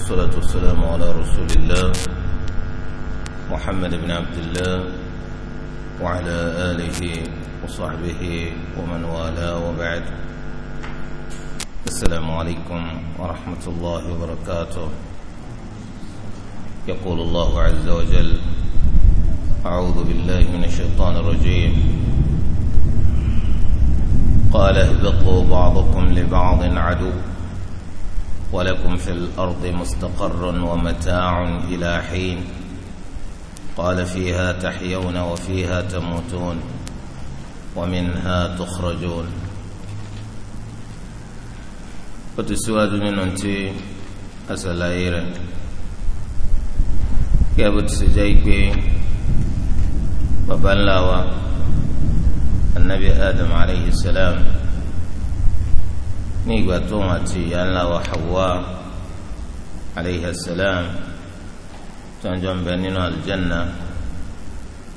والصلاة والسلام على رسول الله محمد بن عبد الله وعلى آله وصحبه ومن والاه وبعد السلام عليكم ورحمة الله وبركاته يقول الله عز وجل أعوذ بالله من الشيطان الرجيم قال اهبطوا بعضكم لبعض عدو ولكم في الأرض مستقر ومتاع إلى حين قال فيها تحيون وفيها تموتون ومنها تخرجون وتسواد من أنت أسلائر كابت سجيك وبلاوة النبي آدم عليه السلام ní ìgbà tó wọn àti ìyá ńlá wa Hawa aleyhi salam tó ń jọ ń bẹ nínú aljanna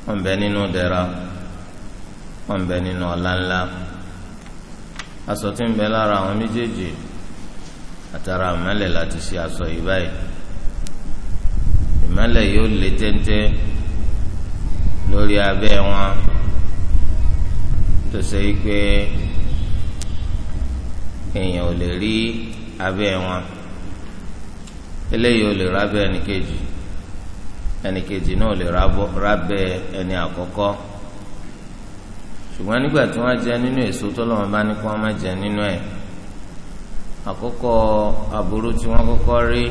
wọn bẹ nínú dẹra wọn bẹ nínú ọláńlá aṣọ tí ń bẹ lára àwọn méjèèjì àtàrà àmàlẹ̀ láti ṣe aṣọ yìí báyìí ìmàlẹ̀ yóò lé téńté lórí abẹ́ wọn tó ṣe é pé èèyàn ò lè rí abẹ́ wọn eléyìí ò lè rábẹ́ ẹnìkejì ẹnìkejì náà ò lè rábẹ́ ẹni àkọ́kọ́ ṣùgbọ́n nígbà tí wọ́n jẹ nínú èso tọ́lọ́wọ́n bá ní kí wọ́n má jẹ nínú ẹ̀ àkọ́kọ́ aburú tí wọ́n kọ́kọ́ rí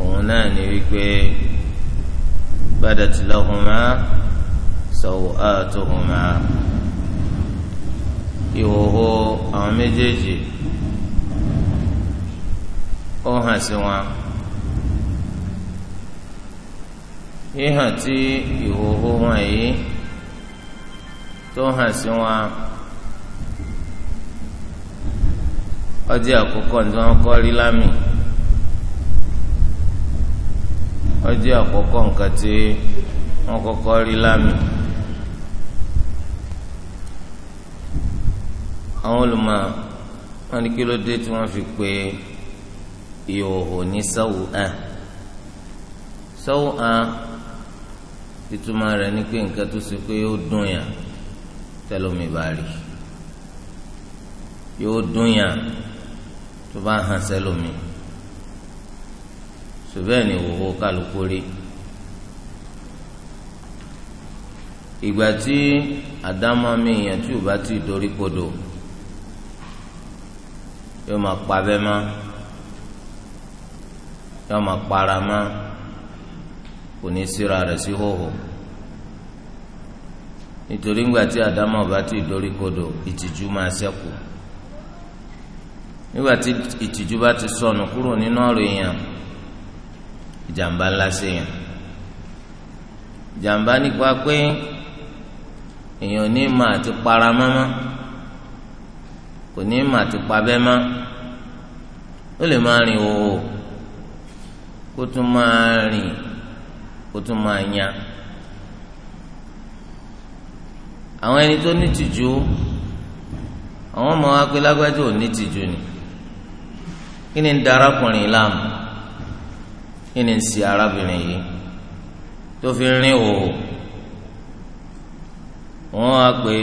òun náà ni wípé badat lahuma sawatuhuma. So, uh, ìhòhò àwọn méjèèjì ó hàn sí wọn híhàn tí ìhòhò wọn yìí tó hàn sí wọn ọjọ́ àkọ́kọ́ tí wọ́n rí lámì nǹkan tí rí lámì. àwọn olùmọ̀ wọn ní kí ló dé tí wọ́n fi pè ìhòòhò ní sáwù ẹ̀ sáwù ẹ̀ ìtumọ̀ rẹ̀ ní pé nǹkan tó ṣe pé yóò dùn yàn tẹlomi bá rí yóò dùn yàn tó bá hàn sẹlomi ṣùgbọ́n ní ìhòòhò kálukú rí. ìgbà tí àdámọ́ mi yàn tí ò bá ti dorí kodò yóò máa pa abẹ́ mọ́ yóò máa para mọ́ kò ní síra rẹ̀ sí hòhò nítorí ńgbà tí àdámọ̀ bá ti dórí kodò ìtìjú máa ṣẹ́kù nígbà tí ìtìjú bá ti sọnù kúrò nínú ọ̀rọ̀ èèyàn ìjàmbá ńlá sí èèyàn ìjàmbá nípa pé èèyàn ní mà àti para mọ́mọ́ kò ní mà ti pa bẹ́ẹ̀ mọ́ ó lè máa rìn òwò kó tún máa rìn kó tún máa yan àwọn ẹni tó ní tìjú àwọn ọmọ wa pé lágbájá ò ní tìjú ni kí ni ń da arákùnrin láàmú kí ni ń si arábìnrin yìí tó fi rìn òwò wọn á pé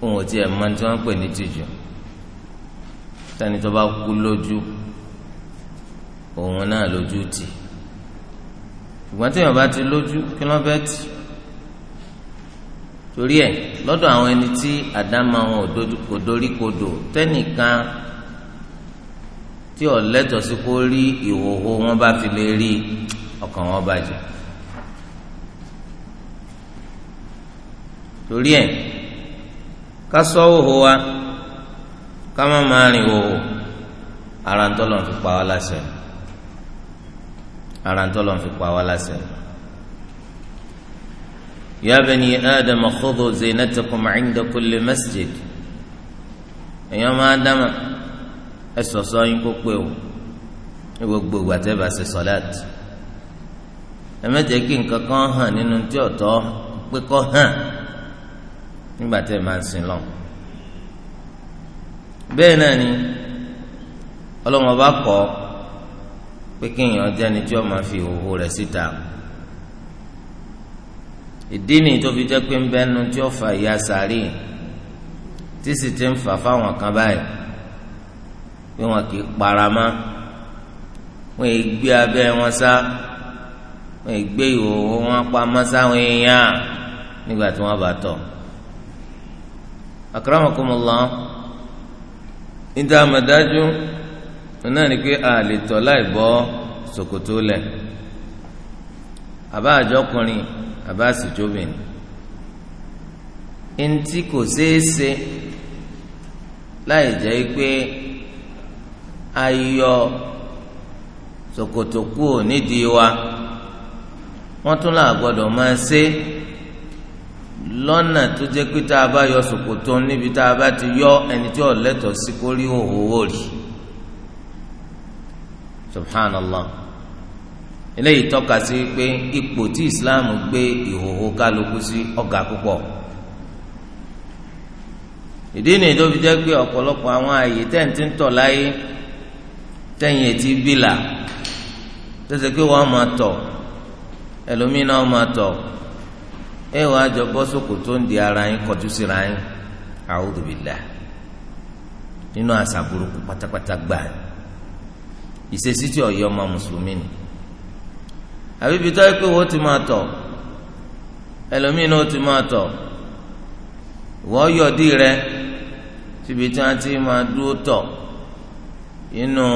òun ò tiẹ̀ mọ tí wọ́n pè ní tìjú tani tó bá kú lójú òun náà lójú tì ṣùgbọ́n tí èèyàn bá ti lójú kí ló fẹ́ tì torí ẹ̀ lọ́dọ̀ àwọn ẹni tí àdámà wọn kò dorí kodò tẹ́nìkan tí ọ̀lẹ́tọ̀ sí kó rí ìhòòhò wọn bá fi lè rí ọkàn wọn bàjẹ́ torí ẹ̀ ká sọ wa ká má máa rìn o ara ń tọ́lọ̀ fi pa wá láṣẹ ara ń tọ́lọ̀ fi pa wá láṣẹ. يا بني آدم خذوا زينتكم عند كل مسجد أيام آدم ẹsọsọ yín kó pé o ní gbogbo ìgbà tẹ́ bá ṣe sọ́láàt ẹ má jẹ́ kí nǹkan kan hàn nínú tí ọ̀tọ̀ pé kọ́ hàn nígbà tẹ́ máa sin lọ́wọ́ bẹ́ẹ̀ náà ni ọlọ́mọ bá kọ́ pé kéèyàn jẹ́ni tí ó máa fi òwò rẹ̀ síta ìdí ni tó jẹ́ pé ń bẹ́nu tí ó fa ìyà sàárì tí sì ti ń fà fáwọn kan báyìí pé wọn kì í para mọ́ wọn è gbé abẹ́ wọn sá wọn è gbé ìhòòhò wọn pamọ́ sáwọn èèyàn nígbà tí wọ́n bá tọ̀ akramakumullah. níta àmàdájú náà ni pé a lè láì bọ́ ṣòkòtò lẹ̀ àbá àjọkùnrin àbá àsìjọbìn ntí kò láì jẹ́ pé kúò nídìí wa wọ́n lọ́nà tó jẹ́ pé tá a bá yọ ṣòkòtò níbi tá a bá ti yọ ẹni tí ò sí kó rí òhòhò rí subhanallah eléyìí tọ́ka sí pé ipò tí islam gbé ìhòhò kálukú sí ọ̀gá púpọ̀ ìdí nìyí tó fi jẹ́ pé ọ̀pọ̀lọpọ̀ àwọn ààyè tẹ̀ǹtì ń tọ̀ láyé tẹ̀yìn etí bìlà tó ṣe pé wọ́n máa tọ̀ ẹlòmíràn máa tọ̀ ẹ wàá jọ bọ́ sóko tó ń di ara yín kọjú síra yín a'udhu billah nínú àṣà burúkú pátápátá gbà ní ìṣesí tí ọ̀yọ́ ọmọ mùsùlùmí ni àbíbi tó yẹ pé wọ́n ti máa tọ̀ ẹlòmíì náà ti máa tọ̀ wọ́n yọ̀dí rẹ síbi tí wọ́n ti máa dúró tọ̀ inú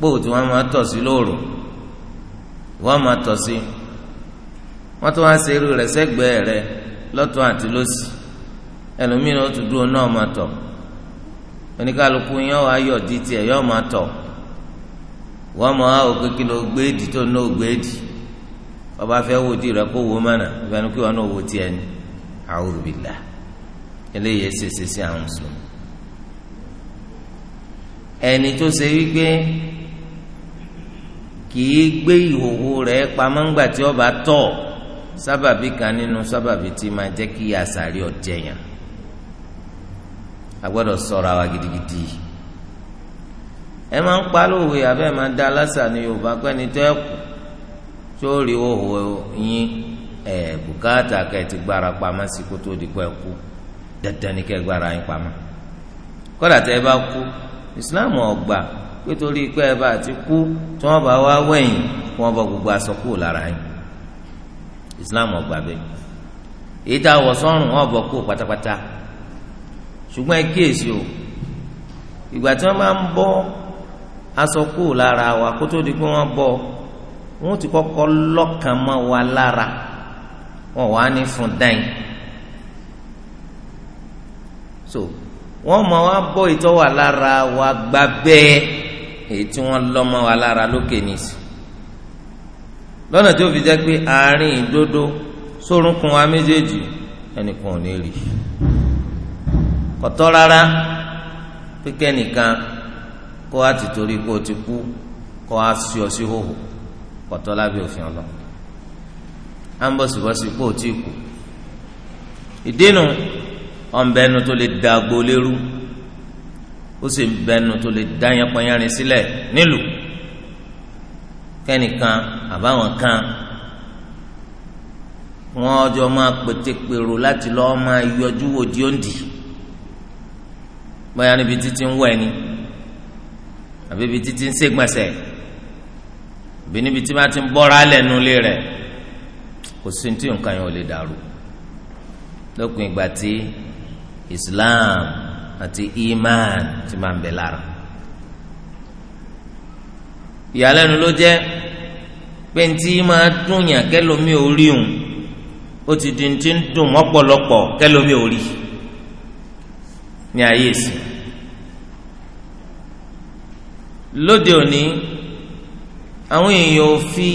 póò tí wọ́n máa tọ̀ sí lóòrò wọ́n máa tọ̀ sí. Si wọ́n tún wá ṣe irú rẹ̀ sẹ́gbẹ̀ẹ́ rẹ̀ lọ́tún àti lọ́sì ẹlòmíràn ó tún dúró náà máa tọ̀ oníkàlùkù yẹn wàá yọ̀ di tiẹ̀ yọ̀ máa tọ̀ wọ́n mọ̀ á òkè kí ló gbé èdì tó ná ògbé èdì ọba fẹ́ wo di rẹ̀ kó wo mọ́nà ìfẹ́nu kí wọ́n náà wo tiẹ̀ ni a'udhu billah eléyìí ṣèṣe sí àwọn mùsùlùmí ẹni tó ṣe wípé kì í gbé ìhòòhò rẹ̀ pamọ́ ńgbà tí ọba tọ̀ sábàbí kan nínú sábàbí tí máa jẹ́ kí àṣàrí ọ̀jẹ̀ yàn a gbọ́dọ̀ sọ̀rọ̀ àwa gidigidi ẹ máa ń palóòwe abẹ́ máa dá aláṣà ní Yorùbá pẹ́ni tó ẹ̀ tó rí òhò yín ẹ̀ bùkátà kẹ́ ẹ ti gbára pamọ́ sí kó tó di kó ẹ kú dandan ni kẹ́ ẹ gbára yín pamọ́ kódà tẹ́ ẹ bá kú ìsìláàmù ọgbà pé torí pé ẹ bá ti kú tí wọ́n bá wá wẹ̀yìn wọ́n bọ́ gbogbo aṣọ kúrò lára yín islam ọgbà bẹ́ẹ̀ èyí tá a wọ̀ sọ́rùn wọn bọ̀ kó pátápátá ṣùgbọ́n ẹ kíyèsí o ìgbà tí wọ́n máa ń bọ́ aṣọ kú lára wa kó tó di pé wọ́n bọ́ wọ́n ti kọ́kọ́ lọ́kàn mọ́ wa lára wọ́n wà ní fún dáìn so wọ́n mọ̀ wá bọ́ ìtọ́wà lára wa gbà bẹ́ẹ̀ èyí tí wọ́n lọ́ mọ́ wa lára lókè nìyí lọ́nà tí ó fi jẹ́ pé àárín ìdodo sórúnkún wa méjèèjì ẹnìkan ò ní rí kọ̀tọ́ rárá pé kẹ́nìkan kó a ti torí pé o ti kú kó a sí ọ sí hòhò kọ̀tọ́ lábẹ́ òfin ọlọ à ń bọ̀sibọ́sí pé o ti kú ìdínú ọ̀nbẹ́nu tó lè da agbo lérú ó sì ń bẹnu tó lè dá yánpọnyánrin sílẹ̀ nílùú kẹ́nìkan àbáwọn kan wọ́n jọ máa pètèpèrò láti lọ́ọ́ máa yọjú wo díòǹdì bóyá níbi títí ń wẹ̀ ni àbí ibi títí ń ṣègbọ̀nsẹ̀ àbí níbi tí wọ́n ti ń bọ́ra lẹ́nu ilé rẹ̀ kò sí ní tí nǹkan yẹn ò lè dàrú lópin ìgbà tí Islam àti iman ti máa ń bẹ lára ìyàlẹ́nu ló jẹ́ pé ntí máa dúnyàn kẹlòmí ò rí òun ó ti di ntí ń dùn mọ́pọ̀lọpọ̀ kẹlòmí ò rí ní ayé sí lóde òní àwọn èèyàn ò fi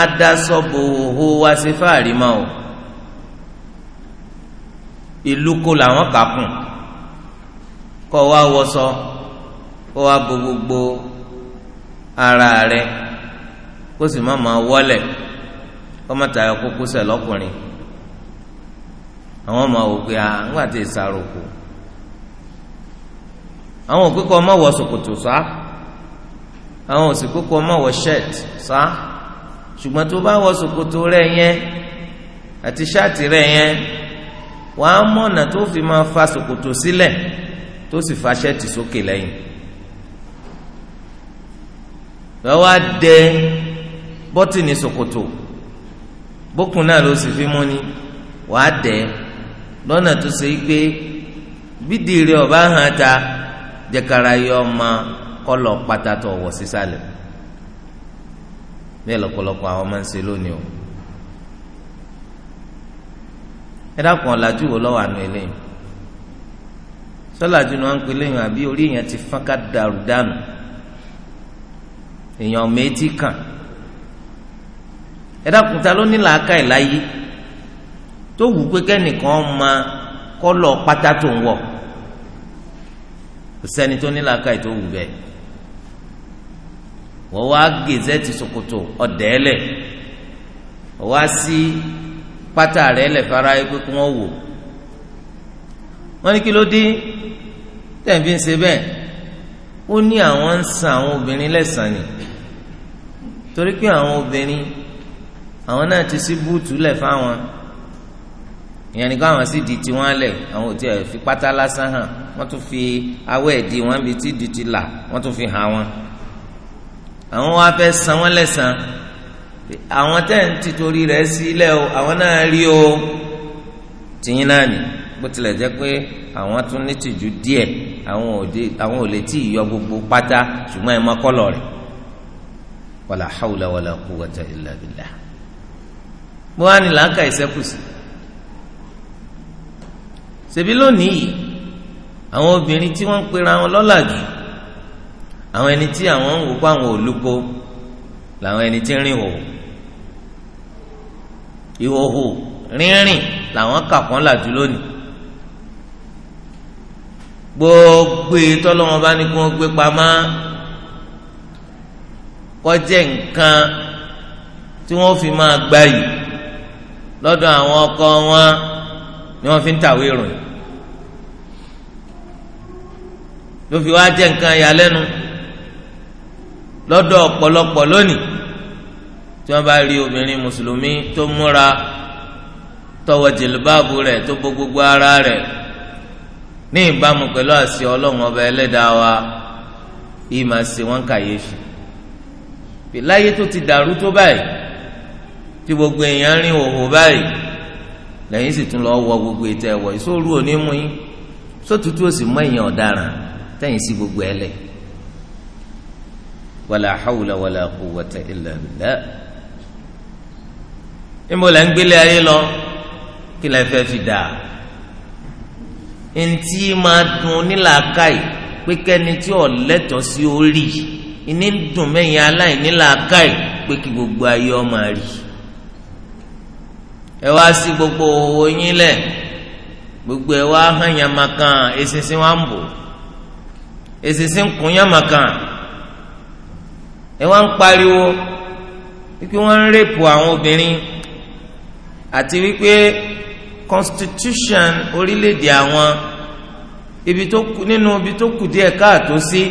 adásọ́bò òhò wá sí fáàrí o ìlú kò làwọn kà kùn kọ́ wa wọ́sọ kó wa bo gbogbo ara rẹ̀ kó sì má máa wọlẹ̀ kó má tayọ kókósẹ̀ lọ́kùnrin àwọn ọmọ wò pé ah ńgbà tí ìsàrò kù àwọn òpè kọ́ ọmọ wọ ṣòkòtò sá àwọn òsì pé kọ́ ọmọ wọ shirt sá ṣùgbọ́n tó bá wọ ṣòkòtò rẹ̀ yẹn àti ṣáàtì rẹ̀ yẹn wàá mọ̀nà tó fi máa fa ṣòkòtò sílẹ̀ tó sì fa ṣẹ́ẹ̀tì sókè lẹ́yìn lọ́wọ́ á dẹ bọ́tìnì ṣòkòtò bókun náà ló sì fi mú ni wàá dẹ̀ lọ́nà tó ṣe é pé bídìí rẹ ọba hàn ta jẹkara yọ ọmọ kọlọ pàtàkì ọwọ́ sísàlẹ̀ bẹ́ẹ̀ lọ́pọ̀lọpọ̀ àwọn máa ń ṣe lónìí o ẹ dákun ọ̀làjú wo lọ́wọ́ àánú eléyìí sọ́làjú ni wọ́n ń pè léyìn àbí orí èèyàn ti fọ́n dàrú dànù èèyàn méjì kàn ẹ̀dàkùn ta ló ní làákà ìláyé tó wù pé kẹ́nìkan ma kọ́lọ̀ pátá tó ń wọ̀ kò sẹ́ni tó ní làákà tó wù bẹ́ẹ̀ wọ́n wá gèzẹ́tì ṣòkòtò ọ̀dẹ́ẹ̀lẹ̀ wọ́n wá sí pátá rẹ̀ lẹ̀ fara yẹ pé wọ́n wò wọ́n ní kí ló dé tẹ̀ ń ṣe bẹ́ẹ̀ ó ní àwọn ń san àwọn obìnrin lẹ́sàn-án ni torí pé àwọn obìnrin àwọn náà ti sí búùtù lẹ̀ fáwọn ìyẹn ni káwọn sì di tiwọn lẹ̀ àwọn ò tiẹ̀ fi pátá lásán hàn wọ́n tún fi awọ ẹ̀dí wọn bíi tí ìdí ti là wọ́n tún fi hàn wọn. àwọn wa fẹ́ san wọ́n lẹ́sàn àwọn tẹ̀ ń tìtorí rẹ̀ sílẹ̀ o àwọn náà rí o tìyín náà nì bó tilẹ̀ jẹ́ pé àwọn tún ní tìjú díẹ̀ àwọn ò lè tí ì yọ gbogbo pátá ṣùgbọ́n ẹ̀ mọ́ kọ́lọ̀ rẹ̀ wàlà hàwùlà wàlà kúwàtà ìlà mo wá ní làákà ìsẹ́kùsì ṣèbí lónìí yìí àwọn obìnrin tí wọ́n ń pera wọn lọ́làjú àwọn ẹni tí àwọn ń wò pa àwọn olùkọ́ làwọn ẹni tí ń rìn wòwò ìhòhò rínrìn làwọn kà kán làjú lónìí gbogbo ìtọ́lọ́wọ́n bá ní kí wọ́n gbé pamọ́ kọjá nǹkan tí wọ́n fi máa gbá yìí lọ́dọ̀ àwọn ọkọ wọn ni wọ́n fi ń tàwé ìròyìn ló fi wá jẹ́ nǹkan ìyàlẹ́nu lọ́dọ̀ ọ̀pọ̀lọpọ̀ lónìí tí wọ́n bá rí obìnrin mùsùlùmí tó múra tó wọ jìlbáàbù rẹ̀ tó bó gbogbo ara rẹ̀ ní ìbámu pẹ̀lú àṣẹ ọlọ́run ọba ẹlẹ́dàá wa ìmọ̀ sí wọn kàyéfì láyé tó ti dàrú tó báyìí tí gbogbo èèyàn rìn òhò báyìí lẹ́yìn sì tún lọ́ọ́ wọ gbogbo ètò ẹ̀wọ̀ ìṣòro òní mú yín sótútù ó sì mọ èèyàn ọ̀daràn tẹ̀yìn sí gbogbo ẹ̀ lẹ̀ wàlà hàwùlà wàlà quwwata illa billah ń gbélé ayé lọ kí lẹ́ fẹ́ fi dà ntí máa dùn nílàákàyè pé kẹ́ni tí ò lẹ́tọ̀ọ́ sí orí ìní dùn mẹ́yìn aláìnílàákàyè pé kí gbogbo ayé ọ máa rí i ẹ wá sí gbogbo owó yín lẹ̀ gbogbo ẹ wá hàn yamakan eṣinṣin wa ń bò eṣinṣin ń kún yamakan ẹ wá ń pariwo wípé wọ́n ń rèpù àwọn obìnrin àti wípé constitution orílẹ̀-èdè àwọn ibi tó nínú ibi tó kù díẹ̀ káàtó sí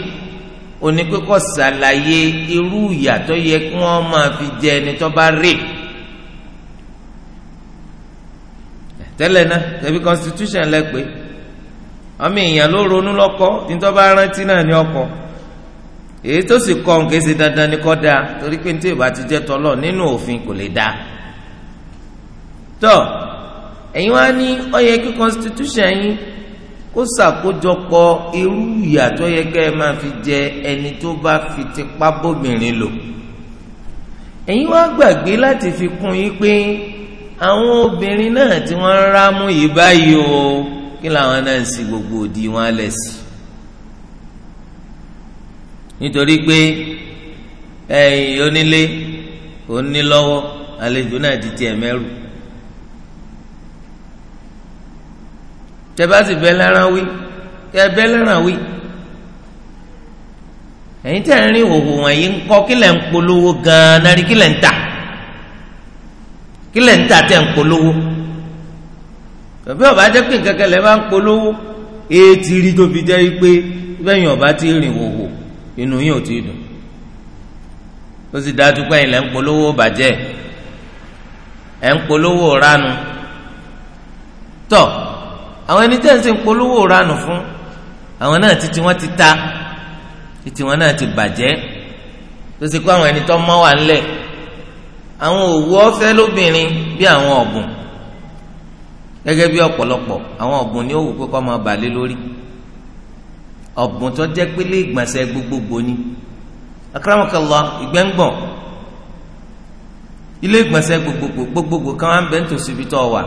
onípẹ́kọ̀ ṣàlàyé irú ìyà yẹ kí wọ́n máa fi jẹ ẹni tó bá rèpù tẹ́lẹ̀ náà tẹ̀bí constitution lẹ pé ọmọ èèyàn ló ronú lọ́kọ́ nítorí bá rántí náà ní ọkọ̀ èyí tó sì kọ́ nǹkan ṣe dandan ni kọ́ da torí pé nítorí ìbá ti jẹ́ tọ́lọ̀ nínú òfin kò lè da tọ́ ẹ̀yin wá ní ó yẹ kí constitution yín kó ṣàkójọpọ̀ irú ìyà tó yẹ kẹ́ ẹ máa fi jẹ ẹni tó bá fi tipá bóbìnrin lò ẹ̀yin wá gbàgbé láti fi kún yín pé àwọn obìnrin náà tí wọ́n ń rámú yìí báyìí o kí làwọn náà ń sin gbogbo òdì wọn lẹ̀ sí nítorí pé ẹ̀yìn onílé onílọ́wọ́ àlejò náà ti tiẹ̀ mẹ́rù tẹ́básì bẹ́ẹ̀ lẹ́ran wí tẹ́ bẹ́ẹ̀ lẹ́ran wí ẹ̀yin tẹ́ ń rí ìhòòhò wọ̀nyí ń kọ́ kí lẹ̀ ń polówó gan-an náà rí kí lẹ̀ ń tà kí lẹ̀ ń tà tẹ̀ ń polówó bàbá ọba jẹ́ pé nǹkan kẹlẹ́ máa ń polówó ètí rí tó fi jẹ́ pé bẹ́yìn ọba ti rìn wòwò inú yín ò ti dùn ó sì dájú pé ilẹ̀ ń polówó bàjẹ́ ẹ̀ ń polówó ránu tọ́ àwọn ẹni tẹ́ ń sìn polówó ránu fún àwọn náà títí wọ́n ti ta títí wọ́n náà ti bàjẹ́ tó sì kó àwọn ẹni tó mọ́ wà ńlẹ̀ àwọn òwú ọ̀fẹ́ lóbìnrin bí àwọn ọ̀bùn gẹ́gẹ́ bí ọ̀pọ̀lọpọ̀ àwọn ọ̀bùn ni ó wù pé kọ́ máa bà lé lórí ọ̀bùn tó jẹ́ pélé ìgbọ̀nsẹ̀ gbogbogbò ni akérèmọ́kànlá ìgbẹ́ngbọ̀n ilé ìgbọ̀nsẹ̀ gbogbogbò gbogbogbò kan á ń bẹ́ nítòsí ibi tó wà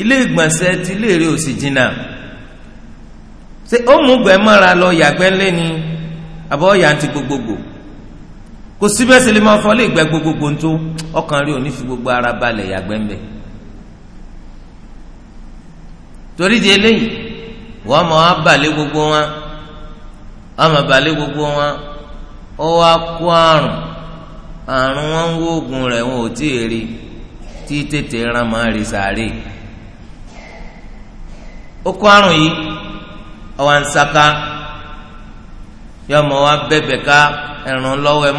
ilé ìgbọ̀nsẹ̀ ti léèrè òsì jìnnà ṣé ó mú gbẹ́ mọ́ra lọ yàgbẹ́ lé ni àbọ̀ yà ń ti gbogbogbò. kò síbẹ̀ sì lè máa fọ lè gbogbogbò ń tó ọkàn rí òní fi gbogbo ara balẹ̀ yàgbẹ́ ń bẹ̀ torí di eléyìí wọ́n gbogbo wọn á mọ̀ balẹ̀ gbogbo wọn ó wá kó àrùn àrùn wọn ń wóògùn rẹ̀ wọn ò tí ì rí tí tètè ràn máa rí sàárè ó kó àrùn yìí wa bẹ́bẹ̀ ká. ẹ̀ràn lọ́wọ́ ẹ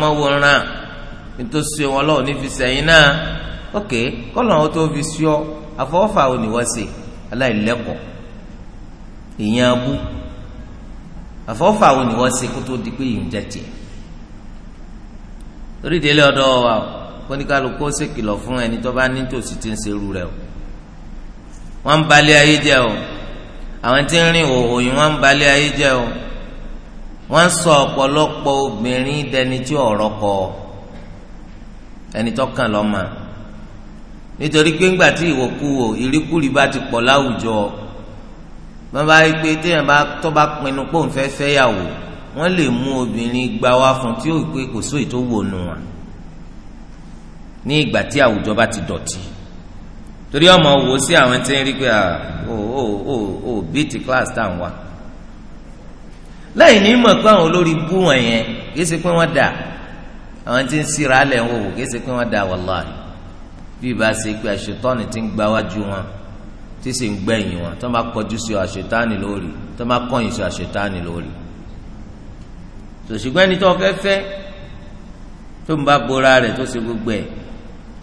nítòsí wọn lọ́wọ́ ní fi sẹ́yìn náà ok kọ́lọ̀ wọn tó fi sí ọ àfọwọ́fà ò wọ́n sè aláìlẹ́kọ̀ọ́ ìyẹn abú àfọwọ́fà ò wọ́n sè kó tó di pé ìyẹn jẹ́ o kóníkàlùkù ó ṣèkìlọ̀ fún ẹni tó bá nítòsí ti ń serú o ń balẹ̀ ayé wọ́n sọ ọ̀pọ̀lọpọ̀ obìnrin dẹni tí ọ̀rọ̀ kọ ẹni tọ́kàn lọ́mọ nítorí pé ńgbà tí ìwòkuwò ìríkúri bá ti pọ̀ láwùjọ wọ́n bá rí pé téèyàn bá tó bá pinnu pé òun fẹ́ fẹ́yàwó wọ́n lè mú obìnrin gba wá fún tí ó pé kò sóyè tó wò nù wọn ní ìgbà tí àwùjọ bá ti dọ̀tí torí ọmọ wò sí àwọn tí ń rí pé ó ó ó ó bíìtì class tá à ń wá láì ní mọ̀ pé àwọn olórí bú wọn yẹn kìí ṣe pé wọ́n dà àwọn tí ń síra alẹ̀ ń wò wò kìí ṣe pé wọ́n dà wàláhì bí ìbá ṣe pé àṣetọ́ni ti ń gbáwájú wọn tí sì ń gbẹ̀yìn wọn tó máa kọjú sí àṣetáni lórí tó máa kọ̀yìn sí àṣetáni lórí. sòṣùgbọ́n ẹni tó fẹ́ fẹ́ tó ń bá bora rẹ̀ tó ṣe gbogbo ẹ̀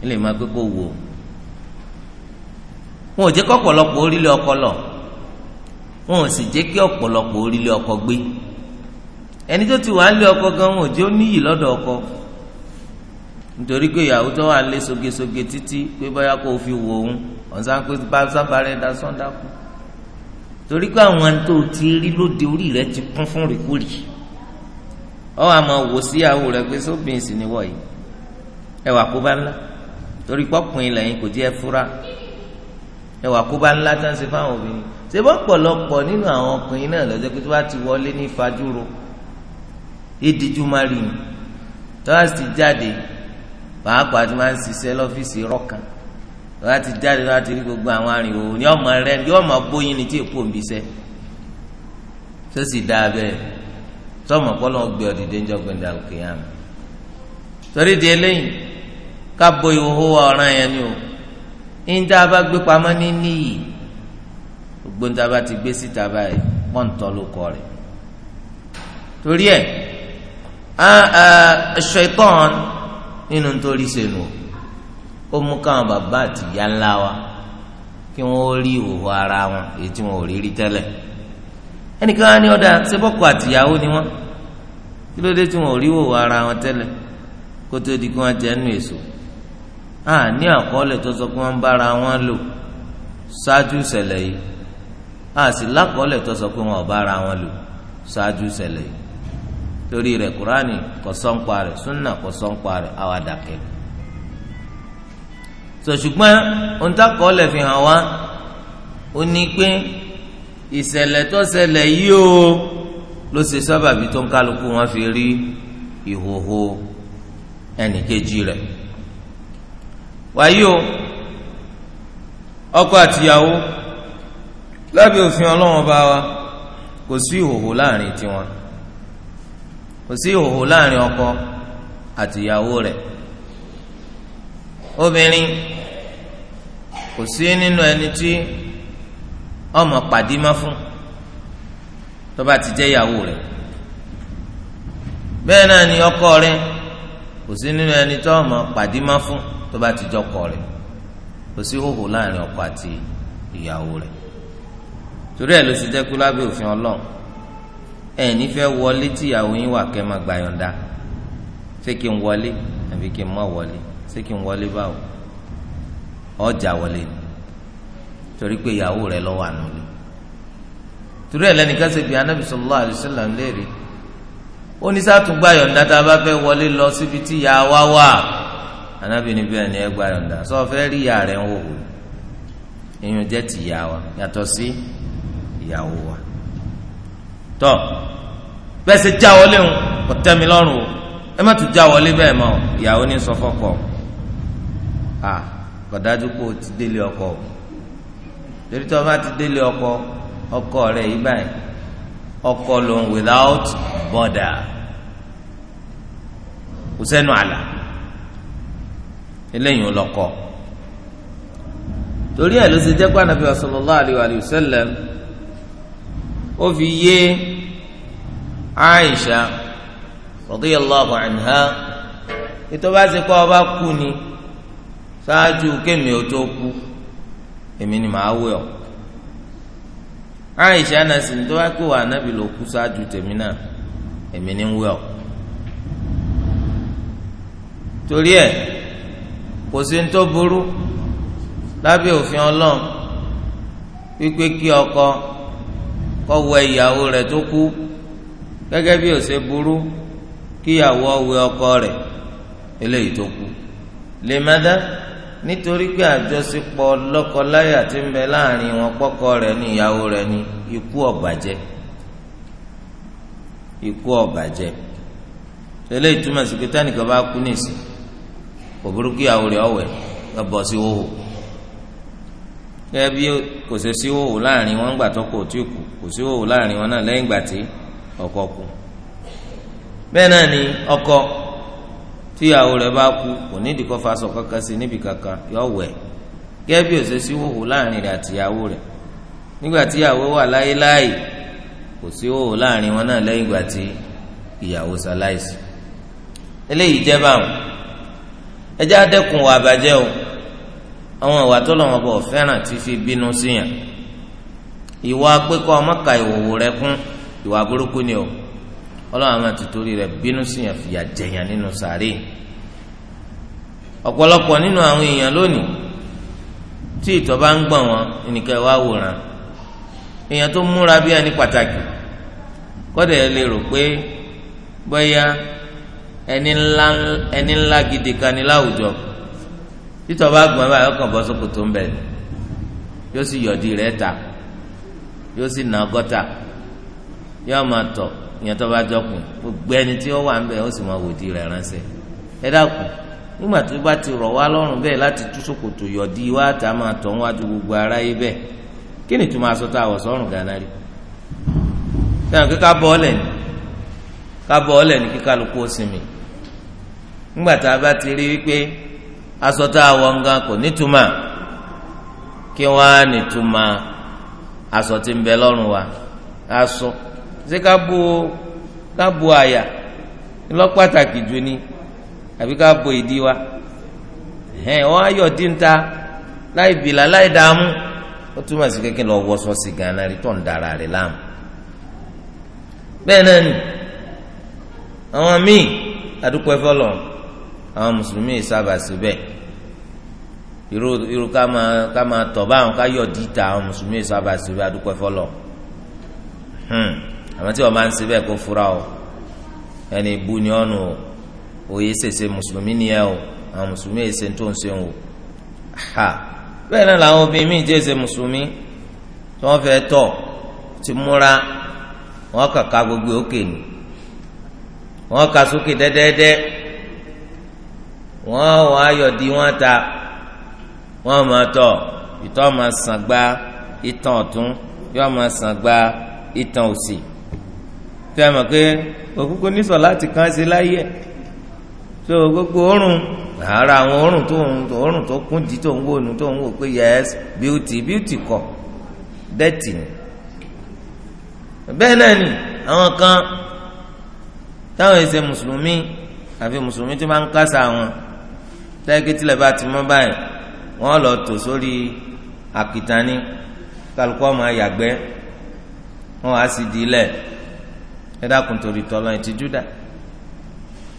ń lè máa pé kó wò wọn ò jẹ́ kọ́pọ̀lọpọ̀ orílẹ̀ ọkọ lọ wọn ò sì jẹ́ kí ọ̀pọ̀lọpọ̀ orílẹ̀ ọkọ gbé ẹni tó ti wà á lé ọkọ gan wọn ò jẹ́ ó níyì lọ́dọ̀ ọkọ nítorí pé ìyàwó tó wà lé sogesoge títí pé báyà kó o fi wò ó ọ̀sán pé bá sábàárẹ̀ dá sọ́ńdà kù torí pé àwọn tó ti rí lóde orí rẹ ti kún fún rìkúrì ọ àmọ́ wò sí ìyàwó rẹ pé sóbìn sì ni wọ̀ yìí ẹwà kó bá ńlá torí pọ́pùn ilẹ̀ kò jẹ́ fúra ẹwà kó bá ńlá tán ṣe fáwọn obìnrin Sebo pọ̀lọpọ̀ nínú àwọn ọkùnrin náà lọ́jọ́ pé tó bá ti wọlé ní fajúro ìdíjú máa rìn tọ́wá sì jáde pàápàá tí wọ́n á ń ṣiṣẹ́ lọ́fíìsì rọ́ọ̀kan gbogbo àwọn arìnrìn òun ni ọmọ rẹ ni ọmọ bóyin ni tí èpo ń bíṣẹ́ tó sì dáa bẹ́ẹ̀ tọ́mọ̀ pọ́lọ́ gbé ọ dìde ńjọ́ gbẹ̀ndà òkè yàn di eléyìí ká bo ìhòòhò ọ̀ràn ni o ìjà bá gbé pamọ́ ní níyì gbogbo níta bá ti gbé síta báyìí pọ́ǹtọ́ ló kọ rẹ̀ torí ẹ̀ ṣaitan nínú nítorí sẹ́nu ó mú káwọn bàbá àti ìyá ńlá wa kí wọ́n rí ìhòòhò ara wọn èyí tí wọn ò rí rí tẹ́lẹ̀ ẹnìkan á ní ọ̀dà sẹ́bọ̀kọ àtìyàwó ni wọ́n kí ló dé tí wọn ò rí ìhòòhò ara wọn tẹ́lẹ̀ kó tó di kí wọ́n jẹ́ nù èso a ní àkọọ́lẹ̀ tó sọ pé wọ́n ń bára wọn lò ṣáájú ìṣẹ̀lẹ̀ yìí a sì lákọọ́lẹ̀ tó sọ pé wọn ò bá ara wọn lò ṣáájú ṣẹlẹ̀ yìí torí rẹ̀ kúránì kò sọ́npa rẹ̀ súnà kò sọ́npa rẹ̀ àwa dàkẹ́. sọ ṣùgbọ́n ohun tákọọ́lẹ̀ fi hàn wá ó ní pé ìṣẹ̀lẹ̀ tó ṣẹlẹ̀ yìí o ló ṣe sábàbí tó ń kálukú wọn fi rí ìhòhò ẹnìkejì rẹ̀ wáyé o ọkọ àtìyàwó lábẹ́ òfin ọlọ́wọ́n bá wa kò sí ìhòhò láàrin tiwọn kò sí ìhòhò láàrin ọkọ àtìyàwó rẹ̀ obìnrin kò sí nínú ẹni tí ọmọ pàdé má fún tó bá ti jẹ́ ìyàwó rẹ̀ bẹ́ẹ̀ náà ni ọkọ rẹ̀ kò sí nínú ẹni tó ọmọ pàdé fún tó bá ti jọkọ rẹ̀ kò sí ìhòhò láàrin ọkọ àti ìyàwó rẹ̀ torí ẹ̀ ló ṣe jẹ́ kó lábẹ́ òfin ọlọ́run ẹ̀ nífẹ̀ẹ́ wọlé tíyàwó yín wà kẹ́ máa gbàyànda ṣé kí n wọlé àbí kí n má wọlé ṣé kí n wọlé báwo ọjà wọlé ni torí pé ìyàwó rẹ lọ́wọ́ àánú ni torí ẹ̀ lẹ́nìkan ṣe bí anábì sallallahu alaihi wasallam léèrè ó ní sátún gbàyànda tá a bá fẹ́ wọlé lọ síbi tí ìyá wà anábì ní bẹ́ẹ̀ ni ẹ gbàyànda sọ fẹ́ rí ìyá rẹ̀ ń wò wò ìyún jẹ́ ti wa yàtọ̀ sí. Si, ìyàwó wa tọ bẹsẹ já wọlé ń kò tẹ́ o ẹ má tún já wọlé ìyàwó ní o ti ọkọ o torí tí wọn ọkọ ọkọ rẹ yìí báyìí ọkọ lòun without border kò sẹ́nu àlà eléyìí ń lọkọ torí ló ṣe ó fi yé Aisha radiyallahu anha ìtọ́ba ṣe kọ́ ọba kú ni ṣáájú kémi ò tó kú èmi ni màá wẹ̀ ọ́ Aisha náà sì ń tọ́ba kí wà nábì ló kú ṣáájú tèmi náà èmi ni ń wẹ̀ ọ́ torí ẹ̀ kò sí ní tó burú lábẹ́ òfin ọlọ́run wípé kí ọkọ kó wẹ ìyàwó rẹ̀ tó kú gẹ́gẹ́ bí ó ṣe burú kíyàwó wẹ ọkọ rẹ̀ eléyìí tó kú lè má dá nítorí pé àjọṣepọ̀ lọ́kọláya ti ń bẹ láàrin wọn pọ́kọ rẹ̀ ní ìyàwó rẹ̀ ní ikú ọ̀bàjẹ́ ikú ọ̀bàjẹ́ eléyìí túmọ̀ sí pé tẹ́nìkan bá kú nìsín kò burú kíyàwó rẹ̀ ọ̀wẹ̀ lọ bọ̀ sí wọ́wọ́ gẹ́gẹ́ bí kò ṣe sí òwò láàrin wọn gbà tó kò tí kù kò sí òwò láàrin wọn náà lẹ́yìn ìgbà tí ọkọ kú bẹ́ẹ̀ náà ni ọkọ tíyàwó rẹ̀ bá kú kò nídìí kó fa aṣọ kankan sí níbi kankan yọ wẹ̀ gẹ́gẹ́ bí kò ṣe sí òwò láàrin rẹ̀ àtìyàwó rẹ̀ nígbà tíyàwó wà láyé láàyè kò sí òwò láàrin wọn náà lẹ́yìn ìgbà tí ìyàwó ṣaláìsí eléyìí jẹ́ báwọn ẹ àwọn ìwà tó lọ́wọ́ bọ̀ fẹ́ràn tí fi bínú síyàn ìwà pẹ́kọ́ ọmọkà ìwòwò rẹ kún ìwà burúkú ni o ọlọ́wọ́ àwọn àtìtórí rẹ bínú síyàn fìyà jẹyàn nínú sàárè ọ̀pọ̀lọpọ̀ nínú àwọn èèyàn lónìí tí ìtọ̀ bá ń gbọ̀n wọn ẹnìkan ìwà wòran èèyàn tó múra bí ẹni pàtàkì kọ́dà ẹ lè rò pé bóyá ẹni ńlá gidi kan ní láwùjọ títọ bá gbọ́n bọ́ sóko tó ń bẹ̀ yóò sì yọ̀dí rẹ̀ ta yóò sì nà yóò máa tọ̀ ìyẹn bá jọkùn gbogbo tí wà ń ó sì máa rẹ̀ ránṣẹ ẹ dákun ti wá láti tú sókòtò wá gbogbo kí ni tó máa sọ tá a gánà rí kí ká bọ́ ni aṣọ tá a wọ nǹkan kò nítumọ̀ kí wọ́n á nítumọ̀ ń bẹ lọ́rùn wa aṣọ ṣé ká bo ká bo àyà lọ́pàtàkì jù ni àbí ká bo ìdí wa ẹ̀hìn wọ́n á yọ̀ dínta láì bìlà láì dààmú ó túmọ̀ sí kékeré lọ wọ́sọ sí gánà rí tó ń dara rẹ̀ láàmú bẹ́ẹ̀ náà ni àwọn míì adúpọ̀ ẹ̀fọ́ lọ́rùn àwọn mùsùlùmí yìí sábà síbẹ̀ irú irú ká máa ká máa tọ̀ báwọn ká yọ̀ dìtà àwọn mùsùlùmí yìí sábà síbẹ̀ adúpẹ́ fọlọ́ hmm. àmọ́ tí wọ́n máa ń síbẹ̀ kó fura o ẹni bu ni ọ̀nù o òye ṣèṣe mùsùlùmí ni ẹ o àwọn mùsùlùmí yìí tó ń ṣe o ha bẹ́ẹ̀ náà làwọn obìnrin míì jẹ́ ṣe mùsùlùmí tí wọ́n fẹ́ tọ̀ ti múra wọ́n kàka gbogbo òkè ni wọ́n kà sókè dẹ́dẹ́dẹ́ wọ́n wọ́n ayọ̀ di wọ́n ta wọ́n máa tọ̀ ìtọ̀ máa sàn gba ìtàn ọ̀tún yóò máa sàn gba ìtàn òsì fẹ́ mọ̀ pé òkúkú nísọ̀ láti kàn sí láyé tó gbogbo oorun ara àwọn oorun tó oorun tó kún di tó ń wò nu tó ń wò pé yes beauty beauty kọ dẹ́tì ni bẹ́ẹ̀ náà ni àwọn kan táwọn ẹsẹ̀ mùsùlùmí àfi mùsùlùmí tó máa ń kásá wọn tẹ́kẹ́tìlẹ̀ bá ti mọ́ báyìí wọ́n lọ tò sórí àkìtání kálukú ọmọ ayàgbẹ́ wọ́n á sì di ilẹ̀ ẹ̀dàkùn torí tọ́lọ́ ẹ̀ ti júdà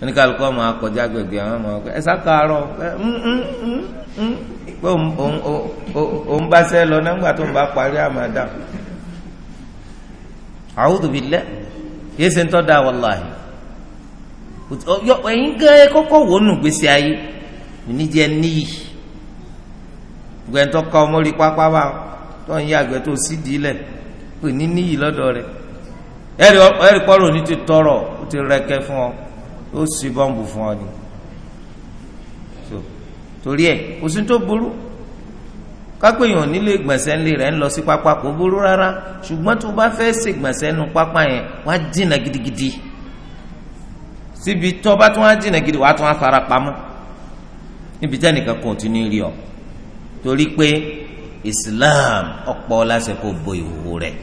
oníkálukú ọmọ akọjá gbẹgbẹ àwọn ọmọ ọkọ ẹ sákàárọ ẹ mm, mm, mm, pé òun bá sẹ lọ nígbà tó ń bá parí àmàdà a'udhu billah yéé ṣe ń tọ́ da wàláhì ẹ̀yin gẹ́ kọ́kọ́ wọnú gbèsè ayé níjẹ níyì gbẹ̀ntọ́ kọ́ mọ́rí pápá bá tó ń yàgbẹ́ tó sídìí lẹ̀ pè ní níyì lọ́dọ̀ rẹ̀ ẹ̀rí pọ́lọ̀ ní ti tọrọ ó ti rẹ̀kẹ́ fún ọ ó sì bọ́ǹbù fún ọ ni torí ẹ̀ kò sí tó burú kápẹ́ yìí ò nílé gbọ̀nsẹ̀ ńlẹ̀ rẹ̀ ń lọ sí pápá kò burú rárá ṣùgbọ́n tó bá fẹ́ ṣe gbọ̀nsẹ̀ nu pápá yẹn wá jìnnà gidigidi síbi tó bá tún wá jìnnà gidi wàá tún wá fara pamọ́ níbi tẹ́nìkan kan ò ti ní rí ọ torí pé Islam ọ̀pọ̀ láṣẹ kó bo ìhòòhò rẹ̀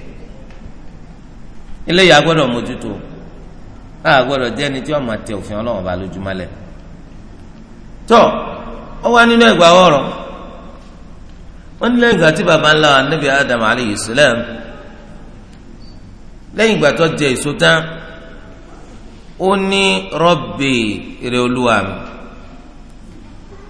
eléyìí agbọ́dọ̀ mójútó agbọ́dọ̀ jẹ́ ẹni tí wọ́n máa tẹ òfin ọlọ́wọ́n bá lójúmọ́lẹ̀ tọ́ ọ wá nínú ẹ̀gbà ọ̀rọ̀ wọ́n ní ìgbà tí baba ńlá wa Nabi Adam alayhi salam lẹ́yìn ìgbà tó jẹ èso tán ó ní Rabbi ìrẹ́ olúwa mi.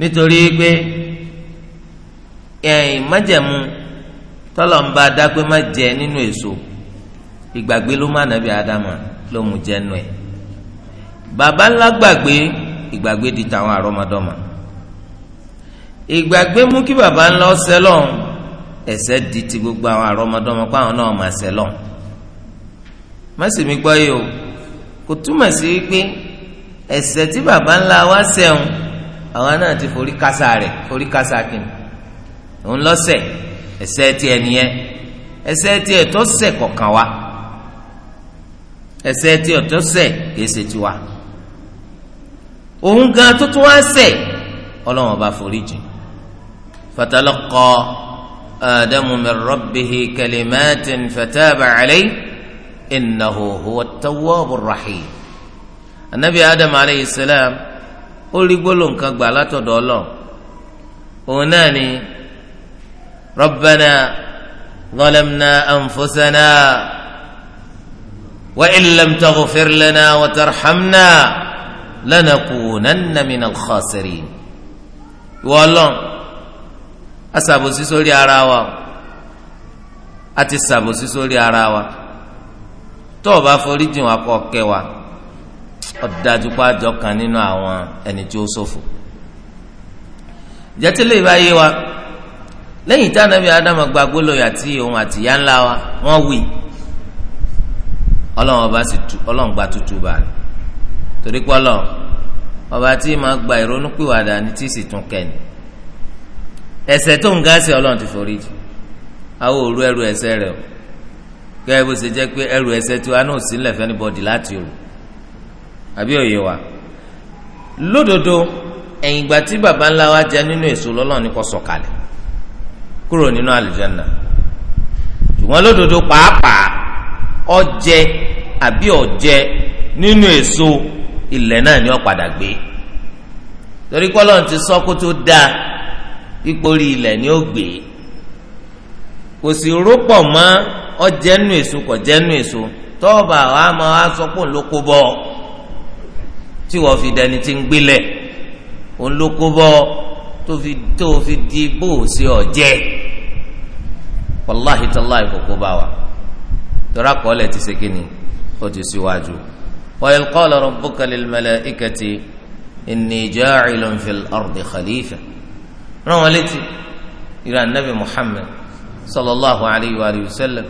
nítorí pé ẹ̀yìn tọ́lọ̀ ń bá dá má jẹ nínú èso ìgbàgbé ló má nàbí ádámà ló mú jẹnu ẹ̀ bàbá ńlá gbàgbé ìgbàgbé di tàwọn àrọ́mọdọ́mọ ìgbàgbé mú kí bàbá ńlá ọsẹ ẹsẹ di ti gbogbo àwọn àrọ́mọdọ́mọ pa náà má sì mí gbọ́ yìí o kò túmọ̀ sí ẹsẹ tí wa àwọn náà ti forí kásá rẹ̀ forí kásá kìnnì òun lọ́sẹ̀ ẹsẹ̀ tiẹ̀ nìyẹn ẹsẹ̀ tiẹ̀ tó sẹ̀ kọ̀ọ̀kan wa ẹsẹ̀ tiẹ̀ tó sẹ̀ kìí tiwa òun gan tó tún wá sẹ̀ ọlọ́wọ́n bá forí jìn fatalaqa Adamu min rabbihi kalimatin fataba alayhi innahu huwa at-tawwabur anabi Adam alayhi salam ó rí gbólóhùn kan gbà látọ̀dọ̀ ọlọ́run òun náà ni rabbana zalamna anfusana wa illam taghfir lana wa tarhamna lanakunanna minal khasirin ìwọ ọlọ́run a ṣàbòsí sórí ara wa a ti sórí ara wa tó o bá forí jìn wá kó kẹ́ ọ̀dájú pa àjọ kan nínú àwọn ẹni tí ó ṣòfò jẹtẹlẹ ìbáyé wa lẹ́yìn tí anabi adamu gba gbólóyè àti òun àti ìyá ńlá wa wọ́n wí Ọlọ́run ọba sì tu Ọlọ́run gba tutù báyìí torí pé Ọlọ́run ọba tí máa gba ìrònúpìwàdà ni tí sì tún kẹni ẹ̀ṣẹ̀ tó ń ga sí Ọlọ́run ti forí jì àwọn òru ẹrù ẹ̀ṣẹ̀ rẹ̀ o gẹ́gẹ́ bó ṣe jẹ́ pé ẹrù ẹ̀ṣẹ̀ tiwa náà sílẹ̀ fẹ́ni bọ́dì láti rù àbí òye wa lódodo ẹ̀yìn ìgbà tí baba ńlá wa jẹ nínú èso lọ́lọ́run ní kó sọ̀kalẹ̀ kúrò nínú àlùjánnà ṣùgbọ́n lódodo pàápàá ọjẹ àbí ọjẹ nínú èso ilẹ̀ náà ni ó padà gbé torí kọ́lọ́run ti sọ kó tó dáa pípórí ilẹ̀ ni ó gbé kò sì rúpọ̀ mọ́ ọjẹ́ nínú èso kọ̀jẹ́ nínú èso tọ́ọ̀bà wa máa wá sọ pé òun ló kó bọ́ ọ tí wọ́n fi dẹni tí ń gbélẹ̀ òun ló kó bọ́ tó fi tó fi di bó o ṣe ọ̀jẹ́ wàláhi tàláhi kò kó bá wa tọ́ra kọ́lẹ̀ ti ṣe kíni ó ti ṣíwájú. wa idh qala rabbuka lil mala'ikati inni ja'ilun fil ardi khalifa rán wọn létí ìran nabi muhammed sallallahu alayhi wa sallam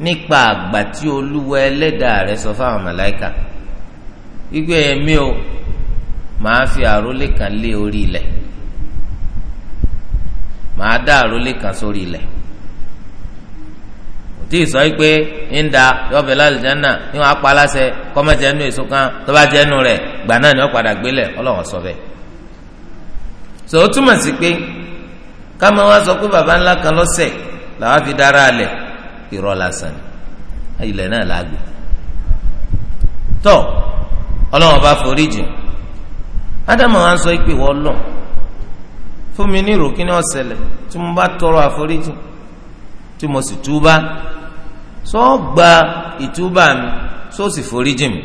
nípa àgbà olúwa ẹlẹ́dàá rẹ̀ sọ fáwọn màláìka. wípé èmi o màá fi àrólé kan lé orí ilẹ̀ màá dá àrólé kan sórí ilẹ̀ tí ì sọ pé ń da ni wọ́n aláṣẹ èso kan tó bá jẹ́ rẹ gbà náà ni padà sọ bẹ́ẹ̀ so ó túmọ̀ sí pé káma wá sọ pé baba ńlá kan lọ́sẹ̀ làwọn fi dára alẹ̀ ilẹ̀ náà tọ́ ọlọ́run ọba foríjì ádámù wa ń sọ pé ìwọ lọ fún mi ní ìròkí ní ọ̀sẹ̀lẹ̀ tí mo bá tọrọ àforíjì tí mo sì túbá sọ gba ìtúbà mi sọ sì foríjì mi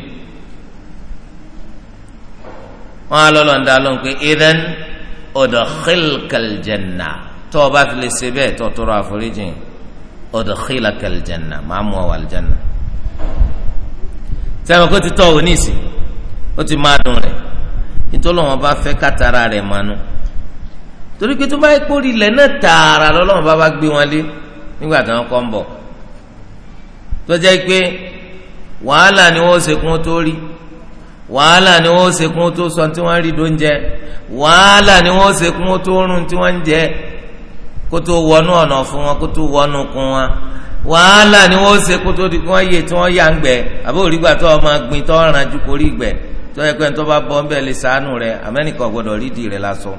wọn á lọ́lọ́ ń dá lóhùn pé idan udkhilkal janna tó o bá fi lè ṣe bẹ́ẹ̀ tó tọrọ àforíjì udkhilkal janna máa mú ọ wà lìjẹ̀nà sẹ́wọ̀n kó ti tọ́ òun ìsìn. ó ti máa dùn rẹ̀ nítorí wọn bá fẹ́ kátara rẹ̀ mọ́nu torí pé tó bá yẹ kórìí ilẹ̀ náà tààrà lọ́lọ́wọ́n bá bá gbé wọn lé nígbà tí wọ́n bọ̀ tó jẹ́ pé wàhálà ni wọ́n ṣe kún tó rí wàhálà ni wọ́n ṣe kún tó sọ tí wọ́n rí ń jẹ wàhálà ni wọ́n ṣe kún tó rún tí wọ́n ń jẹ kó tó wọnú ọ̀nà fún di kí wọ́n tí wọ́n yà ń gbẹ tó ọmọ tọ́yẹ pé ntọ́ bá bọ́ ń bẹ̀ lè sànù rẹ̀ amẹ́nìkan gbọ́dọ̀ rídìí rẹ̀ lásán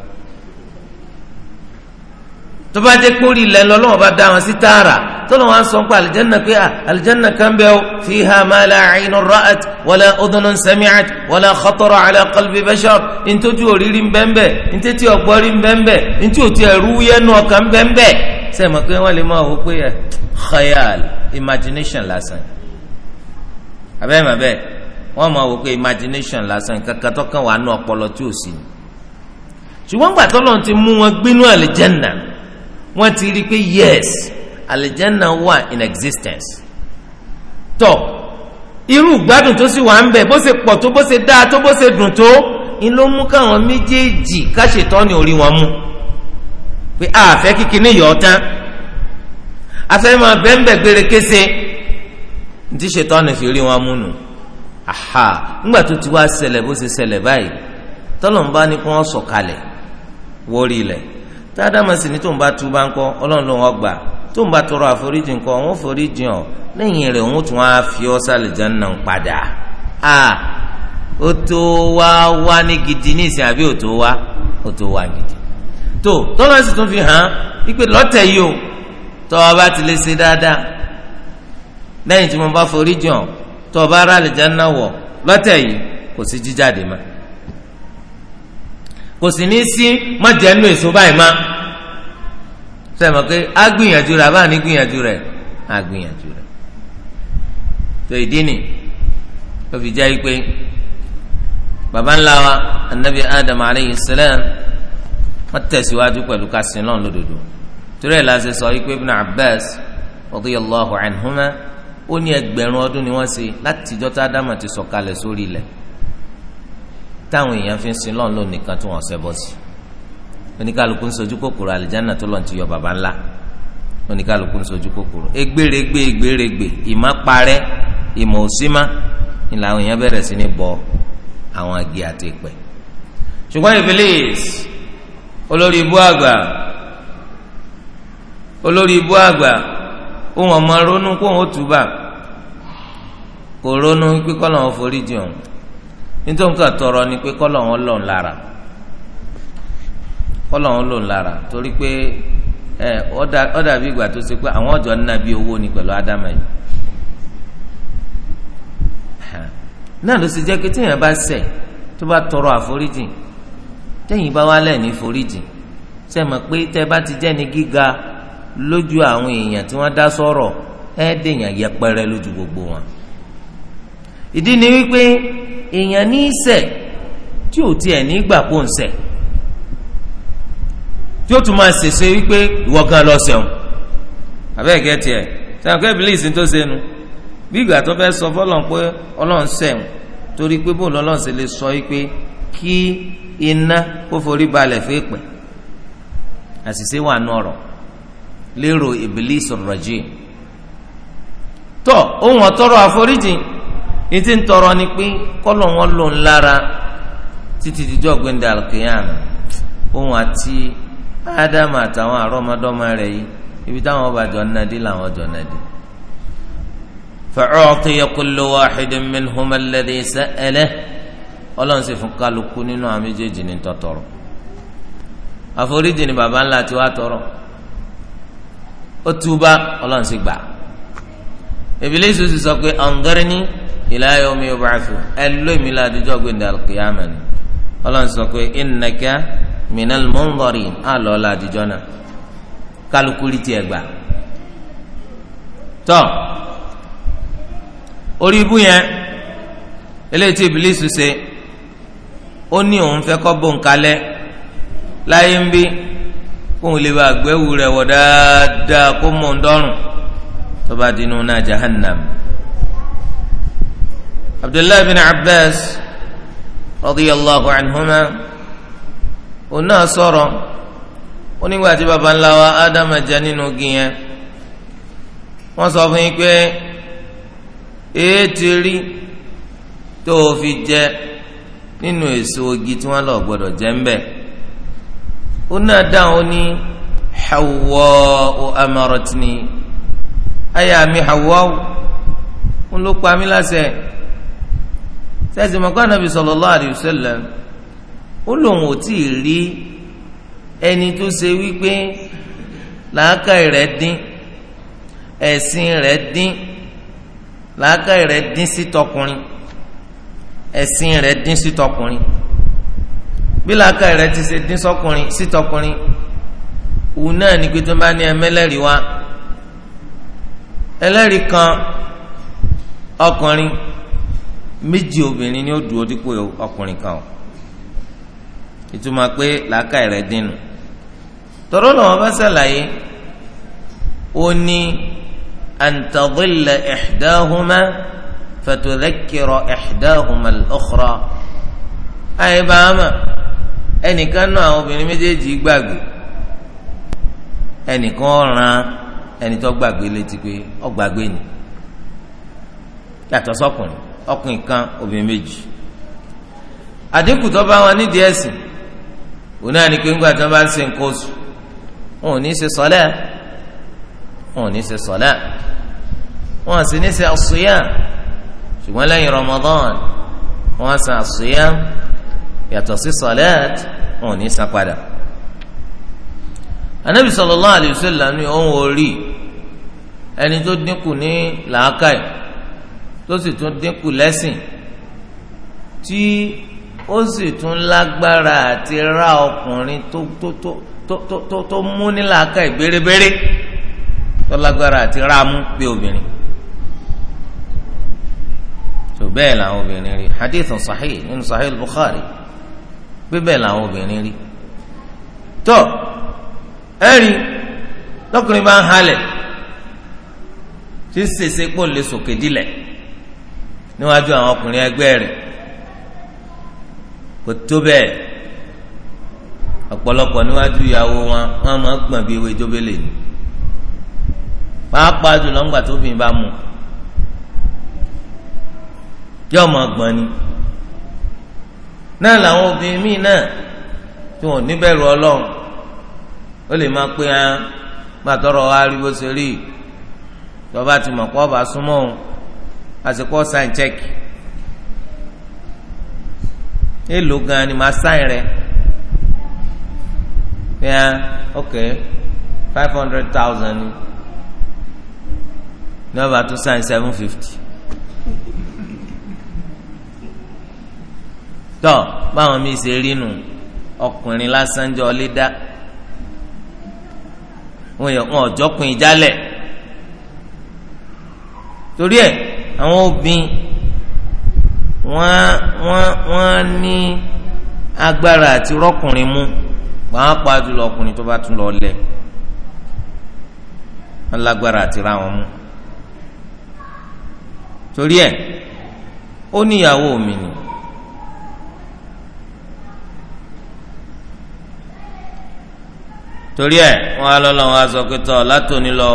tó bá jẹ́ kórì ilẹ̀ lọ lọ́wọ́ bá dá wọn sí tààrà tó lọ́wọ́ à ń sọ pé àlìjẹ́nà pé ah, àlìjẹ́nà kan bẹ́ẹ̀ o fiha ma la aynun ra'at wala udhunun sami'at wala khatara ala qalbi bashar ntọ́jú òrírí bẹ́ẹ̀ ntẹ́tí ọ̀gbọ́rí bẹ́ẹ̀ ntí òtí ẹ̀rú bẹ́ẹ̀ sẹ́mi pé wọ́n lè máa wò pé eh, khayal imagination lásán abẹ́ẹ̀ mọ̀ bẹ́ẹ̀ wọ́n máa wò pé imagination lásán kankan tó kàn wà nù ọpọlọ tí ò sí ni ṣùgbọ́n gbà t'Ọlọ́run ti mú wọn gbínú àlìjẹ́nà wọ́n ti rí i pé yes àlìjẹ́nà wà in existence tọ́ irú gbádùn tó sì wà ń bẹ̀ bó ṣe pọ̀ tó bó ṣe dáa tó bó ṣe dùn tó ń ló mú káwọn méjèèjì káṣetọ́ ni orí wọn mú pé àfẹ́ kíkiní yọ̀ ọ́ tán máa bẹ́ẹ̀ bẹ́ẹ̀ gbére kése ní ti ṣetọ́ ni fi rí wọn mú nù aha ńgbà tó ti wá ṣẹlẹ̀ bó ṣe ṣẹlẹ̀ báyìí tọ́lọ́mùbá ní kó wọ́n sọ̀kalẹ̀ wórí ilẹ̀ tádàmà sì ní tó ń bá tú bá ń kọ́ ọlọ́run ló wọ́n gbà tó ń bá tọrọ àforíjì ńkọ́ wọ́n foríjì ọ̀ lẹ́yìn rẹ̀ wọ́n tún á fi ọ́ sálẹ̀ jẹ́nà padà a ó tó wá wá ní gidi ní ìsìn àbí ó tó wá ó tó wá gidi tó tọ́lọ́ sì tún fi hàn wípé lọ́tẹ̀ yìí o tọ́ ọ bá ti lè ṣe dáadáa lẹ́yìn tí mo bá foríjì ọ̀ tó o wọ rà àlìjáná wọ̀ lọ́tẹ̀ yìí kò sí jíjáde mọ́ kò sì ní sí májẹ̀ẹ́nù èso báyìí má sẹ́mi pé á gbìyànjú rẹ̀ ní gbìyànjú gbìyànjú fi baba ńlá wa adam aleyhi salam wọ́n tẹ̀síwájú pẹ̀lú kásìn náà lódodo torí ibn ó ní ẹgbẹ̀rún ọdún ni wọ́n ṣe látijọ́ tá ádámà ti sọ̀kalẹ̀ sórí ilẹ̀ táwọn èèyàn fi ń sin lọ́n lónìí kan tí wọ́n ṣẹ́ bọ́ sí oníkàlùkù ń sojú kòkòrò àlìjáná tó lọ́n ti yọ bàbá ńlá oníkàlùkù ń sojú kòkòrò egbèrègbè egbèrègbè ìmọ̀ parẹ́ ìmọ̀ òsínmá ni làwọn èèyàn bẹ̀rẹ̀ sí ní bọ àwọn agi àti ìpẹ́ ṣùgbọ́n Iblis olórí ibú àgbà olórí ibú àgbà kó wọn máa ronú kó wọn ó túbà kò ronú pé tọrọ ni pé kọ́lọ̀ wọn lòun lára kọ́lọ̀ wọn lòun lára torí pé ẹ ìgbà tó ṣe owó ni pẹ̀lú ádámà yìí náà ló sì jẹ́ pé téèyàn bá ṣẹ̀ tó bá tọrọ àforíjì téèyàn bá ní foríjì ti gíga lójú àwọn èèyàn tí wọ́n dá sọ̀rọ̀ ẹ dèèyàn yẹpẹrẹ lójú gbogbo wọn. ìdí ni wípé èèyàn ní í ṣẹ̀ tí ò tiẹ̀ ní gbà kó ń ṣẹ̀ tí ó tún máa ṣèṣe wípé ìwọ gan lọ ṣẹ̀wọ̀n àbẹ́ẹ̀kẹ́ tiẹ̀ sẹ́wọ̀n kẹ́ bílíìsì tó ṣe nu bí ìgbà tó fẹ́ sọ fọlọ́n pé ọlọ́run ṣẹ̀wọ̀n torí pé bóun lọ́lọ́run ṣe lè sọ wípé kí iná kó forí balẹ̀ fún ìpẹ́ àṣìṣe wà nù ọ̀rọ̀ lérò Iblis rajim tọ ohun ọtọrọ àforíjì ní ti ń tọrọ ni pé kọlọ wọn lò ń lára títí dídọ gbẹndẹ alkiyama ohun àti ádámù àtàwọn àrọmọdọ́mọ rẹ̀ yìí ibi táwọn ọba jọ nàdí làwọn jọ nàdí. fa'u'tiya kullu wahidin minhuma alladhi sa'alahu ọlọ́run sì fún kálukú nínú àwọn méjèèjì tọ́tọ̀rọ̀ àforíjì ni baba ńlá ti wá tọrọ ó túbá ọlọ́run sì gbà Ìbílísì sì sọ pé anzirni ila yawmi yub'athun ẹ lómi ládùjọ́ gbẹ̀ndẹ̀ al-qiyamah ni ọlọ́run sọ pé innaka minal munzirin àlọ́ ládùjọ́ náà kálukú rí tiẹ̀ gbà tọ́ orí ibú yẹn eléyìí tí Ìbílísì ṣe ó ní òun fẹ́ kọ́ bóun kalẹ̀ láyé ń bí kóun lè bá àgbẹ̀wò rẹ̀ wọ̀ dáadáa kó mọ̀ ń dọ́rùn tó bá dínú náà jahannam. abdullahi bin abbas radiyallahu anhuma òun náà sọ̀rọ̀ ó nígbà tí baba ńlá wa ádámà jẹ nínú igi yẹn wọ́n sọ fún yín pé èé ti rí tó o fi jẹ nínú èso igi tí wọ́n lọ gbọ́dọ̀ jẹ ń bẹ́ẹ̀ ona dáhùn ní Hawwa amaratini aya mi Hawwa ń ló pa mí láṣẹ sẹ́sì mọ̀kọ́ anabi sallallahu alayhi wa sallam ó lòun ò tí ì rí ẹni tó ṣe wípé làákàyè rẹ̀ dín ẹ̀sìn rẹ̀ dín làákàyè rẹ̀ dín sí tọkùnrin ẹ̀sìn rẹ̀ dín sí tọkùnrin bí làákà rẹ ti ṣe dín sọkùnrin sítọkùnrin òun náà ní pé tó bá ní ẹmẹlẹ́rìí wá ẹlẹ́rìí kan ọkùnrin méjì obìnrin ni ó dúró dípò ọkùnrin kan o ìtumọ̀ pé làákà rẹ dínú tọ́rọ́ lọ́wọ́ bá ṣàlàyé ó ní àǹtàdínlẹ̀ ẹ̀ḥdáhùmá fẹ̀tọ̀dẹ́kẹ̀rọ̀ ẹ̀ḥdáhùmá lọ́kọ̀rọ̀ àyè bá ẹnìkan náà àwọn obìnrin méjèèjì gbàgbé ẹnìkan ràn ẹni tó gbàgbé létí pé ni yàtọ̀ sọkùnrin ọkùnrin kan obìnrin méjì àdínkù tó bá wọn nídìí ni pé ńgbà tí wọn bá ń ṣe nǹkan oṣù wọn ò ní í ṣe sọlẹ wọn ò ní í sọlẹ wọn sì ní Ramadan wọn àṣùyà. yàtọ̀ sí sọlẹ́t wọn ò ní san padà. anabi sallallahu alayhi wa sallam ni òun ò rí ẹni tó dínkù ní làákàyè tó sì tún dínkù lẹ́sìn tí ó sì tún lágbára àti ra ọkùnrin tó tó tó tó tó tó mú ní làákàyè bérebére tó lágbára àti ráàmú bí obìnrin tó bẹ́ẹ̀ làwọn obìnrin rí hadith sahih nínú sahih bukhari bíbẹ̀ làwọn obìnrin rí tó ẹ̀rí lọ́kùnrin bá ń halẹ̀ tí sèse pò lè sòkè dilẹ̀ níwájú àwọn ọkùnrin ẹgbẹ́ rẹ̀ kò tó bẹ́ẹ̀ ọ̀pọ̀lọpọ̀ níwájú ìyàwó wọn wọn máa gbọ̀n bí ewé jóbélé ni pàápàá jùlọ ńgbà tóbi bá mu yọ ọmọ gbọ̀n ni náà làwọn obìnrin míì náà tí wọn ò ní bẹ̀rù ọlọ́run ó lè máa pé hàn ah, gbàtọ́rọ̀ ariwo ṣe rí tọ́ba ti mọ̀ kọ́ ọba súnmọ́ òun àsìkò sign check èèlò gan ni màá sign rẹ pé hàn ah, ok five hundred thousand ní ọba tó sign seven fifty. tọ báwọn míì ṣe rí nù ọkùnrin lásán jọ lé dá wọn ọjọkùn ìjálẹ torí ẹ àwọn obìnrin wọn wọn wọn ní agbára àti rọkùnrin mú pàápàá jùlọ ọkùnrin tó bá tún lọ lẹ wọn lágbára àti ra wọn mú torí ẹ ó níyàwó mi nìyí torí ẹ wọn á lọ lọ́wọ́ aṣọ pẹtọ látòní lọ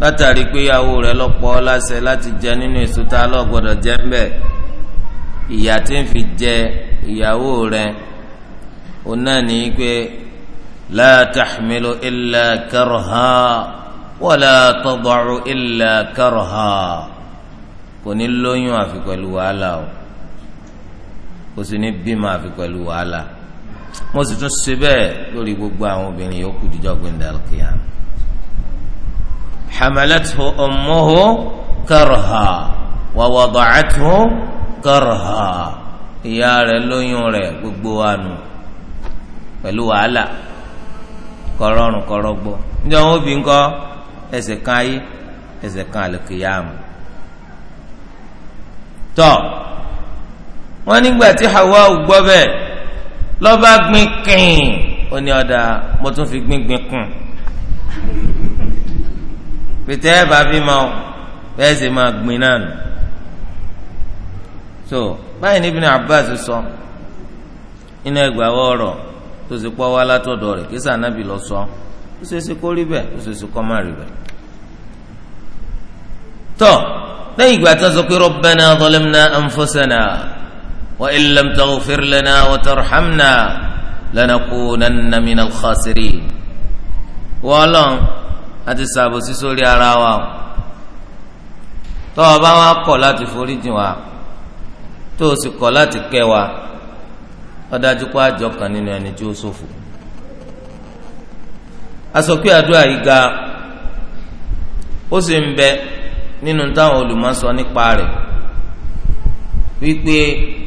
látàrí pé ìyàwó rẹ lọ́pọ̀ láṣẹ láti jẹ nínú èso tá a lọ gbọ́dọ̀ jẹ ń bẹ ìyà tí ń fi jẹ ìyàwó rẹ òun náà ní pé la tahmilu illa karha wala tada'u illa karha kò ní lóyún àfi pẹ̀lú wàhálà o kò sì ní bímọ àfi pẹ̀lú wàhálà. wọ́n sì tún ṣe bẹ́ẹ̀ lórí gbogbo àwọn obìnrin yòókù díjọ́ gbẹ̀ndà kìyàm. hamalathu ummuhu karha wa wada'athu karha ìyá rẹ̀ lóyún gbogbo anu pẹ̀lú wàhálà kọrọrùn kọrọgbọ níjọ́ wọn obì ńkọ́ ẹsẹ̀ kan ayé ẹsẹ̀ kan àlùkìyàm. tọ́ wọ́n nígbà tí Hawa gbọ́ lọ́ba gbin kìn ó ní ọ̀dà mo tún fi gbin gbin kùn pété ẹ bá bí ma ọ bẹ́ẹ̀ sì máa gbin náà nù so báyìí ní Ibn Abbas sọ nínú ẹgbàá ọ̀rọ̀ tó sì pọ́ wá látọ̀dọ̀ rẹ̀ kí sànàbì lọ sọ ó ṣe é ṣe kó rí bẹ́ẹ̀ ó ṣe é ṣe kó má rí bẹ́ẹ̀ tọ́ lẹ́yìn ìgbà tó sọ pé Rabbana zalamna anfusana. وإن لم تغفر لنا وترحمنا لنكونن من الخاسرين wọ́ọ́lọ́n àti ṣàbòsí sórí ara wa o tó o bá wa kọ̀ láti foríjì wa tó o sì kọ̀ láti kẹ́ wa ó dájú pé àjọ kan nínú ẹni tí ó ṣòfò. asọ̀kí àdúrà yìí ga ó sì ń bẹ nínú táwọn olùmọ̀ sọ nípa rẹ̀ wípé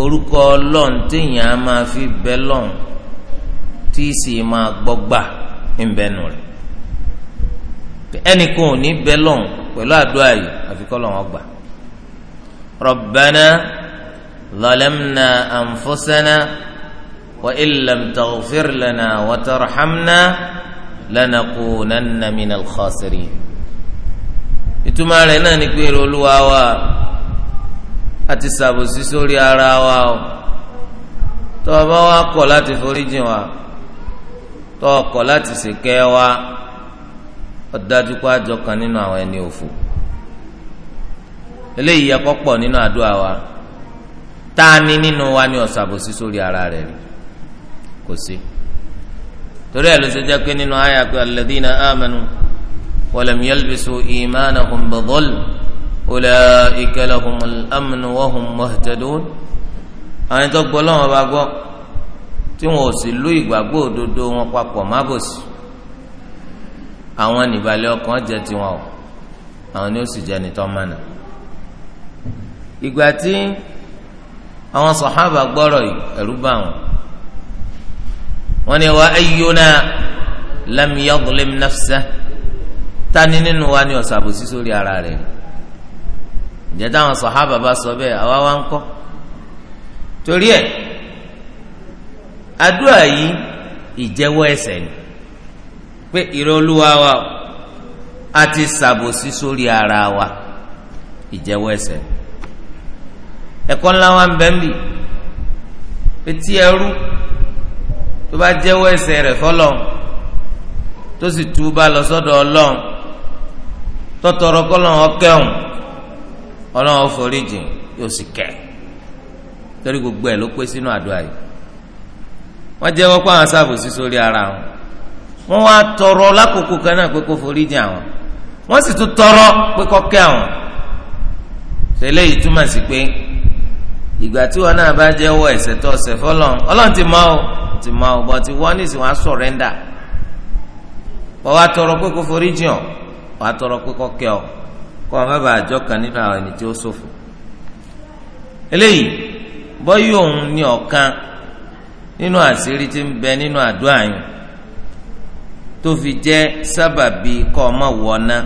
orúkọ ọlọ́run téèyàn á máa fi bẹ́ lọ́run tí sì máa gbọ́gbà ńbẹ́nu rẹ̀ ẹnìkan ò ní bẹ́ lọ́run pẹ̀lú àdúrà yìí àfi kọ́ lọ́run ọgbà Rabbana zalamna anfusana wa illam taghfir lana wa tarhamna lanakunanna minal khasirin rẹ̀ náà ni pé olúwa wa àti ṣàbòsí sórí ara wa o tó o bá wa kọ̀ láti foríjì wa tó o kọ̀ láti ṣèkẹ́ wa ó dájú pé àjọ kan nínú àwọn ẹni òfò eléyìí yẹ kọ́ nínú àdúrà wa tá a ní nínú wa ni ó sórí ara rẹ̀ rí kò sí torí ẹ̀ ló ṣe jẹ́ pé nínú àyà pé alladhina amanu wa lam yalbisu imanahum bi أولئك لهم الأمن وهم مهتدون àwọn tó gbọ́ lọ́wọ́ bá gbọ́ tí wọn ò sì lú ìgbàgbọ́ òdodo wọn papọ̀ mábòsí àwọn nìbalẹ̀ ọkàn jẹ́ tiwọn o àwọn ni ó sì jẹ́ nìtọ́ mánà. ìgbà tí àwọn sàhábà gbọ́rọ̀ ẹ̀rú bá wọn wọn ni wa ayyuna lam yadhlim tani nínú wa ni ó sórí ara rẹ̀ ǹjẹ́ táwọn sọ̀hábà bá sọ bẹ́ẹ̀ àwa wá ń kọ́ torí ẹ̀ àdúrà yìí ìjẹ́wọ́ ẹ̀ṣẹ̀ ni pé ìrẹ́ wa a ti ṣàbòsí sórí ara wa ìjẹ́wọ́ ẹ̀ṣẹ̀ ni ẹ̀kọ́ ńlá wa ń bẹ ń bì pé tí ẹrú tó bá jẹ́wọ́ ẹ̀ṣẹ̀ rẹ̀ fọlọ́ tó sì túbà lọ sọ́dọ̀ ọlọ́run tọ́tọ̀rọ̀ kọ́lọ́run ọkẹ́hùn ọlọ́run foríjì yóò sì kẹ́ torí gbogbo ẹ̀ ló pé sínú àdúrà yìí wọ́n jẹ́wọ́ pé àwọn sábòsí sórí ara wọn wọ́n wá tọrọ lákòókò kan náà pé kó foríjì àwọn wọ́n sì tún tọrọ pé kó kẹ́ àwọn tẹ́lẹ̀ yìí túmọ̀ sí pé ìgbà tí wọn náà bá jẹ́wọ́ ẹ̀ṣẹ̀ tó ọ̀sẹ̀ fọlọ́n ọlọ́run ti mọ̀ ọ́ ti mọ̀ ọ́ bọ́ ti wọ́n ní ìsìn wọn á sọ̀rẹ́ndà wọ́n wá tọrọ pé kó foríjì ọ́ wọ́n á tọrọ pé kó kẹ́ ọ́ kọ́ ọ má bàa jọ àwọn ẹni tí ó ṣòfò eléyìí bọ́yọ̀ òun ní ọ̀kan nínú àṣírí tí ń bẹ nínú àdó yìí tó fi jẹ́ sábàbí kọ́ ọmọ má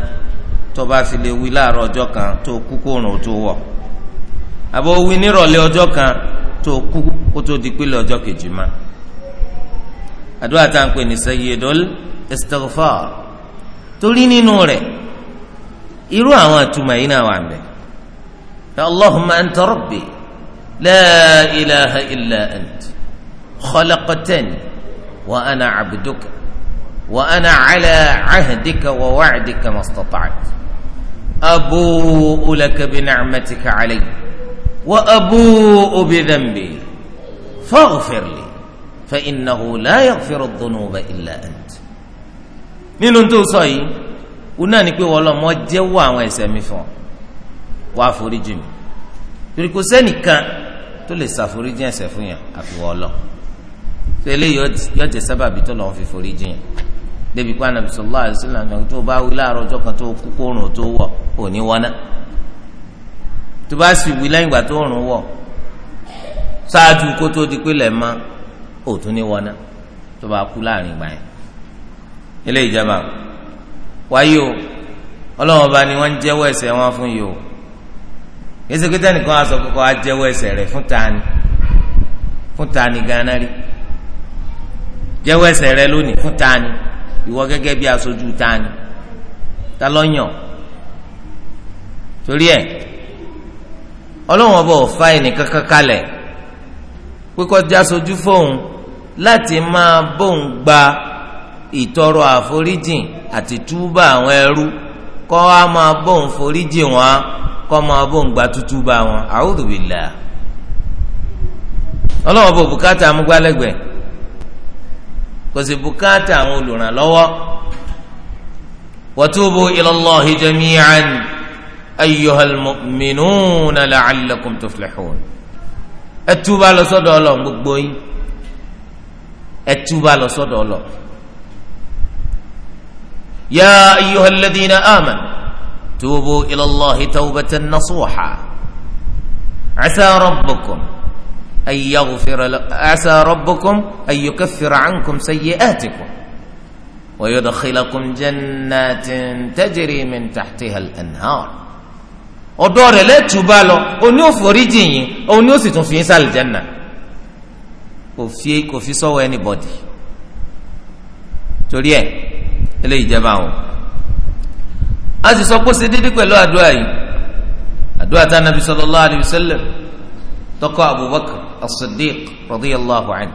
tó bá fi lè wí láàárọ̀ ọjọ́ kan tó kú kóòrùn tó wọ̀ àbọ̀ wí nírọ̀lẹ́ ọjọ́ kan tó kú kó tó di ọjọ́ kejì má irú àwọn àtúmọ̀ yìí náà wà ń bẹ̀ allahumma anta rabbi la ilaha illa ant khalaqtani wa ana abduka wa ana ala ahdika wa wa'dika mastata'at abu ulaka bi ni'matika alayya wa abu'u bi dhanbi faghfir li fa inahu la yaghfiru dunuba dhunuba illa ant nínú tó sọ yìí. òun náà ni pé wọ́n lọ mọ́ jẹ́wọ́ àwọn ẹ̀ṣẹ̀ mi fún ọ wá àforíjì mi torí kò sẹ́nìkan tó lè ṣàforíjì ẹ̀ṣẹ̀ fún yàn àfi wọ́n lọ tó eléyìí yọjẹ sábàbí tó lọ́wọ́ fi foríjì yàn débi pé anabi sallallahu alaihi wasallam tó bá wí láàárọ̀ ọjọ́ kan tó kú kóòrùn tó wọ̀ ò ní wọ́ná tó bá sì wí lẹ́yìn ìgbà tó rùn wọ̀ ṣáájú kó tó di pé lẹ̀ mọ́ ò tún ní wọ́ná tó bá kú láàrin ìgbà yẹn eléyìí jẹ́ wáyé o Ọlọ́wọ́n ọba ni wọ́n ń jẹ́wọ́ ẹ̀ṣẹ̀ wọn fún yìí o yẹsẹ pé tẹnìkan aṣọ kọkọ á jẹ́wọ́ ẹ̀ṣẹ̀ rẹ̀ fún tani fún tani ganan rí jẹ́wọ́ ẹ̀ṣẹ̀ rẹ̀ lónìí fún tani ìwọ gẹ́gẹ́ bí aṣojú tani ta ló yàn torí ẹ ọlọ́wọ́n ọba ò fa ẹnìkan kankalẹ̀ pé kó jẹ́ aṣojú fóun láti máa bóun gba ìtọrọ àforíjìn àti túbà àwọn ẹrú kọ́ a máa bóun foríjìn wọn kọ́ máa bóun gba tútúbà wọn a'udhu billah ọlọ́wọ́ bò bùkátà amúgbálẹ́gbẹ̀ẹ́ kò sì bùkátà àwọn olùrànlọ́wọ́ watubu ilallahi jami'an ayyuhal mu'minuna la'allakum tuflihun ẹ túbà lọ sọ́dọ̀ Ọlọ́run gbogbo yín ẹ lọ sọ́dọ̀ Ọlọ́run. يا أيها الذين آمنوا توبوا إلى الله توبة نصوحا عسى ربكم أن يغفر ل... عسى ربكم أن يكفر عنكم سيئاتكم ويدخلكم جنات تجري من تحتها الأنهار ọ̀dọ̀ لا تبالو lọ òní ò foríjì في òní ò sì tún سوى yín sálì jẹnà eléyìí jẹba wọn a sì sọ pé ṣe dídí pẹ̀lú àdúrà yìí àdúrà tá nàbí sallallahu alayhi wa sallam tọkọ abubakar as-siddiq radiyallahu anhu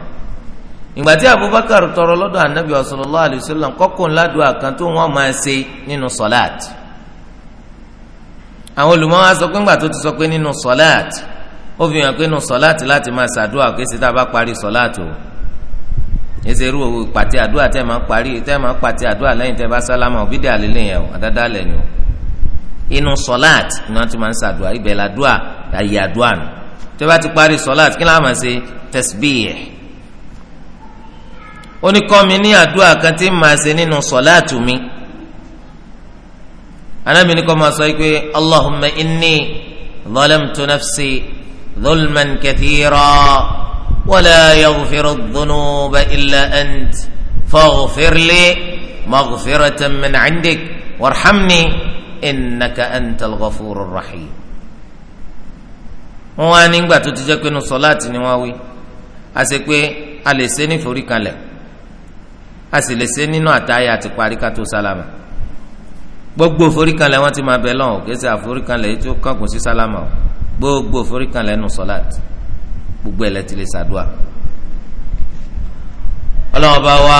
ìgbà tí abubakar tọrọ lọ́dọ̀ anabi sallallahu alayhi wa sallam kọ́kọ́ ńládùá kan tó wọ́n máa ṣe nínú sọ́láàt àwọn olùmọ́wá sọ pé ńgbà tó ti sọ pé nínú sọ́láàt ó fi hàn pé nínú sọ́láàt láti máa ṣàdúrà kí ṣe tá a bá parí sọ́láàt o ẹsẹ irú owó pàtẹ àdúrà tẹ máa parí tẹ máa pàtẹ àdúrà lẹ́yìn tẹ bá sálámà òbídẹ àlélẹ yẹn o àdáda lẹ ni o inú sọláàt ni wọn ti máa ń sàdúrà ibẹ̀ làdúà àyè àdúà nù tẹ bá ti parí sọláàt kí ló máa ṣe tẹsibíyẹ ó ní kọ́ kan tí ń máa ṣe nínú sọláàtù mi anábìíní kọ́ máa sọ pé allahumma inni zalamtu nafsi zulman ولا يغفر الذنوب إلا أنت فاغفر لي مغفرة من عندك وارحمني إنك أنت الغفور الرحيم wọ́n wá nígbà tó ti jẹ́ pé inú sọ́láàtì ni wọ́n wí a sì pé a lè ṣe ní foríkanlẹ̀ a sì lè ṣe nínú àtàyà àti parí ká tó sálámà gbogbo foríkanlẹ̀ wọ́n ti máa bẹ̀ lọ́wọ́ kí ẹ ṣe àforíkanlẹ̀ tó kọ̀ọ̀kùn sí sálámà o gbogbo foríkanlẹ̀ nù sọ́láàtì gbogbo ẹ̀ lẹ́tì lè ṣàdúà ọlọ́run bá wa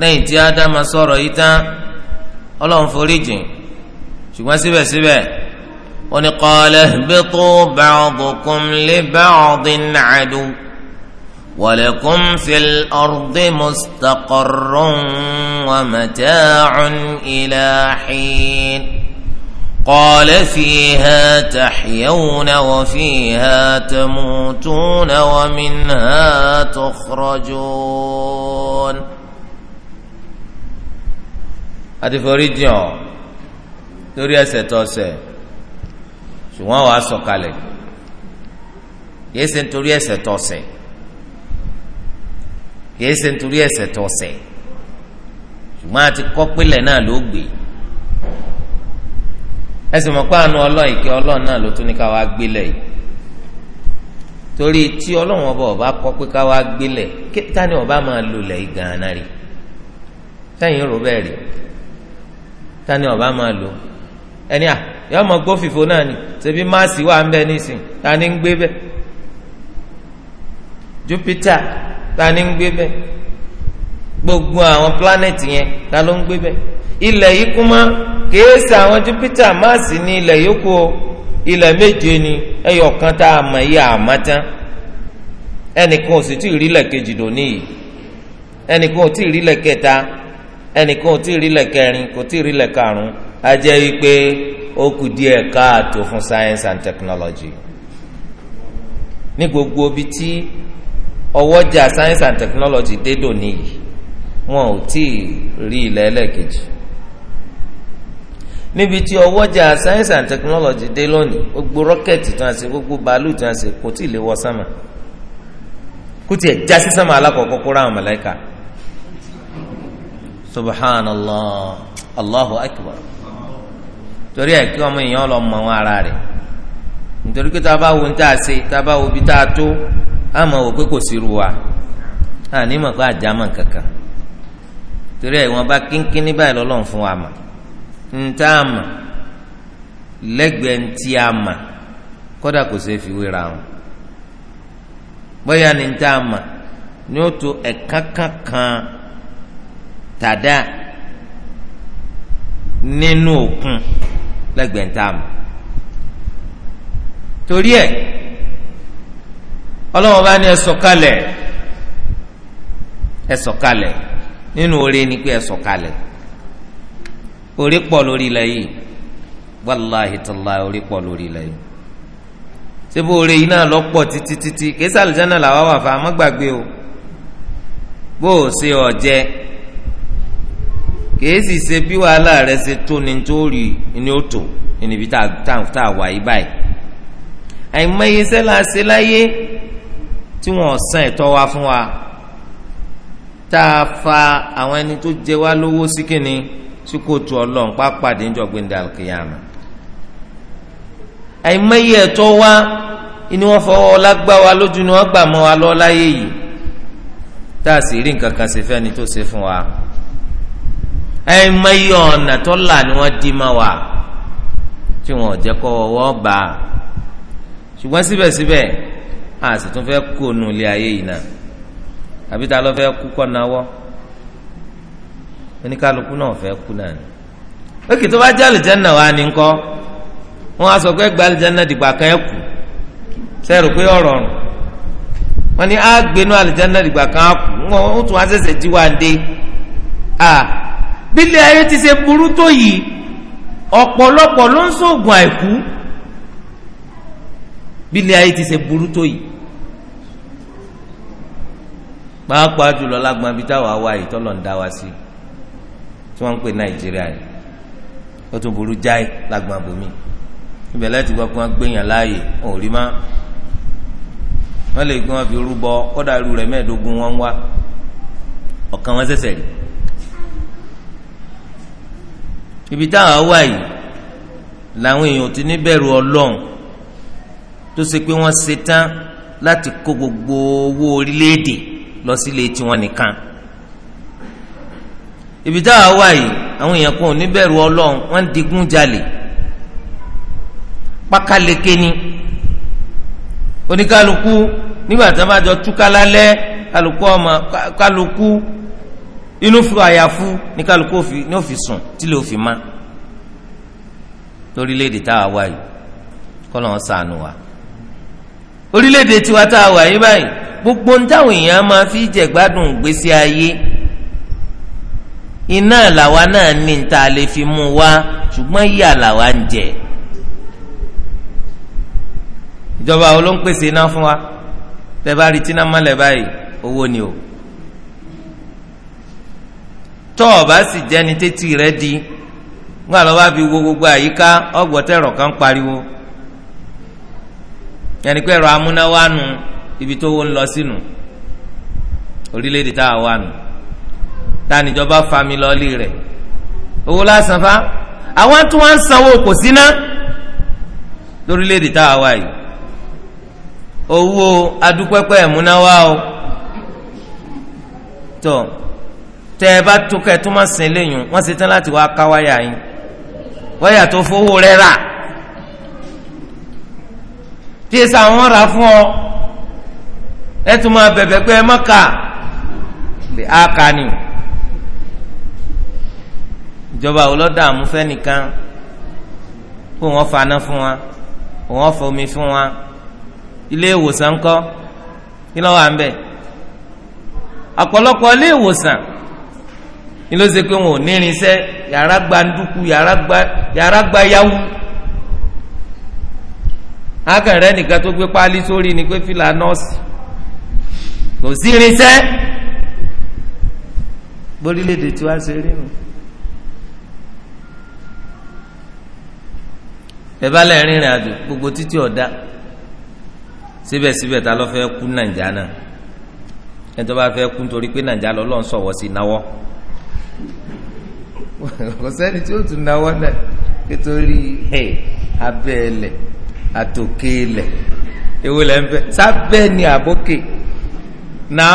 lẹ́yìn tí ádámà sọ̀rọ̀ yìí tán ọlọ́run foríjìn ṣùgbọ́n síbẹ̀síbẹ̀ ó ní qala ihbitu ba'dukum li ba'din 'adu wa lakum fil ardi mustaqarrun wa قال فيها تحيون وفيها تموتون ومنها تخرجون àdìforíjì ọ lórí ẹ̀ṣẹ̀ tó ṣẹ̀ ṣùgbọ́n wàá sọ̀kalẹ̀ kìí ṣe nítorí ẹ̀ṣẹ̀ tó ṣẹ̀ kìí ṣe nítorí ẹ̀ṣẹ̀ tó ṣẹ̀ àti kọpìlẹ náà ló gbé ẹsìn mọ̀ pé àánú ọlọ́run ìkẹ́ ọlọ́run náà ló tún ní ká tí ọba ọba kọ́ pé ká ni ọba máa lulẹ̀ yìí gan-an rí sẹ́yìn rò ta ni ọba máa lò ẹni à yọ ọmọ gbófìfo náà ni ṣebí máàsì wà ń ta ni ń gbé Jupiter ta ni ń gbé gbogbo àwọn ta ló ń ilẹ̀ yìí kú mọ́ kèésì àwọn Júpítà máàsì ní ilẹ̀ yòókù o ilẹ̀ méje ni ẹyọ kan tá a mọ̀ yìí àmọ́ tán ẹnìkan ò sì tí ì rí ilẹ̀ kejì dòní ẹnìkan ò tí ì rí ilẹ̀ ẹnìkan ò tí ì rí ilẹ̀ kò tí ì rí ilẹ̀ ún a jẹ́ wípé ó kù díẹ̀ káàtó fún science and technology ní gbogbo ibi tí ọwọ́jà science and technology dé dòní yìí wọn ò tí ì rí ilẹ̀ ẹlẹ́kejì níbi tí ọwọ́jà science and technology dé lónìí gbogbo rọ́kẹ̀tì tí wọ́n ṣe gbogbo bàálù tí wọ́n ṣe kò tí ì lè wọ sánmà kó tiẹ̀ já sí sánmà alákọ̀ọ́kọ́ kó ráhùn màláíkà subhanallah allahu akbar torí ẹ̀ kí ọmọ èèyàn lọ mọ ara rẹ a bá wo ní tá a ṣe tá a bá wo bí tá a tó ntá ama lẹ́gbẹ̀ẹ́ ntí ama kódà kò fi wéra ni ntá ama ni ó tó ẹ̀ka kankan tàdá nínú òkun lẹ́gbẹ̀ẹ́ ntá àmà torí ẹ̀ ọlọ́wọ́n bá ní ẹ orí pọ̀ lórí ilẹ̀ yìí wàláhi tàlá orí pọ̀ lórí ilẹ̀ yìí sebo orí yìí náà lọ pọ̀ títí títí kèésì àlùjáná làwa wà fà má gbàgbé o bó o ṣe ọ̀jẹ́ kèésì ṣe bí wàhálà rẹ ṣe tó ni tó rí ni ó tò níbi tá a wà yí báyìí àìmọye sẹ́la ṣe láyé tí wọ́n san ẹ̀tọ́ wa fún wa tá a fa àwọn ẹni tó jẹ wá lówó sí Si sí kóòtù ọlọ́run pápádé níjọ́ gbẹ̀ndẹ̀ àlùkìyàmà àìmọye ẹ̀tọ́ wa ni wọ́n fọwọ́ lójú ni wọ́n gbà mọ́ wa lọ láyé yìí tá a sì rí nǹkan kan ṣe fẹ́ni tó ṣe fún wa àìmọye ọ̀nà tó là ni wọ́n dí mọ́ wa tí jẹ́ kọ́ ọwọ́ bá a ṣùgbọ́n síbẹ̀síbẹ̀ a sì tún fẹ́ kó nu ilé ayé yìí náà oníkálukú náà fẹ́ kú náà ni ókè tó bá jẹ́ àlùjáná wa ni ńkọ́ wọ́n á sọ pé gba àlùjáná dìgbà kan ẹ̀ kù sẹ́rù pé ọ̀rọ̀ ọ̀rùn wọ́n ní á gbénú àlùjáná dìgbà kan wọ́n ó tún á sẹ̀sẹ̀ jí wa dé à bílẹ̀ ayé ti ṣe burú tó yìí ọ̀pọ̀lọpọ̀ ló ń sóògùn àìkú bílẹ̀ ayé ti ṣe burú tó yìí pàápàá jùlọ lágbọn abidá wa wá ìtọ́lọ̀ ń dá wa sí i tí wọ́n ń pè nàìjíríà yìí ó tún burú jáì lágbọn abomi ibẹ̀ láti gbọ́ pé wọ́n gbéyàn láàyè òun rí má wọ́n lè gbé wọn fi rúbọ ó dàrú rẹ̀ mẹ́ẹ̀ẹ́dógún wọn wá ọ̀kan wọn ṣẹ̀ṣẹ̀ rí ibi táwọn wà yìí làwọn èèyàn ti ní bẹ̀rù tó ṣe pé wọ́n ṣetán láti kó gbogbo owó orílẹ̀ lọ sílé tiwọn nìkan. Si ibi táwa wà yìí àwọn èèyàn kan ò ní bẹ̀rù ọlọ́run wọ́n ń digun jalè pákáleke ni oníkálukú nígbà tí wọ́n bá jọ túká lálẹ́ kálukú ọmọ kálukú inú fi àyàfu ní kálukú ní òfin sùn tílé òfin má lórílẹ̀‐èdè táwa wà yìí kọ́lọ́ wọn sànù wa orílẹ̀ tiwa táwa wà yìí báyìí gbogbo ń táwọn èèyàn máa fi jẹ̀gbádùn ìgbésí ayé iná làwa náà ní ta lè fi mú wa ṣùgbọ́n ìyà làwa ń jẹ ìjọba ló ń pèsè iná fún wa tẹ rí tíná mọ́lẹ̀ báyìí o tọ́ ọ bá sì jẹ́ni rẹ di ńgbà bá fi wo gbogbo àyíká kan pariwo yẹnni pé ẹ̀rọ amúnáwá ibi tó ń lọ sínú orílẹ̀-èdè tá tanìjọba fami lọ́ọ́lì rẹ̀ owó lásán fa àwọn tó wá ń sanwó kò síná lórílẹ̀‐èdè tá a wà yìí owó adúpẹ́pẹ́ ẹ̀múnáwá o tó tẹ ẹ bá tó kẹ tó má sin léyìn wọ́n ṣe tán láti wá ká wáyà yín wáyà tó fowó rẹ̀ rà tí èsì àwọn rà fún ọ ẹ tún máa bẹ̀bẹ̀ pé ẹ má kà á kà ni ìjọba olódààmú fẹ́nìkan kó wọ́n faná fún wa kó wọ́n fomi fún wa ilé ìwòsàn ńkọ́ kí ló wà ń bẹ̀ ọ̀pọ̀lọpọ̀ ilé ìwòsàn ni ló ṣe pé wọn ò nírinṣẹ́ yàrá gba ndúkú yàrá gba yáwú akẹrẹ nìkan tó gbé páálí sórí ni pé fìlà nọ́ọ̀sì kò sí irinṣẹ́ gbórílẹ̀ èdè tí wàá ṣe rí nù. bẹ́ẹ̀ bá lẹ́ rìnrìn àjò gbogbo títí ọ̀dá síbẹ̀síbẹ̀ ta ló fẹ́ kú nàìjà náà ẹni tó bá fẹ́ kú nítorí pé nàìjà lọ́lọ́ ń sọ̀wọ́ sí náwọ́ kò sẹ́ni tí ó tún náwọ́ náà nítorí abẹ́ ẹlẹ̀ ewu lẹ́ ń fẹ́ sábẹ́ ni àbókè náà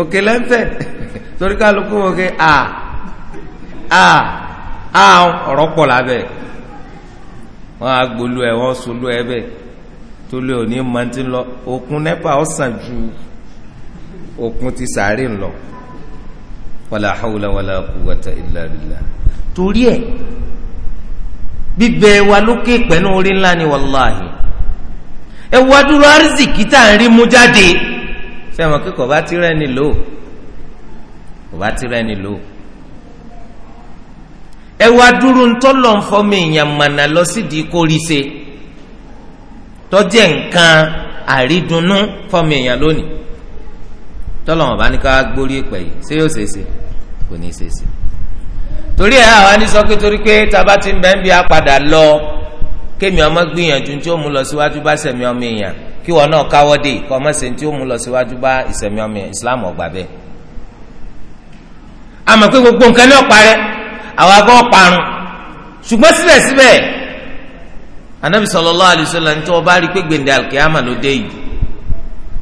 òkè lẹ́ ń fẹ́ torí kálukú òkè à à à ọ̀rọ̀ pọ̀ lábẹ́ wọ́n á gbolú ẹ wọ́n solú ẹ bẹ́ẹ̀ tó lé òní mọ́tí lọ òkun nẹ́pà ó sàn ju òkun ti sàárè ńlọ wàlà hàwùlà wàlà kùwàtà ìlà bìlà torí ẹ bíbẹ wa lókè pẹ̀lú orí ńlá ni wàláhì ẹ wá dúró àrísìkí tá ń rí mú jáde fẹ́ràn kíkọ̀ bá ti rẹ́ni lò kò bá ti rẹ́ni lò ẹ wá dúró ńtọ́lọ̀ ń fọmọ èèyàn mànà lọ sídìí kórìíse tọ́jẹ́ nǹkan àrídùnnú fọmọ èèyàn lónìí tọ́lọ̀ wọn bá ní ká gbórí ìpè yìí ṣé yóò ṣèṣe kò ní ṣèṣe torí ẹ àwa ní sọ pé torí pé taba ti ń bẹ́ẹ̀ bí a padà lọ kémi ọmọ gbìyànjú tí ó mú lọ síwájú bá sẹ̀mí ọmọ èèyàn kí wọn náà káwọ́ dé kọ́ tí ó mú lọ síwájú bá ìsẹ̀mí ọmọ èèyàn Islam bẹ́ẹ̀ àmọ́ pé gbogbo nǹkan náà parẹ́ àwọn agọ́ parun ṣùgbọ́n síbẹ̀síbẹ̀ anabi sallallahu alaihi wasallam tó o bá rí pé gbèǹde alkiyama ló dé yìí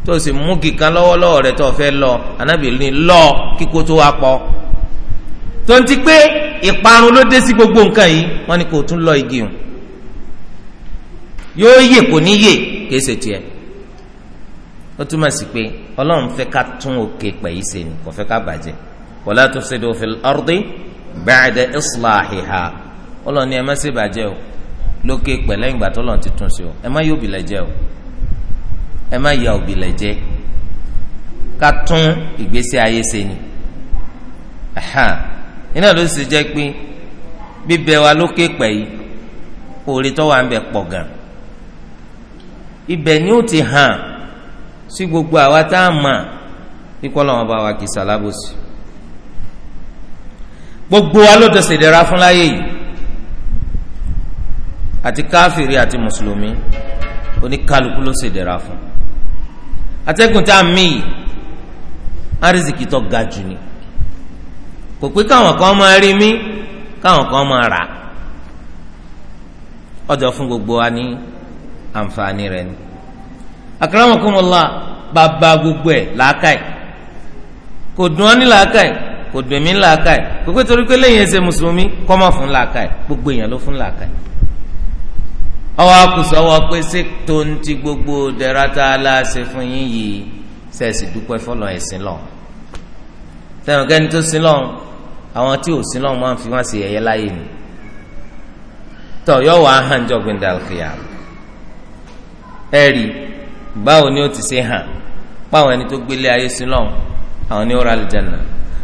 tó o sì mú kíkan lọ́wọ́lọ́wọ́ rẹ tó o fẹ́ lọ anabi ní lọ kíkó tó wá pọ̀ tó ń ti pé ìparun ló dé sí gbogbo nǹkan yìí wọ́n ní kò tún lọ igi o yóò yè kò ní yè tiẹ̀ ó túmọ̀ sí ba'da islahiha ọlọ́ni ẹ má ṣe bàjẹ́ o lókè pẹ̀lẹ́ ìgbà tó lọ́n ti tún sí o ẹ má yọ òbílẹ̀ jẹ́ o ẹ má yà òbílẹ̀ jẹ́ ká tún ìgbésí ayé ṣe ni iná ló sì jẹ́ pé bíbẹ wa lókè pẹ̀ yìí oore tó wà ń bẹ pọ̀ gan ibẹ̀ ni ó ti hàn sí gbogbo àwa tá a mà ikọ́ lọ́wọ́ bá wa kì í sálábòsì gbogbo wa ló dẹsẹ̀ dẹra fún láyé yìí àti káfìrí àti mùsùlùmí oníkálukú ló ṣe dẹra fún atẹ́gùn tá a mí yìí arizikì tó ga jù ni kò pé káwọn kan máa rí mi káwọn kan máa rà ọjọ́ fún gbogbo wa ní àǹfààní rẹ̀ ni akramakumullah bàbá gbogbo ẹ̀ làákàyè kò dùn ọ́ ní làákàyè kò dùn mí làákà yìí kò pé torí pé lẹ́yìn ẹsẹ̀ mùsùlùmí kọ́mọ̀ fún làákà yìí gbogbo èèyàn ló fún làákà yìí. ọwọ́ akùsọ̀ ọwọ́ pé ṣé tó ń ti gbogbo dẹ̀rátà aláṣẹ fún yín yìí sẹ́ẹ̀sì dúpẹ́ fọlọ́ ẹ̀sìn lọ. tẹ̀wọ̀n kẹ́ni tó sin lọ́n àwọn tí ò sin lọ́n máa ń fi wọ́n sí ẹ̀yẹ láyé ni. tọ̀ yọ wàá hàn jọ gbẹndàkìyà ẹ̀rí báwo ni ó ti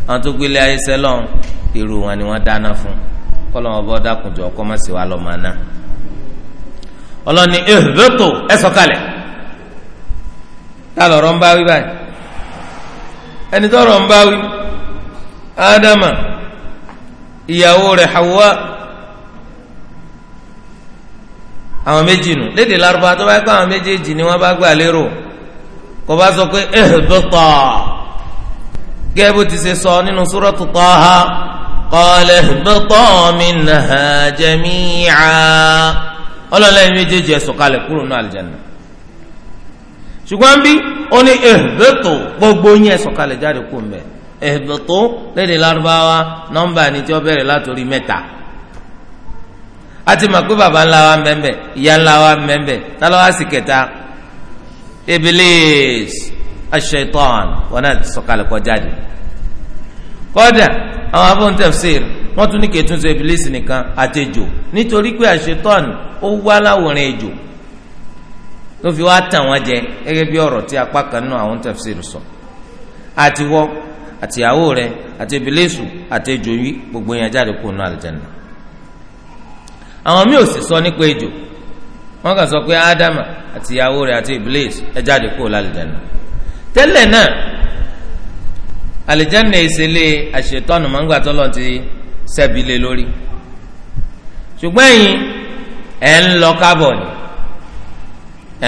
àwọn tó gbélé ayé sẹlọn irú wọn ni wọn dáná fún kọlọmọ bọ ọkọ má sì wà lọ màá náà ọlọni ehbeto ẹ sọ̀kalẹ̀ tá ń bá wí ẹni ń bá wí ádámà ìyàwó rẹ̀ Hawa àwọn méjì nù gẹ́gẹ́ ti ṣe sọ nínú suratu Taha qala ihbata minha jami'a ọlọ́lẹ́yìn méjèèjì ẹ̀ sọ̀kalẹ̀ kúrò ní àlìjáná ṣùgbọ́n bí ó ní gbogbo yín ẹ̀ sọ̀kalẹ̀ jáde kú mẹ́ lédè lárúbáwá nọ́mbà ni tí bẹ̀rẹ̀ látòrí mẹ́ta a ti mọ̀ baba ńlá wa ìyá ńlá wa aṣ-ṣaitan wọn náà sọ̀kalẹ̀ kó jáde kódà àwọn abọ́n tafsir wọ́n tún ní kẹ́tún sọ ìbílísì nìkan àtẹjò nítorí pé aṣ-ṣaitan ó wá láwòrán ejò ló fi wá tàn wọ́n jẹ gẹ́gẹ́ bí ọ̀rọ̀ tí apá kan náà àwọn tafsir sọ àtiwọ́ àtìyàwó rẹ̀ àti ìbílísù àtẹjò yìí gbogbo yẹn jáde kó nu àlùjánnà àwọn míì ò sì sọ nípa ejò wọ́n kàn sọ pé ádámà àtìyàwó rẹ̀ àti ìbílísù ẹ jáde kó lálùjánnà tẹ́lẹ̀ náà àlìjáná ìṣẹ̀lẹ̀ àṣetọ́nù máa ń gbà tọ́lọ̀ ti sẹ́bi lé lórí ṣùgbọ́n ẹ̀yin ẹ̀ ń lọ kábọ̀ ni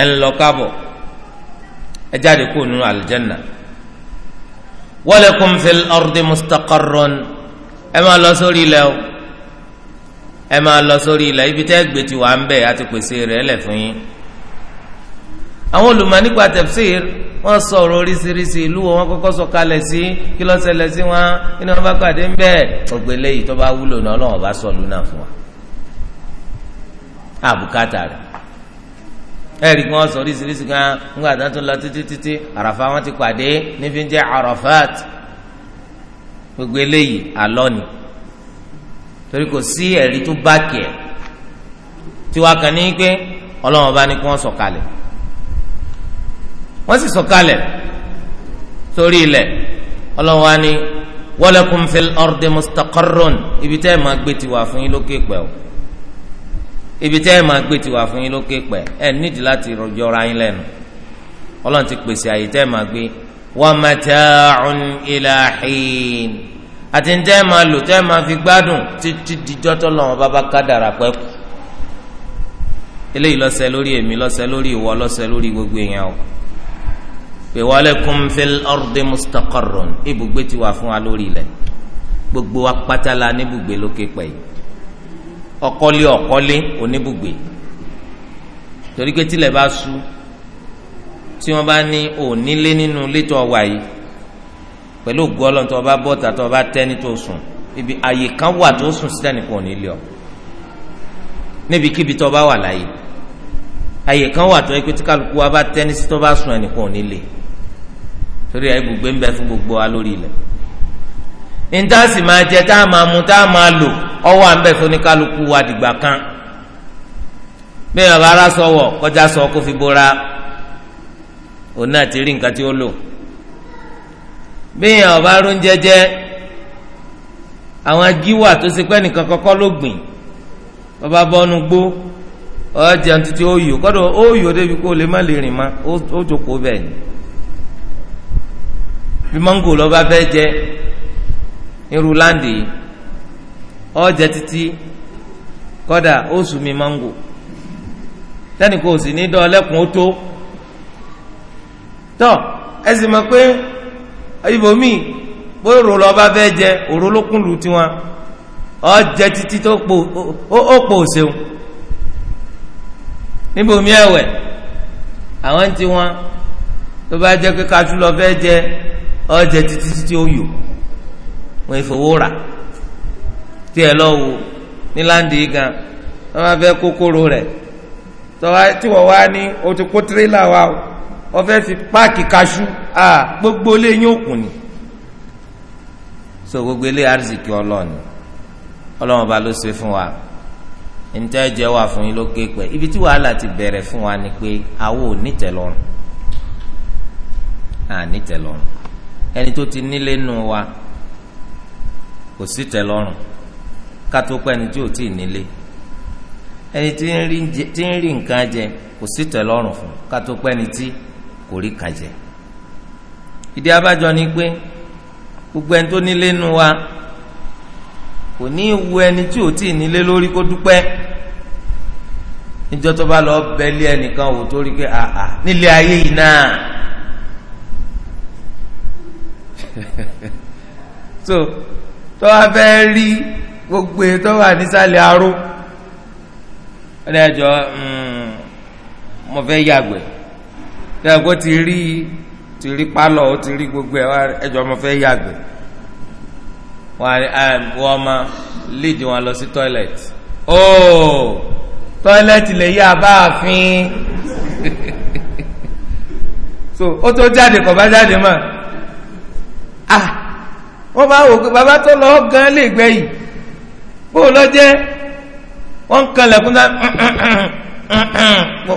ẹ̀ ń lọ kábọ̀ ẹ jáde kúrò nínú àlìjáná walakum fil ardi mustaqarrun ẹ máa lọ o ẹ máa lọ sórí ibi tẹ́ gbé ti wà ń bẹ̀ àti pèsè rẹ̀ lẹ̀ fún àwọn olùmọ̀ nípa tafsir wọ́n sọ̀rọ̀ oríṣiríṣi ìlú wọn kọ́kọ́ sọ kalẹ̀ sí kí ló ṣẹlẹ̀ sí wọn inú wọn bá pàdé ń bẹ́ẹ̀ ògbélé yìí tó bá wúlò náà Ọlọ́run ọba sọ lù náà fún wa àbùkátà rẹ̀ ẹ̀rí kí wọ́n sọ oríṣiríṣi kan ńgbà tó ń tún lọ títí títí àràfà wọn ti pàdé níbi jẹ́ Arafat gbogbo eléyìí àlọ́ ni torí kò sí ẹ̀rí tó bá kẹ̀ tí wàá ní pé Ọlọ́run ọba ní kí wọ́n sọ kalẹ̀ wọ́n sì sọ̀kalẹ̀ sórí ilẹ̀ ọlọ́run wa ni walakum fil ardi mustaqarrun ibi tẹ́ ẹ̀ máa gbé ti wà fún yín lókè pẹ̀ o ibi tẹ́ ẹ̀ máa gbé ti wà fún yín lókè pẹ̀ ẹ̀ nídìí láti yọra yín lẹ́nu ọlọ́run ti pèsè àyè tẹ́ ẹ̀ máa gbé wa mata'un ila hin àti ní tẹ́ ẹ̀ máa lò tẹ́ ẹ̀ máa fi gbádùn títí dijọ́ tó lọ́wọ́ bàbá kádàrà pẹ́ kù eléyìí lọ́sẹ̀ lórí èmi lọ́sẹ̀ lórí ìwọ lọ́sẹ̀ lórí gbogbo èèyàn o pé walakum fil ardi mustaqarrun ibùgbé ti wà fún wa lórí ilẹ̀ gbogbo wa pátá la níbùgbé lókè pẹ̀ yìí ọkọ́lé ọkọ́lé oníbùgbé torí pé tilẹ̀ bá ṣú tí wọ́n bá ní onílé nínú létò ọwà yìí pẹ̀lú ògùn tó bá bọ́ta tó bá tẹ́ ní tó sùn ibi àyè kan wà tó sùn sí tẹ́nìkan ò ní lé ọ níbikíbi tó bá wà láyé àyè kan wà tó yẹ pé tí kálukú wa bá tẹ́ ní sí tó bá sùn ẹnìkan ò ní lé torí ẹ ibùgbé ń bẹ fún gbogbo wa lórí ilẹ̀ ntaasi máa jẹ tá a máa mu tá a máa lò ọwọ́ à ń bẹ̀ fún oníkálukú wa dìgbà kan bẹ́ẹ̀ bàbá ara sọ̀wọ̀ kọjá sọ kó fi bora òun náà ti rí nǹkan tí ó lò bẹ́ẹ̀ ọba arún jẹjẹ àwọn gíwà tó ṣe pé nìkan kọ́kọ́ ló gbìn bàbá bọ́nu gbó ọjà títí ó yò kọ́dọ̀ ó yò débi kó lè má lè rìn ma ó jókòó bẹ́ẹ̀ ni bí mango lọ bá fẹ́ jẹ irú láǹdì ọjẹ títí kódà ó sùn mango tẹ́nì kò sì ní dán ọlẹ́kùn ó tó tọ́ ẹ sì mọ̀ pé ibòmíì bó rò lọ bá fẹ́ jẹ òró ló kún lu tiwọn ọjẹ títí tó pò ó pò ṣeun níbòmíì ẹ̀wẹ̀ àwọn tiwọn tó bá jẹ́ pé kájú lọ fẹ́ jẹ ọjẹ títí títí ó yò wọn ìfowó rà tí ẹ lọ wò ní láǹdì gan wọn máa fẹ́ kókóró rẹ tí wọn wá ní o ti kó tirẹ́là wa o wọn fẹ́ fi páàkì kaṣú a gbogbo ilé yín òkun ni so gbogbo ilé arzikì ọlọ́ọ̀ni ọlọ́wọ́n ba ló ṣe fún wa níta jẹ́ wà fún yín lókè pẹ́ ibi tí wàhálà ti bẹ̀rẹ̀ fún wa ni pé àwọn ò nítẹ̀lọ́rùn à nítẹ̀lọ́rùn ẹni tó ti nílé nù wa kò sí tẹ́ lọ́rùn kátó pẹ́ ẹni tí ò tí ì nílé ẹni tí ń rí nǹkan jẹ kò sí tẹ́ lọ́rùn fún kátó pẹ́ ẹni tí kò rí kan jẹ ìdí abájọ ni pé gbogbo ẹni tó nílé nù wa kò ní í wu ẹni tí ò tí ì nílé lórí kó dúpẹ́ níjọ́ tó bá lọ bẹ́lí ẹnìkan wò tó rí pé àà nílé ayé yìí náà. so tó wá fẹ́ rí gbogbo tó wà nísàlẹ̀ aró ẹni ẹjọ hmm, mo fẹ́ yàgbẹ́ tí a kò ti rí ti rí pálọ̀ ó ti rí gbogbo ẹjọ mo fẹ́ yàgbẹ́ wọ́n ah, ma lead wọn lọ sí toilet ooo oh, toilet lè yí abáàfin so ó tó jáde kọ̀ bá jáde mọ́ ah wọ́n bá wò pé bàbá tó lọ gan lè gbẹ yìí bó lọ jẹ́ wọ́n ń kan lẹ́kún náà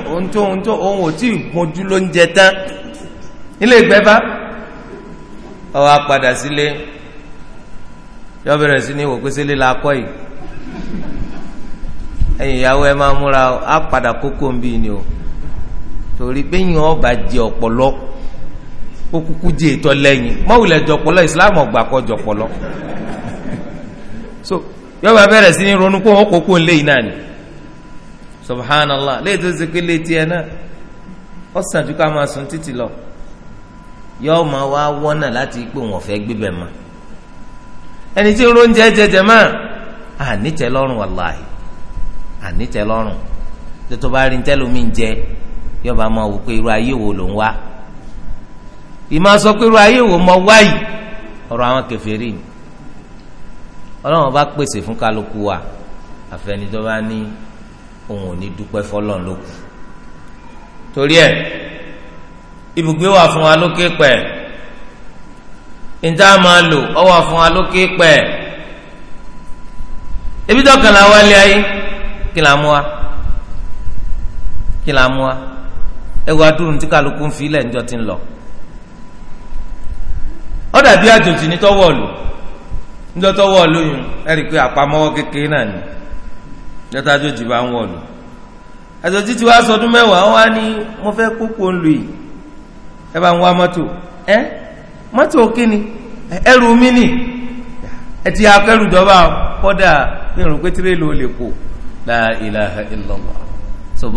ohun tó ohun tó ohun ò tí ì gbọ́njú ló ń jẹ tán nílé ìgbẹ́ bá ọwọ́ apàdà sílé yọ bẹ̀rẹ̀ sí ní wò pé sílé la kọ́ yìí ẹ̀yin ìyàwó ẹ máa múra apàdà kókó ń bí ni o torí pé yìnyín ọba jẹ ọ̀pọ̀lọpọ̀ kó kúkú di ètò lẹ́yìn mọ́wùlẹ̀ jọpọlọ islam ọgbà kọ jọpọlọ so yọba bẹ̀rẹ̀ sí ní ronú kó wọn kó kó lé yìí náà ni subhanallah léyìí tó ṣe pé létí ẹ náà ó sàn ju ká máa sun títì lọ yọọ máa wá wọ́nà láti pé wọn fẹ́ mọ́ ẹni tí yọba máa wò ayé wo ló ìmọ̀ sọ pé irú ayé wo mọ wáyì ọ̀rọ̀ àwọn kèfèrí ni ọlọ́run bá pèsè fún kálukú wa àfẹnidọ́ bá ní òun ò ní dúpẹ́ fọlọ́n ló kù torí ẹ̀ ibùgbé wà fún wa lókè pẹ̀ níta máa lò ọ wà fún wa lókè pẹ̀ ebi dọ́kànlá wálé ayé kí là mú wa kí là mú wa ẹ wá dúró ní tí kálukú ń filẹ̀ níjọ́ ti ń lọ. Ọ dàbí àjòjì ní tọwọ́ lò níjọ́ lóyún ẹ rí i pé kékeré náà ni níjọ́ bá ń wọ̀ lò àjòjì ti wá sọdún mẹ́wàá wá ní mo fẹ́ kókó ń lò yìí ẹ bá ń wá mọ́tò ẹ kíni ẹrù mi nì ẹ ti akẹ́rù jọba lè kó la ilaha illallah so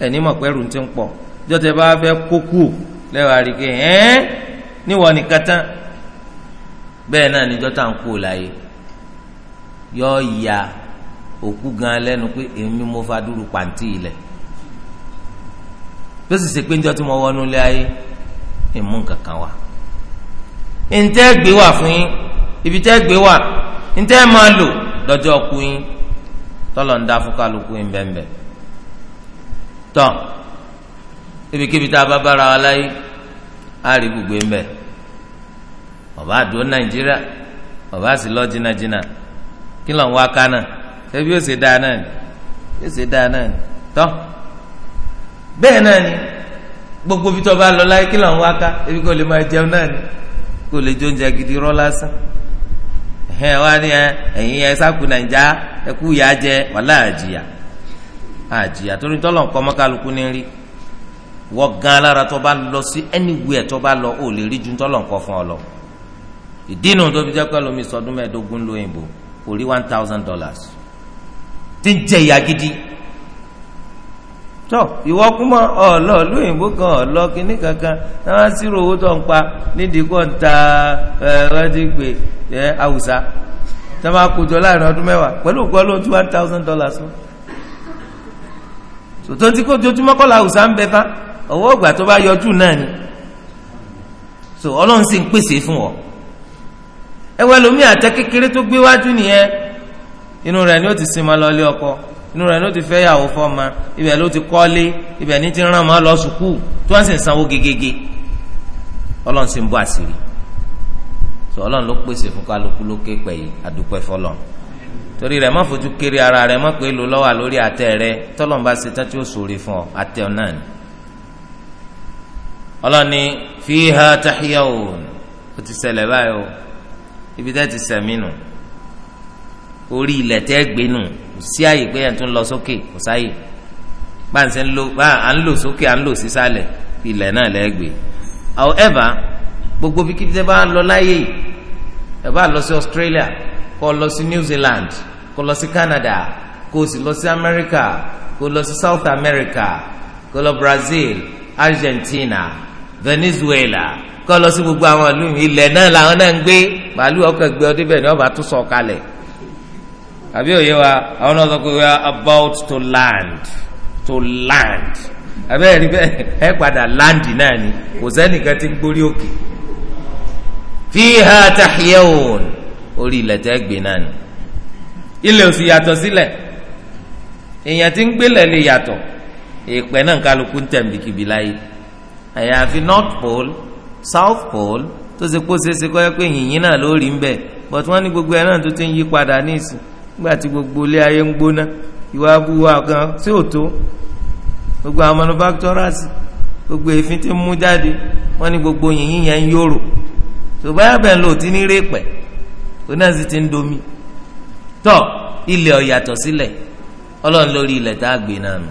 ẹni mọ̀ pẹ́rù ti ń pọ̀ jọ́tẹ̀ bá fẹ́ kókù lẹ́wọ̀ àríkè ẹ́n níwọ̀ nìkan tán bẹ́ẹ̀ náà ni jọ́tà ń kú láyé yọ ya òkú gan lẹ́nu pé èmi mo fa dúró pàǹtí ilẹ̀ tó sì ṣe pé njọ́ tí mo wọnú lé ayé ìmú nǹkan kan wà ntẹ́ gbé wà fún yín ibi tẹ́ gbé wà ntẹ́ máa lò lọ́jọ́ ọkùnrin tọ́lọ̀ ń dá fún kálukú yín bẹ́ẹ̀ bẹ́ẹ̀ tọ́ ibikíbi tá a bá bára wa láyé a rí gbogbo ẹ̀ mbẹ́ ọba àdó nàìjíríà ọba sì lọ jìnnàjìnnà kí ló ń wá ká náà ṣé bí ó ṣe dáa náà ni yóò ṣe dáa náà ni tọ́ bẹ́ẹ̀ náà ni gbogbo bí tó bá lọ láyé kí ló ń wá ká ebi kò lè máa jẹun náà ni kò lè jó oúnjẹ gidi rọ́ lásán ẹ wá ní ẹ ẹ̀yin ẹ sáku nàìjà ẹ kú yá jẹ wàhálà àjìyà àjìyà torí tọ́lọ̀ nǹkan mọ́kálukú ní rí wọ́n gan alára tó bá lọ sí anywhere tó bá lọ ò lè rí ju tọ́lọ̀ nǹkan fún ọ lọ ìdí nu tó fi jẹ́ pẹ́ lómi sọdún mẹ́ẹ̀ẹ́dógún lóyìnbó kò rí one thousand dollars ti ń jẹ ìyá gidi tọ ìwọ kúmọ ọlọ lóyìnbó kan ọlọ kínní kankan náà sírò owó tó ń pa nídìí kò ń ta ẹ wọn ti pè ẹ awùsá tó máa kó jọ láàrin ọdún mẹ́wàá pẹ̀lú ògbọ́n ló ń tú one thousand dollars lọ. tòótọ́ tí kò jojúmọ́ kọ́ la àwùsá ń fa fá ọwọ́ ọgbà tó bá yọjú náà ni so ọlọ́run sì ń pèsè fún ọ ẹ wá lómi àtẹ kékeré tó gbé wájú nìyẹn inú ni ó ti sinmi lọlé ọkọ inú rẹ̀ ni ó ti fẹ́ yàwó fọ́ọ̀mà ibẹ̀ ló ti kọ́lé ibẹ̀ ni ti rán ọmọ lọ sùkúù tí wọ́n sì ń sanwó gegege ọlọ́run sì ń bọ́ àṣírí so ọlọ́run ló pèsè fún kálukú pẹ̀yì àdúpẹ́ fọlọ́run. torí rẹ má fojú kéré ara rẹ má pé lò lọ́wọ́ lórí àtẹ rẹ tọ́lọ́mùbá ṣe tán tí ó sòrè fún ọ àtẹ ọ náà ni. ọlọ́ni fíhà táyà o ó ti ṣẹlẹ̀ báyìí o ibi tẹ́ ti sẹ̀mí nù orí ilẹ̀ tẹ́ gbé nù kò sí àyè pé ẹ̀ tó ń lọ sókè kò sáyè bá ń sẹ́ ń lo bá à ń lò sókè à ń lò sísàlẹ̀ ilẹ̀ náà lẹ́ gbé. however gbogbo bí kíbi tẹ́ bá lọ láyé ẹ̀ bá lọ sí Australia kọ́ lọ sí New Zealand kó lọ sí Canada kó sì lọ sí America kó lọ sí South America kó lọ Brazil Argentina Venezuela kó lọ sí gbogbo àwọn ìlú ilẹ̀ náà làwọn náà ń gbé màálù ọkọ̀ gbé ọdún bẹ́ẹ̀ ni ọba tún sọ kalẹ̀ àbí òye wa àwọn náà sọ pé we are about to land to land àbẹ́ẹ̀ rí bẹ́ẹ̀ ẹ padà land náà ni kò sẹ́nìkan tí ń gbórí òkè fiha tahyawun orí ilẹ̀ tẹ́ gbé náà ni. ile osi sì yàtọ̀ sílẹ̀ èèyàn tí ń gbélẹ̀ lè yàtọ̀ èèpẹ̀ náà kálukú ń tẹ̀m̀bìkìbì láyé àyàfi north pole south pole tó ṣe kó ṣeéṣe kọ́ yẹ pé yìnyín náà ń bẹ̀ but wọ́n ní gbogbo ẹ̀ náà tó ti ń yí padà ní ìsìn nígbà tí gbogbo ilé ayé ń gbóná ìwà kan sí gbogbo àwọn gbogbo èéfín ti mú jáde wọ́n ní gbogbo yìnyín yẹn ń yòrò ṣùgbọ́n lò ní rèépẹ̀ tọ́ ilẹ̀ ọ̀yàtọ̀ sílẹ̀ ọlọ́run lórí ilẹ̀ tá a gbé náà nù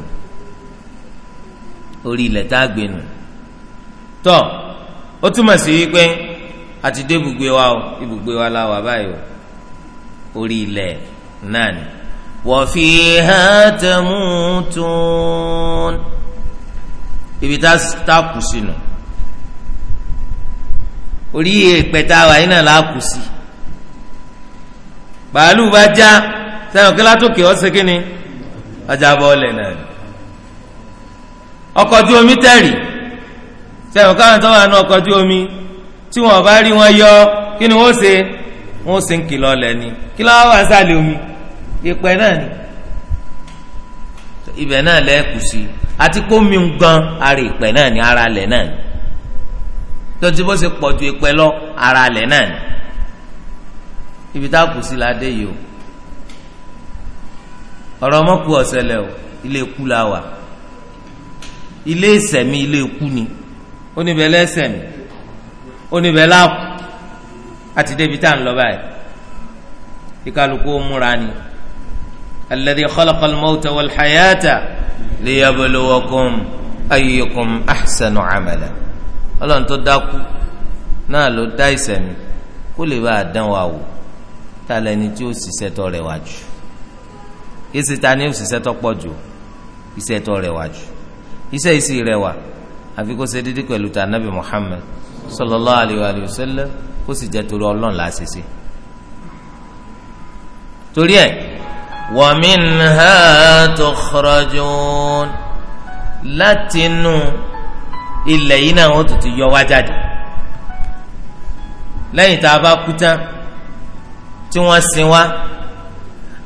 orí ilẹ̀ tá a gbé nù tọ́ ó túmọ̀ sí wípé àti dé ibùgbé wa o ibùgbé wa la wà báyìí o orí ilẹ̀ náà ni wa fiha tamutun ibi tá a kù sínú orí ìpẹ́tà wa yìí náà la kù sí. Si bàálù bá já sẹ́yìn kí látòkè ọ̀sẹ̀ kí ni ajábọ̀ ọ̀lẹ̀ náà ọkọ̀ ojú omi tẹ̀rì sẹ́yìn káwọn tó wà ní ọkọ̀ ojú omi tí wọ́n bá rí wọn yọ kí ni wọ́n ṣe wọ́n ṣe ń kìlọ̀ ọ̀lẹ̀ ni kí lọ́wọ́ wà sálẹ̀ omi ìpẹ́ náà ni ibẹ̀ náà lẹ́ẹ̀kù sí àti kó mi gan ara ìpẹ́ náà ni ara lẹ̀ náà ni tó bó ṣe pọ̀jù ìpẹ́ lọ ara lẹ̀ náà ni ibi tá a kù sí la dé yìí o ọ̀rọ̀ ọmọkù ọ̀sẹ̀lẹ̀ o ilé ikú la wà ilé ìsẹ̀mí ilé ikú ni oníbẹ̀ lẹ́sẹ̀mí oníbẹ̀ láàkù àti débi tá à ń lọ báyìí kíkálukú múra ni alladhi khalaqal mawta wal hayata liyabluwakum ayyukum ọlọ́run tó dákú náà ló dá ìsẹ̀mí kó lè bá a dán wa wò ta lẹni tí ó ṣiṣẹ́ tó rẹwà jù ìṣe ta ni ó ṣiṣẹ́ tó pọ̀ jù iṣẹ́ tó rẹwà jù iṣẹ́ ìṣe rẹwà àfi kó ṣe dídí pẹ̀lú ta nabi Muhammad sallallahu alayhi wa kó sì jẹ́ torí ọlọ́run la ṣe ṣe torí ẹ̀ wa minha tukhrajun látinú ilẹ̀ yìí náà wọ́n tún ti yọ wá jáde lẹ́yìn tá a bá kú tán. tí wọ́n sin wa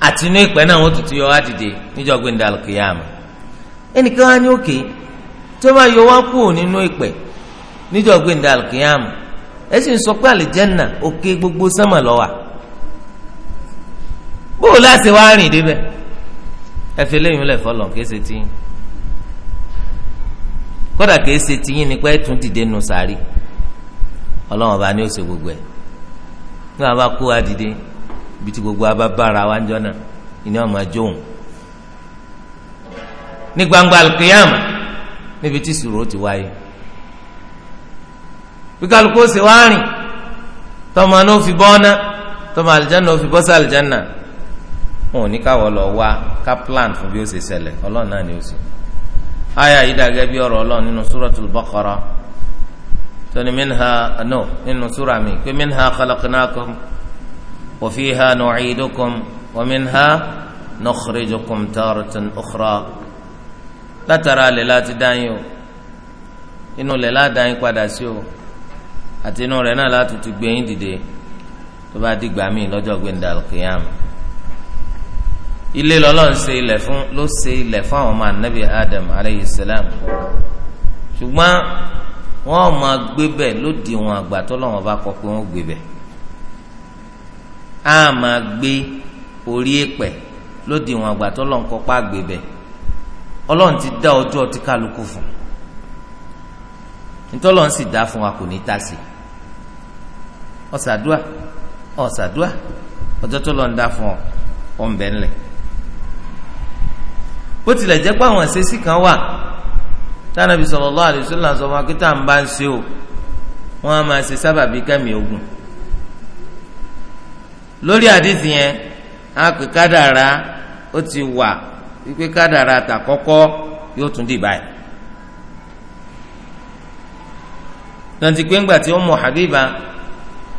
àti inú ìpẹ́ náà wọ́n tutù yọ wá dìde níjọ́ gbẹ̀ndà kìyàmù ẹnìkan wá ní òkè tí wọ́n bá yọ wá kúrò nínú ìpẹ níjọ́ gbẹ̀ndà kìyàmù ẹ sì ń sọ pé àlìjẹ́nà òkè gbogbo sánmà bóò láti wá rìn ẹ fi kí ẹ ṣe tiyín kódà ṣe tiyín ẹ tún gbogbo ẹ̀ ní bá kú ibi tí gbogbo abá bára wa ń jọ náà ìní ọmọ àjòhùn ní gbangba alkiyama níbi tí sùúrù ti wáyé bí kálukú ó sì wá rìn tọmọ náà ó fi bọ́ ọ́nà tọmọ àlìjáná ó fi bọ́ sí àlìjáná wọn ò ní káwọ lọ wá ká plan fún bí ó ṣe ṣẹlẹ̀ ọlọ́run náà ni ó sì aya yìí dàgẹ́ bí ọ̀rọ̀ ọlọ́run nínú suratul Baqara tóní minha no nínú súra mi pé minha khalaqnakum. وفيها نعيدكم ومنها نخرجكم تارة أخرى لا ترى للات دانيو inú lẹ̀ ládàáyín padà sí o àti inú rẹ̀ náà láti ti gbé yín dìde tó bá dìgbà míì lọ́jọ́ gbẹ̀ndà kìyàm. ilé lọ́lọ́run ṣe ilẹ̀ fún ló ṣe ilẹ̀ fún àwọn ọmọ anabi adam aleyhi salam ṣùgbọ́n wọ́n máa gbé bẹ̀ lódì wọn àgbà tó lọ́wọ́n bá kọ́ pé wọ́n gbé bẹ̀. A máa gbé orí èpẹ̀ lóde ìwọn àgbà tó lọ́n kọ́pá gbé bẹ̀ ọlọ́run ti dá ọjọ́ tí kálukú fún nítọ́lọ́n sì dá fún wa kò ní ta sí ọ̀sàdúà ọ̀sàdúà ọjọ́ tó lọ́n dá fún ọ ọ̀nbẹ ńlẹ̀ bó tilẹ̀ jẹ́ pé àwọn ìṣesí kan wà tánàbí sallallahu alaihi sọ fún wa ń bá ń ṣe o wọ́n á máa ṣe sábàbí kẹ́mi ogun. lórí àdìsí yẹn a pè ó ti wà wípé kádàrá kọ́kọ́ yóò tún dì báyìí. tonti pé ńgbà tí Ummu Habiba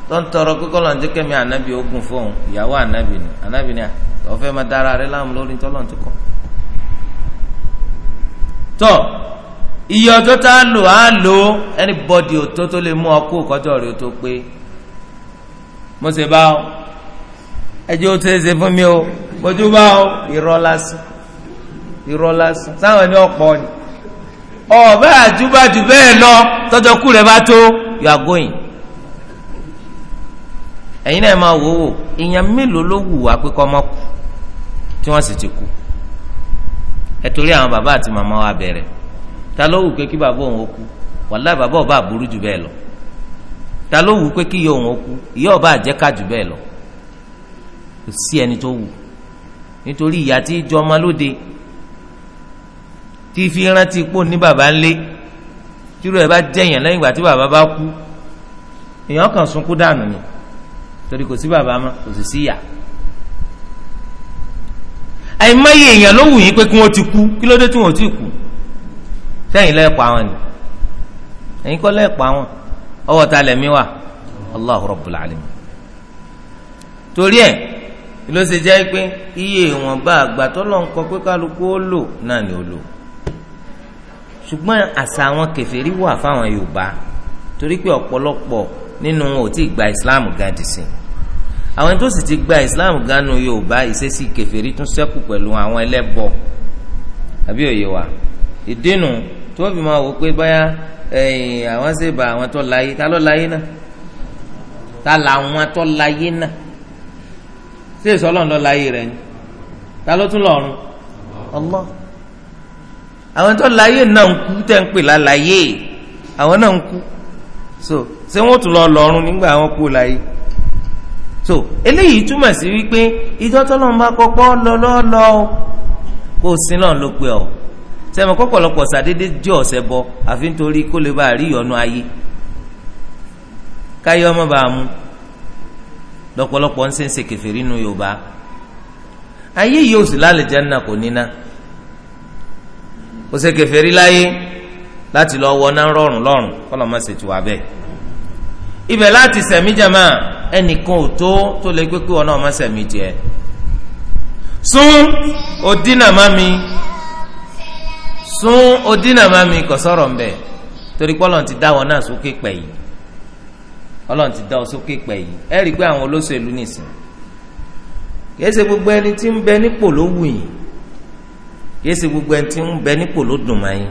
tó ń tọrọ pé kọ́lọ̀ jẹ́ kẹ́mi ànábì ogun fóun ìyàwó ànábì ni ànábì ni ọ̀fẹ́ máa dára rẹ lórí tọ́lọ̀ tó kọ́. tọ́ iye ọjọ́ tá a lò á lò anybody òtó tó lè mú ọkú kọjọ́ rẹ̀ tó pé mo sì bá ọ ẹjẹ ó tẹ́ ṣe fún mi o bójú bá o irọ́ lásán irọ́ lásán sáwọn ẹni ọ̀pọ̀ ni ọ̀bẹ àjúbàjù bẹ́ẹ̀ lọ tọ́jọ́ kú rẹ̀ bá tó you are going ẹ̀yin náà máa wò ó èèyàn mélòó ló wù wá pé kọ́ mọ́ kú tí wọ́n sì ti kú ẹ torí àwọn bàbá àti màmá wa bẹ̀rẹ̀ ta ló wù pé kí bàbá òun ó kú wàláì bàbá ọba àbúrú jù bẹ́ẹ̀ lọ ta ló wù pé kí ìyá òun ó kú ìyá ọba àjẹká jù bẹ́ẹ̀ lọ kò sí ẹni tó wù nítorí ìyá tí jọ ọmọ lóde tí fi rántí pò ní bàbá ńlé tírú ẹ bá jẹyàn lẹ́yìn ìgbà tí bàbá bá kú èèyàn kàn sunkún dànù ni torí kò sí bàbá mọ́ kò sì sí ìyá àìmọye èèyàn ló wù yín pé kí wọ́n ti kú kí ló dé tí wọ́n ti kú sẹ́yìn lẹ́ẹ̀pọ̀ àwọn ni ẹ̀yin kọ́ lẹ́ẹ̀pọ̀ àwọn ọwọ́ ta lẹ̀mí wa Allahu Rabbul Alamin torí ẹ̀ ló ṣe jẹ́ pé iye ìwọ̀nba àgbà tọ́lọ̀ ń kọ pé kálukú ó lò náà ni ó lò ṣùgbọ́n àṣà àwọn kèfèrí wà fáwọn Yorùbá torí pé ọ̀pọ̀lọpọ̀ nínú wọn ò tí ì gba Islam gan dìsìn àwọn tó sì ti gba Islam gan nu Yorùbá ìṣesí kèfèrí tún ṣẹ́kù pẹ̀lú àwọn ẹlẹ́bọ àbí òye wa ìdínú tó fi máa wò pé báyà àwọn ṣèbà àwọn tó láyé ta ló láyé náà ta làwọn tó láyé náà ṣé èso ọlọ́run lọ láyé rẹ ni ta ló tún lọ́run Allah àwọn tó láyé náà ń kú tẹ́ ń pè láláyé àwọn náà ń kú so ṣé wọ́n tún lọ lọ́run nígbà àwọn kú láyé so eléyìí túmọ̀ sí wípé ìjọ tọ́lọ́run bá kọ́kọ́ lọ lọ́ọ́ kó o sin náà ló pe ọ́ sẹ́mi kọ́pọ̀lọpọ̀ sàdédé jẹ́ ọ̀sẹ̀ bọ àfi nítorí kó lè bá rí ìyọnu ayé káyọ́ ọmọ bá a mú lọ́pọ̀lọpọ̀ ń ṣe ń ṣe kèfèrí nu yorùbá ayé yìí ò sì lálùjánnà kò níná kò ṣe kèfèrí láyé láti lọ wọ náà rọrùn lọrùn kọlọ má ṣe tiwa bẹ́ẹ̀ ibẹ̀ láti sẹmí jama ẹnìkan ò tó tó lè gbé pé wọn náà má sẹmí tiẹ sún òdínà sún òdínà má ń bẹ torí pọlọ ti dá wọn náà sókè pẹ yìí ọlọ́run ti dá ọ sókè pẹ̀ yìí ẹ rí i pé àwọn olóṣèlú nìsín kìí ṣe gbogbo ẹni tí ń bẹ nípò ló wù yín kìí ṣe gbogbo ẹni tí ń bẹ nípò ló dùn mọ́ yín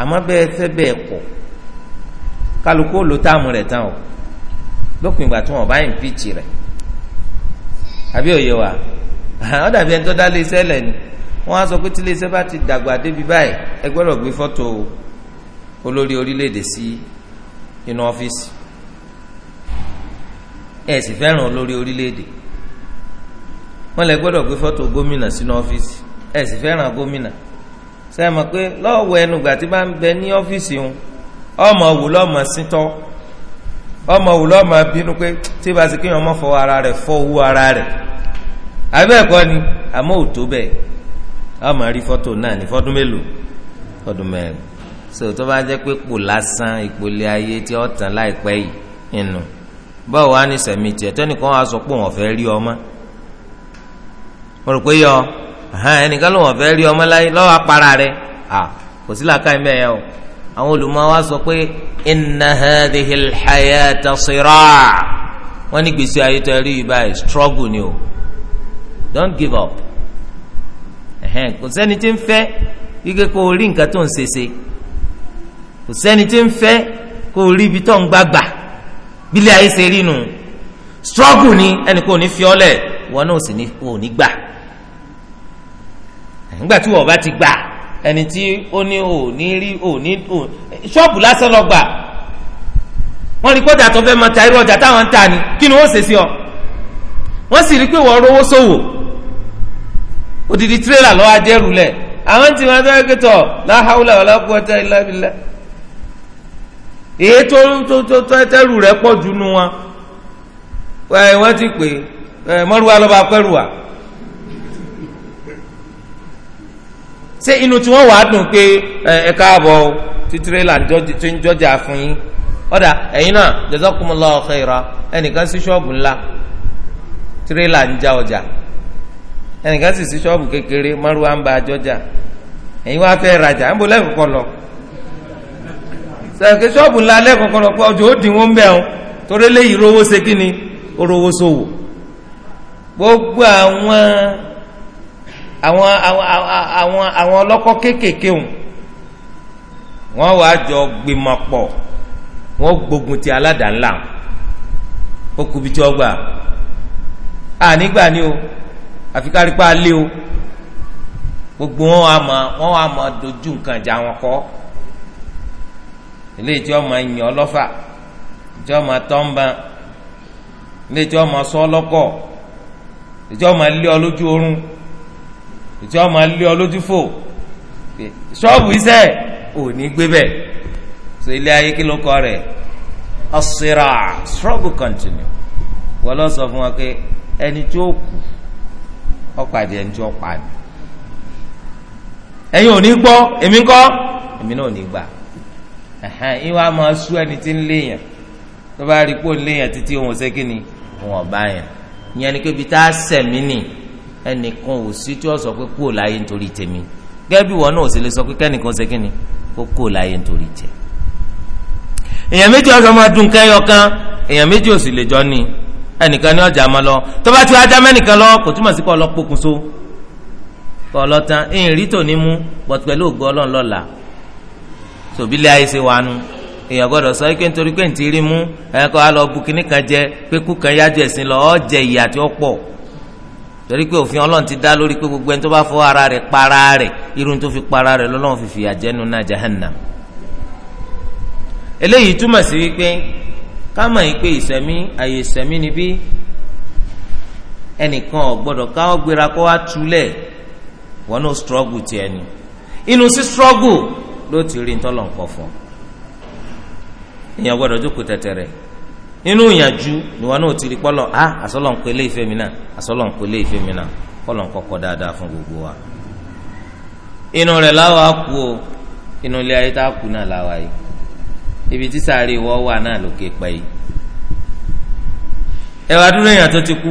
àmọ́ bẹ́ẹ̀ fẹ́ bẹ́ẹ̀ kọ̀ kálukú ló táàmù rẹ̀ tán o lópin ìgbà tí wọn bá ìmpíìtì rẹ̀ àbí òye wa ó dàbí ẹni tó dá léṣẹ́ lẹ̀ ni wọ́n á sọ pé tí léṣẹ́ bá ti dàgbà débi báyìí ẹ gbọ́dọ̀ gbé fọ́tò olórí orílẹ̀-èdè sí inú ọ́fíìsì ẹ sì fẹ́ràn olórí orílẹ̀-èdè wọ́n lè gbọ́dọ̀ gbé fọ́tò gómìnà sínú ọ́fíìsì ẹ sì fẹ́ràn gómìnà sẹ́yìn mọ̀ pé lọ́wọ́ gbà tí bá ń bẹ ní ọ́fíìsì òun ọmọ wù lọ́mọ síntọ́ ọmọ wù lọ́mọ bínú pé tí bá ti fọ ara rẹ̀ fọ owó ara rẹ̀ abẹ́ẹ̀kọ́ ni àmọ́ ò tó bẹ́ẹ̀ ọmọ rí fọ́tò náà ní fọ́dún mélòó fọ́dún mẹ́rin so tó bá jẹ́ pé kò lásán báwo wá ní sẹ̀mí tiẹ̀ tẹ́nìkan wá sọ pé wọ́n fẹ́ rí ọmọ mo rò pé yọ ẹnìkan ló wọ́n fẹ́ rí ọmọ láyé lọ́wọ́ apara rẹ̀ kò sí làákàyè mẹ́ẹ̀ o àwọn olùmọ̀ wa sọ pé inna hadhihi alhayata siraa wọ́n ní gbèsè ayé tó rí yìí báyìí struggle ni o don't give up kò sẹ́ni tí ń fẹ́ ike kò rí nǹkan tó ń ṣe ṣe kò sẹ́ni tí ń fẹ́ kò rí ibi tó ń gbàgbà bílẹ̀ ayé ṣe rí nu struggle ni ẹnì kan ò ní fi ọ́ lẹ̀ wọn náà sì ní ò ní gbà nígbà tí wọn bá ti gbà ẹni tí ó ní ò ní rí ò ní ò ṣọ́ọ̀bù lásán lọ gbà wọ́n rí kọ́jà tó fẹ́ máa ta irú ọjà táwọn ń ta ni kí ni wọ́n ṣe sí ọ wọ́n sì rí pé wọ́n rówó sòwò odidi tirẹ̀là lọ́wọ́ ajẹ́rù lẹ̀ àwọn tí wọ́n fẹ́ kẹ́tọ̀ la hawla wala quwwata èyí tó tó tó tẹ́tẹ́rù rẹ̀ pọ̀ jù nu wọn wọ́n ti pè ẹ mọ́rùwá lọ́ba pẹ́rù wa. ṣé inú tí wọ́n wàá dùn pé ẹ káàbọ̀ tí tirẹ́là tó ń jọjà fún yín ọ̀dà ẹ̀yin náà jazakumullahu khaira ẹnìkan sí ṣọ́ọ̀bù ńlá tirẹ́là ń já ọjà ẹnìkan sì sí ṣọ́ọ̀bù kékeré ń ba ẹ̀yin wá fẹ́ rajà ń sẹ̀kẹ́ ṣọ́ọ̀bù ńlá lẹ́kọ̀ọ́kan lọ pé ọjọ́ ó dín wọn bẹ́ẹ̀ o torí léyìí rówó ṣe kí ni orówó ṣòwò gbogbo àwọn àwọn àwọn àwọn ọlọ́kọ́ kéékèèké wọn wọ́n wàá jọ gbìmọ̀ pọ̀ wọ́n gbógun ti aládàá ó kubi tí wọ́n gbà á nígbà ni o àfi kárí pa á lé o gbogbo wọn wà máa wọn wà máa dojú nǹkan jà wọn kọ́ eléyìí tí wọn máa yàn ọlọ́fà tí wọn máa tọ́ǹba eléyìí tí wọn máa sọ ọlọ́kọ̀ tí wọn máa lé ọ lójú oorun tí wọn máa lé ọ lójú fò ṣọ́ọ̀bù iṣẹ́ ò ní gbé bẹ́ẹ̀ so ilé ayé kí ló kọ́ rẹ̀ ọ̀sẹ̀rà struggle continue wọ́n lọ sọ fún wa pé ẹni tí ó kù ọ̀pàdé ẹni tí ó pa ni ẹ̀yin ò ní gbọ́ èmi kọ́ èmi náà ò ní gbà ìwà máa sú ẹni tí ń léèyàn tó bá rí pò ń léèyàn títí òun ṣe kíni òun ọ̀bá yẹn ìyẹn ni kébi tá a sẹ̀mí nì ẹnìkan ò sí tí ó sọ pé kúò láyé nítorí tèmi gẹ́gẹ́ bí ìwọ náà ò sì lè sọ pé kẹ́nìkan ṣe kíni kó kúò láyé nítorí tẹ̀. èèyàn méjì ọ̀sán máa dùn kẹ́yọ kan èèyàn méjì ò sì lè jọ ni ẹnìkan ní ọjà máa lọ tó bá ti wá já mẹ́nìkan lọ kò túmọ̀ sí kọ́ ọ lọ pokùnso kọ́ ọ lọ tán èèyàn mú bọ̀t pẹ̀lú ògbó ọlọ́run lọ́la sòbílẹ̀ ayé ṣe wà nù èèyàn gbọ́dọ̀ sọ pé nítorí pé ntì rí mú ẹ kọ́ á lọ bu kínní kan jẹ pé kú kan yájú ẹ̀sìn lọ ọ́ jẹ ìyà tí ó pọ̀ torí pé òfin ọlọ́run ti dá lórí pé gbogbo ẹni tó bá fọ ara rẹ̀ para rẹ̀ irun tó fi para rẹ̀ lọ́lọ́run fi fìyà jẹ́nu náà jahannam. eléyìí túmọ̀ sí wípé ká mọ̀ yìí pé ìsẹ̀mí àyè ìsẹ̀mí ni bí ẹnìkan ò gbọ́dọ̀ káwọ́ gbéra kó wá túlẹ̀ wọnú struggle tiẹ̀ ni inú sí struggle ló ti rí ntọ́lọ̀ nǹkan fún un èèyàn gbọ́dọ̀ tẹ̀tẹ̀rẹ̀ nínú ìyànjú ìwọ náà ti rí a àsọlọ̀ ń ìfẹ́ mi náà àsọlọ̀ ìfẹ́ mi náà kọ́lọ̀ dáadáa fún gbogbo wa inú rẹ̀ láwa kú o inú ilé ayé tá a kú ibi tí sáré ìwọ wà náà lókè pẹ́ yìí dúró èèyàn tó ti kú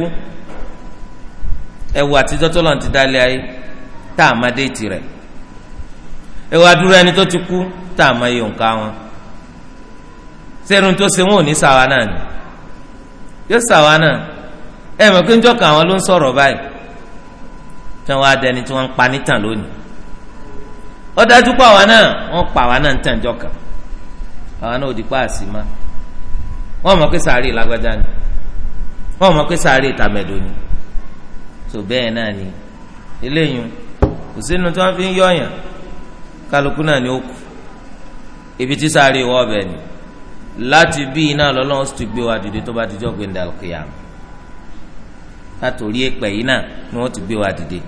ẹ àtijọ́ tó lọ́n ti ayé tá a ẹ dúró ẹni tó ti kú tá a máa yọ nǹkan wọn sẹ́run tó ṣe wọn ò ní sàwa náà ni yóò sàwa náà ẹ mọ̀ pé àwọn ló ń sọ̀rọ̀ báyìí tí wọ́n á dẹni tí wọ́n ń pa nítàn lónìí ó dájú àwa náà wọ́n pa àwa náà ń tàn jọ́ka àwa náà ò di pa wọ́n mọ̀ pé sàárè lágbájá ni wọ́n kálukú náà ni ó kù ibi tí sáré wọ ọbẹ ni láti bí iná lọ́lọ́run sì ti gbé wa dìde tó bá ti jọ gbẹndà kìyàm látòrí èpè yìí náà ni wọ́n ti gbé wa dìde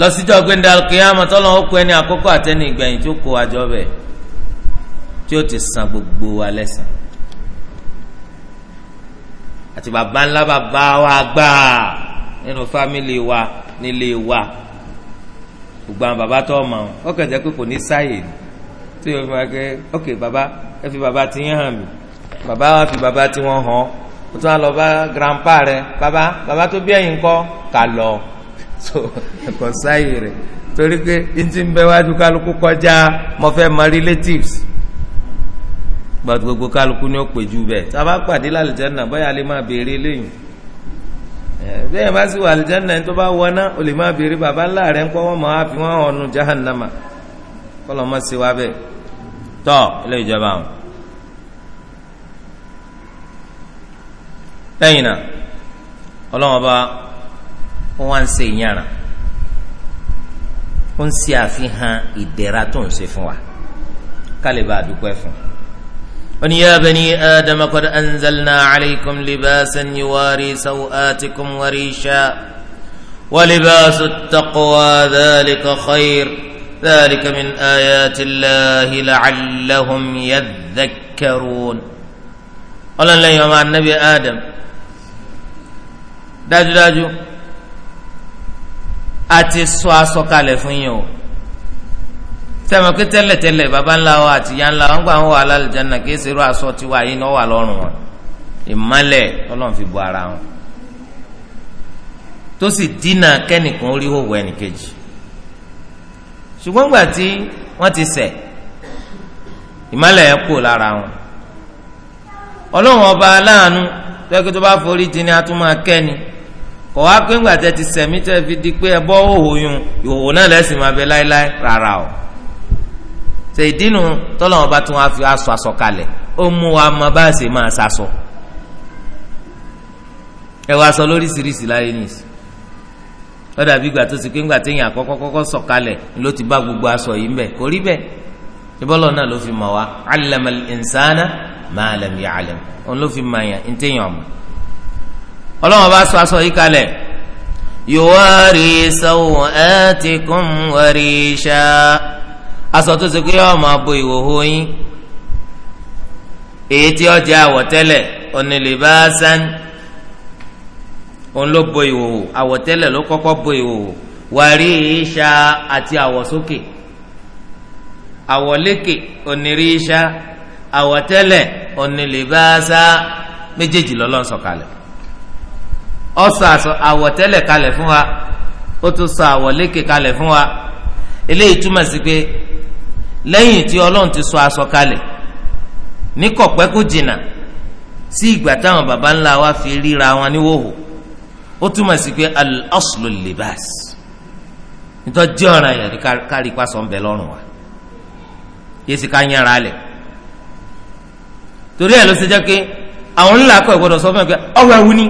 lọsíjọ gbẹndà kìyàm tọlọ ó kó ẹni àkọ́kọ́ àtẹni ìgbẹ̀yìn tí ó kó àjọ bẹ tí ó ti san gbogbo wa lẹ́san àti bàbá ńlá bàbá wa gbà nínú fámìlì wa nílé wa gbogbo àwọn tó ọmọ àwọn ó kẹjẹ pé kò ní sáyè ni tí o fi máa kẹ ok bàbá ẹ fi bàbá ti yín hàn mí bàbá wa fi bàbá tí wọ́n hàn ó tún á lọ bá grandpa rẹ bàbá bàbá tó bí ẹ̀yin kọ́ kà lọ so ẹ̀kọ́ sáyè rẹ̀ torí pé n ti ń bẹ wájú kálukú kọjá mo fẹ́ mọ relatives gbàdúgbò kálukú ni ó pè jù bẹ́ẹ̀ tá a bá pàdé lálẹ́ jẹ́ nà bóyá a lè máa béèrè lẹ́yìn bẹ́ẹ̀ bá sì wà àlìjáná ẹni tó bá wọná o lè má béèrè bàbá ńlá rẹ̀ ń mọ̀ á fi wọ́n hàn jahannama kọ́lọ́ mọ́ sí wa bẹ́ẹ̀ tọ́ ilé ìjọba àwọn. lẹ́yìn náà ọlọ́wọ́n bá wọ́n wá ń ṣe ìyára ó ń ṣe àfihàn ìdẹ̀ra tó ń ṣe fún wa ká lè bá fún un قل يا بني آدم قد أنزلنا عليكم لباسا يواري سوآتكم وريشا ولباس التقوى ذلك خير ذلك من آيات الله لعلهم يذكرون قال الله يوم النبي آدم داجو داجو أتي السواس وقال فنيو sẹ́mi pé tẹ́lẹ̀tẹ́lẹ̀ baba ńlá wa àti ìyá ńlá wa ń gbà wọn wà lálùjáná kí èsì irú aṣọ tiwa yìí náà wà lọ́rùn wọn ìmọ́lẹ̀ ọlọ́run fi bu ara wọn tó sì dínà kẹ́nìkan orí òwò ẹnìkejì ṣùgbọ́n gbà tí wọ́n ti ṣẹ̀ ìmọ́lẹ̀ ẹ̀ kú lára wọn ọlọ́run ọba aláàánú tẹ́kí tó bá forí jì ní atúmọ̀ akẹ́ni kọ̀ wá pé ńgbà tẹ́ ti ṣẹ̀mí tẹ́ fi di pé ẹ bọ́ òhò ìhòòhò náà lẹ́sìn máa bẹ láéláé rárá o ṣe ìdínú tọ́lọ́wọ́n bá tún wá fi aṣọ aṣọ kalẹ̀ ó mú wa mọ bá a ṣe máa ṣaṣọ ẹ wá aṣọ lóríṣiríṣi láyé nìyí ó dàbí ìgbà tó ti pé ńgbà téèyàn àkọ́kọ́ kọ́kọ́ sọ̀kalẹ̀ ló ti bá gbogbo aṣọ yìí mbẹ̀ kò rí bẹ́ẹ̀ ìbọ́lọ̀ náà ló fi mọ̀ wá allamal insana ma lam ya'lam òun ló fi mọ̀ yàn téèyàn mọ̀ ọlọ́wọ́n bá sọ aṣọ yìí kalẹ̀ yuwari sawatikum warisha aṣọ tó ṣe pé yóò máa bo ìhòhò yín èyí tí ọjà àwọ̀tẹ́lẹ̀ onílébàásán òun ló bo ìhòhò àwọ̀tẹ́lẹ̀ ló kọ́kọ́ bo ìhòhò wàrí ìṣá àti àwọ̀sókè àwọ̀lékè onírí ìṣá àwọ̀tẹ́lẹ̀ onílébàásá méjèèjì lọ́lọ́run sọ̀kalẹ̀ ó sọ àwọ̀tẹ́lẹ̀ kalẹ̀ fún wa ó tún sọ àwọ̀lékè kalẹ̀ fún wa eléyìí túmọ̀ sí pé lẹ́yìn tí ọlọ́run ti sọ aṣọ kalẹ̀ ní kọ̀pẹ́ kó jìnnà sí ìgbà táwọn baba ńlá wa fi ríra wọn níwòhò ó túmọ̀ sí pé al-aslu libas nítorí ọ̀ràn yẹn kárí pa sọ̀ ń bẹ lọ́rùn wa yéésì ká yẹnra lẹ̀ torí ẹ̀ ló ṣe jẹ́ pé àwọn ńlá kọ̀ ìgbọ́dọ̀ sọ fún ẹ ni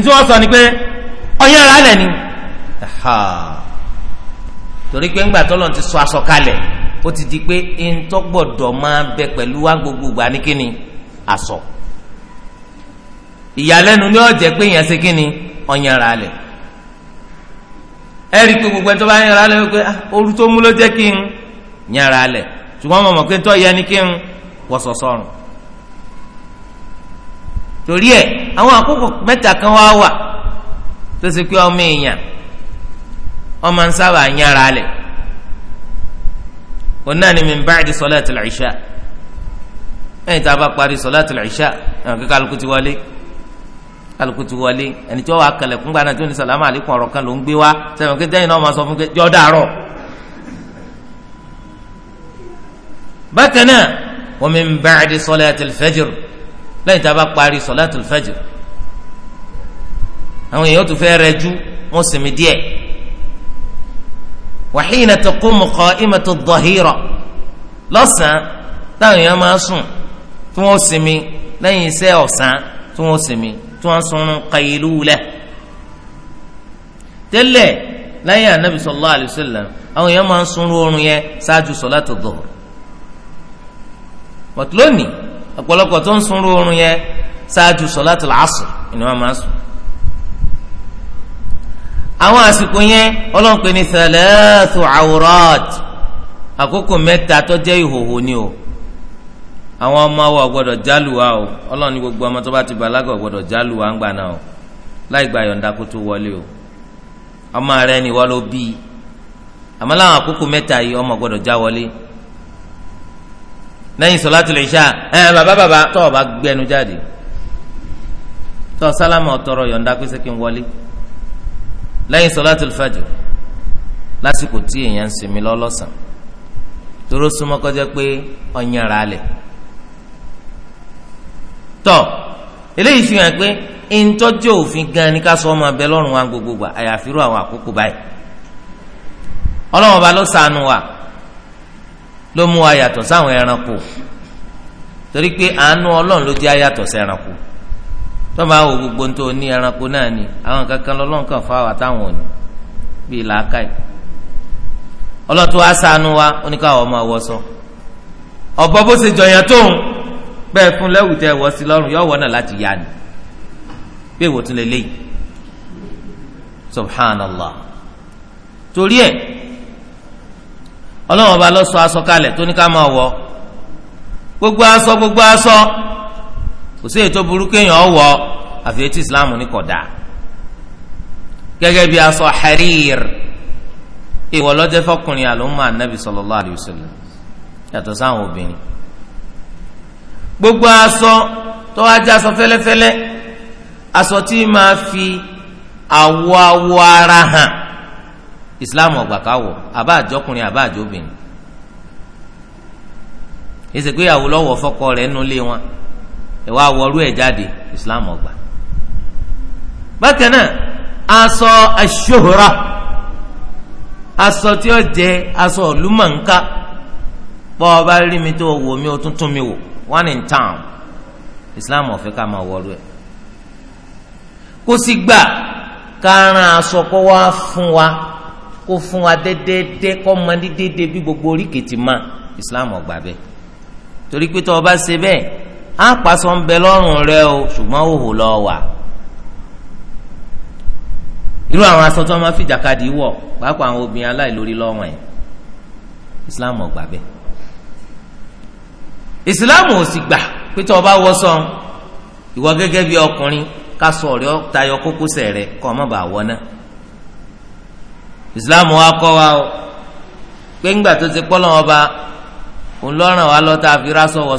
ní wọ́n sọ ni pé ni torí pé ńgbà tọ́lọ̀ ti sọ aṣọ kalẹ̀ ó ti di pé ntọ́ gbọ́dọ̀ máa bẹ pẹ̀lú wa gbogbo ìgbà ní kíni aṣọ ìyàlẹ́nu ni ó jẹ́ pé yẹn ṣe kíni ọ̀yanra lẹ̀ ẹ rí i pé gbogbo ẹni tó bá yanra lẹ̀ pé ah, ooru tó mú ló jẹ́ kí n yanra lẹ̀ ṣùgbọ́n mo mọ̀ pé ntọ́ yẹ ni kí n wọ̀sọ̀ sọ̀rùn torí ẹ àwọn àkókò mẹ́ta kan wá wà tó ṣe pé ọmọ èèyàn ọmọ ń sábà yára lẹ̀ òun náà ni min ba'di salati al-isha ẹ̀yìn tá a bá parí salati al-isha ẹ̀wọ̀n kí kálukú ti wọlé kálukú ti wọlé ẹni tí wọ́n wà kẹlẹ̀ fún gbaná tí wọ́n ní sàlámù àlékún ọ̀rọ̀ kan ló ń gbé wá sẹ́wọ̀n kí tẹ́yìn náà máa sọ fún kí jọ́ dàárọ̀ bákan náà wa min ba'di salati al-fajr lẹ́yìn tá a bá parí salati al-fajr àwọn èèyàn tó fẹ́ rẹjú wọ́n sinmi díẹ̀ wàhíìnà tó kó mọ̀kọ́ ìmọ̀ tó dọ̀hírọ̀ lọ́sàn-án táwọn èèyàn máa sùn tí wọ́n sinmi lẹ́yìn iṣẹ́ ọ̀sán tí wọ́n sinmi tí wọ́n sùn qaylula tẹ́lẹ̀ lẹ́yìn anabi sallallahu alayhi wa sallam àwọn èèyàn máa ń sùn oorun yẹn ṣáájú salatu dhuhr bọ̀t lónìí ọ̀pọ̀lọpọ̀ tó ń sùn oorun yẹn ṣáájú salatul asr ni wọ́n máa ń sùn. àwọn àsìkò yẹn ọlọ́run pè akụkụ àwòrán àkókò mẹ́ta tó jẹ́ ìhòhò ni o àwọn ọmọ awọ gbọ́dọ̀ jálùwà o ọlọ́run gbogbo ọmọ tó bá ti bàlágà gbọ́dọ̀ jálùwà ń gbà náà o láì gba yọ̀ǹda kó tó wọlé o ọmọ rẹ ni wọ́n ló bí i àmọ́ láwọn àkókò mẹ́ta yìí ọmọ já wọlé lẹ́yìn ẹ lẹ́yìn sọláàtì fàjr lásìkò tí èèyàn ń sinmi lọ́lọ́sàn tóró súnmọ́ kọjá pé ọ̀nyàrá lẹ̀ tọ́ eléyìí fi hàn pé ìtọ́jú òfin gan ni ká sọ ọmọ abẹ lọ́rùn wa gbogbo gbà àyàfi irú àwọn àkókò báyìí ọlọ́wọ́n ba ló ṣàánú wa ló mú wa yàtọ̀ sáwọn ẹranko torí pé àánú ọlọ́run ló jẹ́ ayàtọ̀ sí tó máa wò gbogbo tó ní ẹranko náà ni àwọn kankan lọ́lọ́run kan fáwọn àtàwọn òní bíi làákàyè ọlọ́tún wa sànú wa oníkàwọ́ ọmọ àwọ̀sán ọ̀bọ bó ṣe jọyàn tóun bẹ́ẹ̀ fún lẹ́wù tẹ wọ́ sí lọ́rùn yóò náà láti yá ni bí èwo tún lè léyìí subhanallah torí ẹ ọlọ́run ọba ló sọ aṣọ kalẹ̀ tó máa wọ̀ gbogbo aṣọ gbogbo aṣọ. kò sí ètò burúkú èèyàn ọwọ àfi etí islam ní kódà gẹ́gẹ́ bí aṣọ harir ìwọ lọjẹ fọkùnrin àlùmọ anabi sallallahu alayhi wa sallam yàtọ̀ sáwọn obìnrin gbogbo aṣọ tó wá jẹ aṣọ fẹ́lẹ́fẹ́lẹ́ aṣọ tí máa fi awọ awọ ara hàn islam ọgbà káwọ àbá àjọkùnrin àbá àjọbìnrin ìsèkúyàwó lọ́wọ́ fọkọ rẹ̀ nulẹ wọn. ẹ wá wọrú ẹ jáde islam ọgbà bákan náà aṣọ aṣọhóra aṣọ tí ó jẹ aṣọ olùmọ̀nká pọ̀ ọba rí mi tó wò mí o tún tún mi wò one in town islam ọ̀fẹ́ ká máa wọrú ẹ kó sì gbà kárán aṣọ kó wá fún wa kó fún wa déédéé kó mọ ní déédéé bí gbogbo oríkèé ti máa islam ọgbà bẹ́ẹ̀ torí pé tó o bá ṣe bẹ́ẹ̀ àpàsọ kpasọ bẹ rẹ o ṣùgbọ́n oho lọ wà irú àwọn aṣọ tí máa fi jàkadì wọ pàápàá àwọn obìnrin aláìlórí lọ́wọ́n ẹ̀ islam ò gbà islam ò sì gbà pé tí ọkùnrin ká sọ tayọ kókósẹ̀ rẹ kọ́ ọ má bàa wọ islam wa kọ wa o pé ńgbà tó ti pọ́ lọ́wọ́ ba òun lọ́ràn wa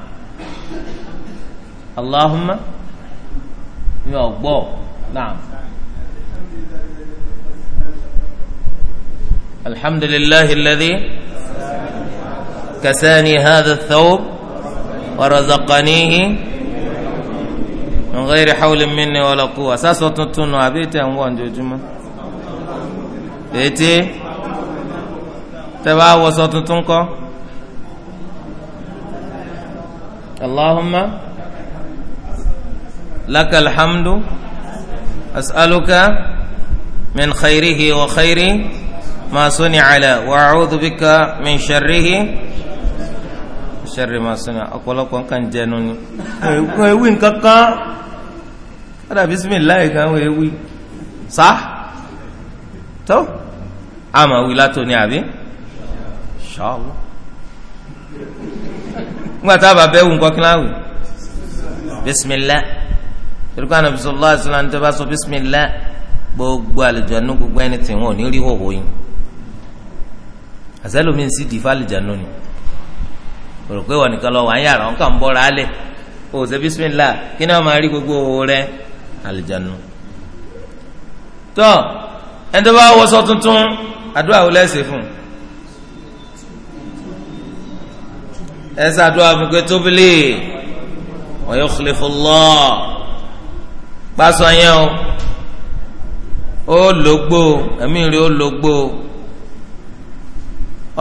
اللهم يا ò نعم الحمد لله الذي كساني هذا الثوب ورزقنيه من غير حول مني ولا قوة ساسو تنتون وابيتي جو جمع بيتي تبا وصوت اللهم اللهم لك الحمد أسألك من خيره وخير ما صنع له وأعوذ بك من شره شر ما صنع ọ̀pọ̀lọpọ̀ nǹkan jẹnu ni nǹkan ewì nǹkan kan kódà bisimilayi kan wọ́n ewì sá tó àmọ́ wí látò ní àbí ṣọ́ọ́ ngbàtà bàbá ewu nǹkan kí láwì bisimilayi tẹ̀lifà nàbí sọlá àṣìlá ní tẹ́lifà sọ bísímìlá gbogbo àlùjánu gbogbo ẹni tí wọn ò ní rí hòhò yín àṣẹlómi sì dì fàlùjánu ni rò pé wọn nìkan lọ wà ń yàrá wọn kàn ń bọ́ra alẹ̀ o ṣe bísímìlá kí ni wọn máa rí gbogbo hòhò rẹ àlùjánu. tọ́ ẹni tó bá wọṣọ tuntun àdúrà wo lẹ́sẹ̀ fún un. ẹsẹ àdúrà fún pé tóbìlì wa yukhlifu Allah pásọ yẹn o ó lògbó ẹ̀mí rẹ̀ ó lògbó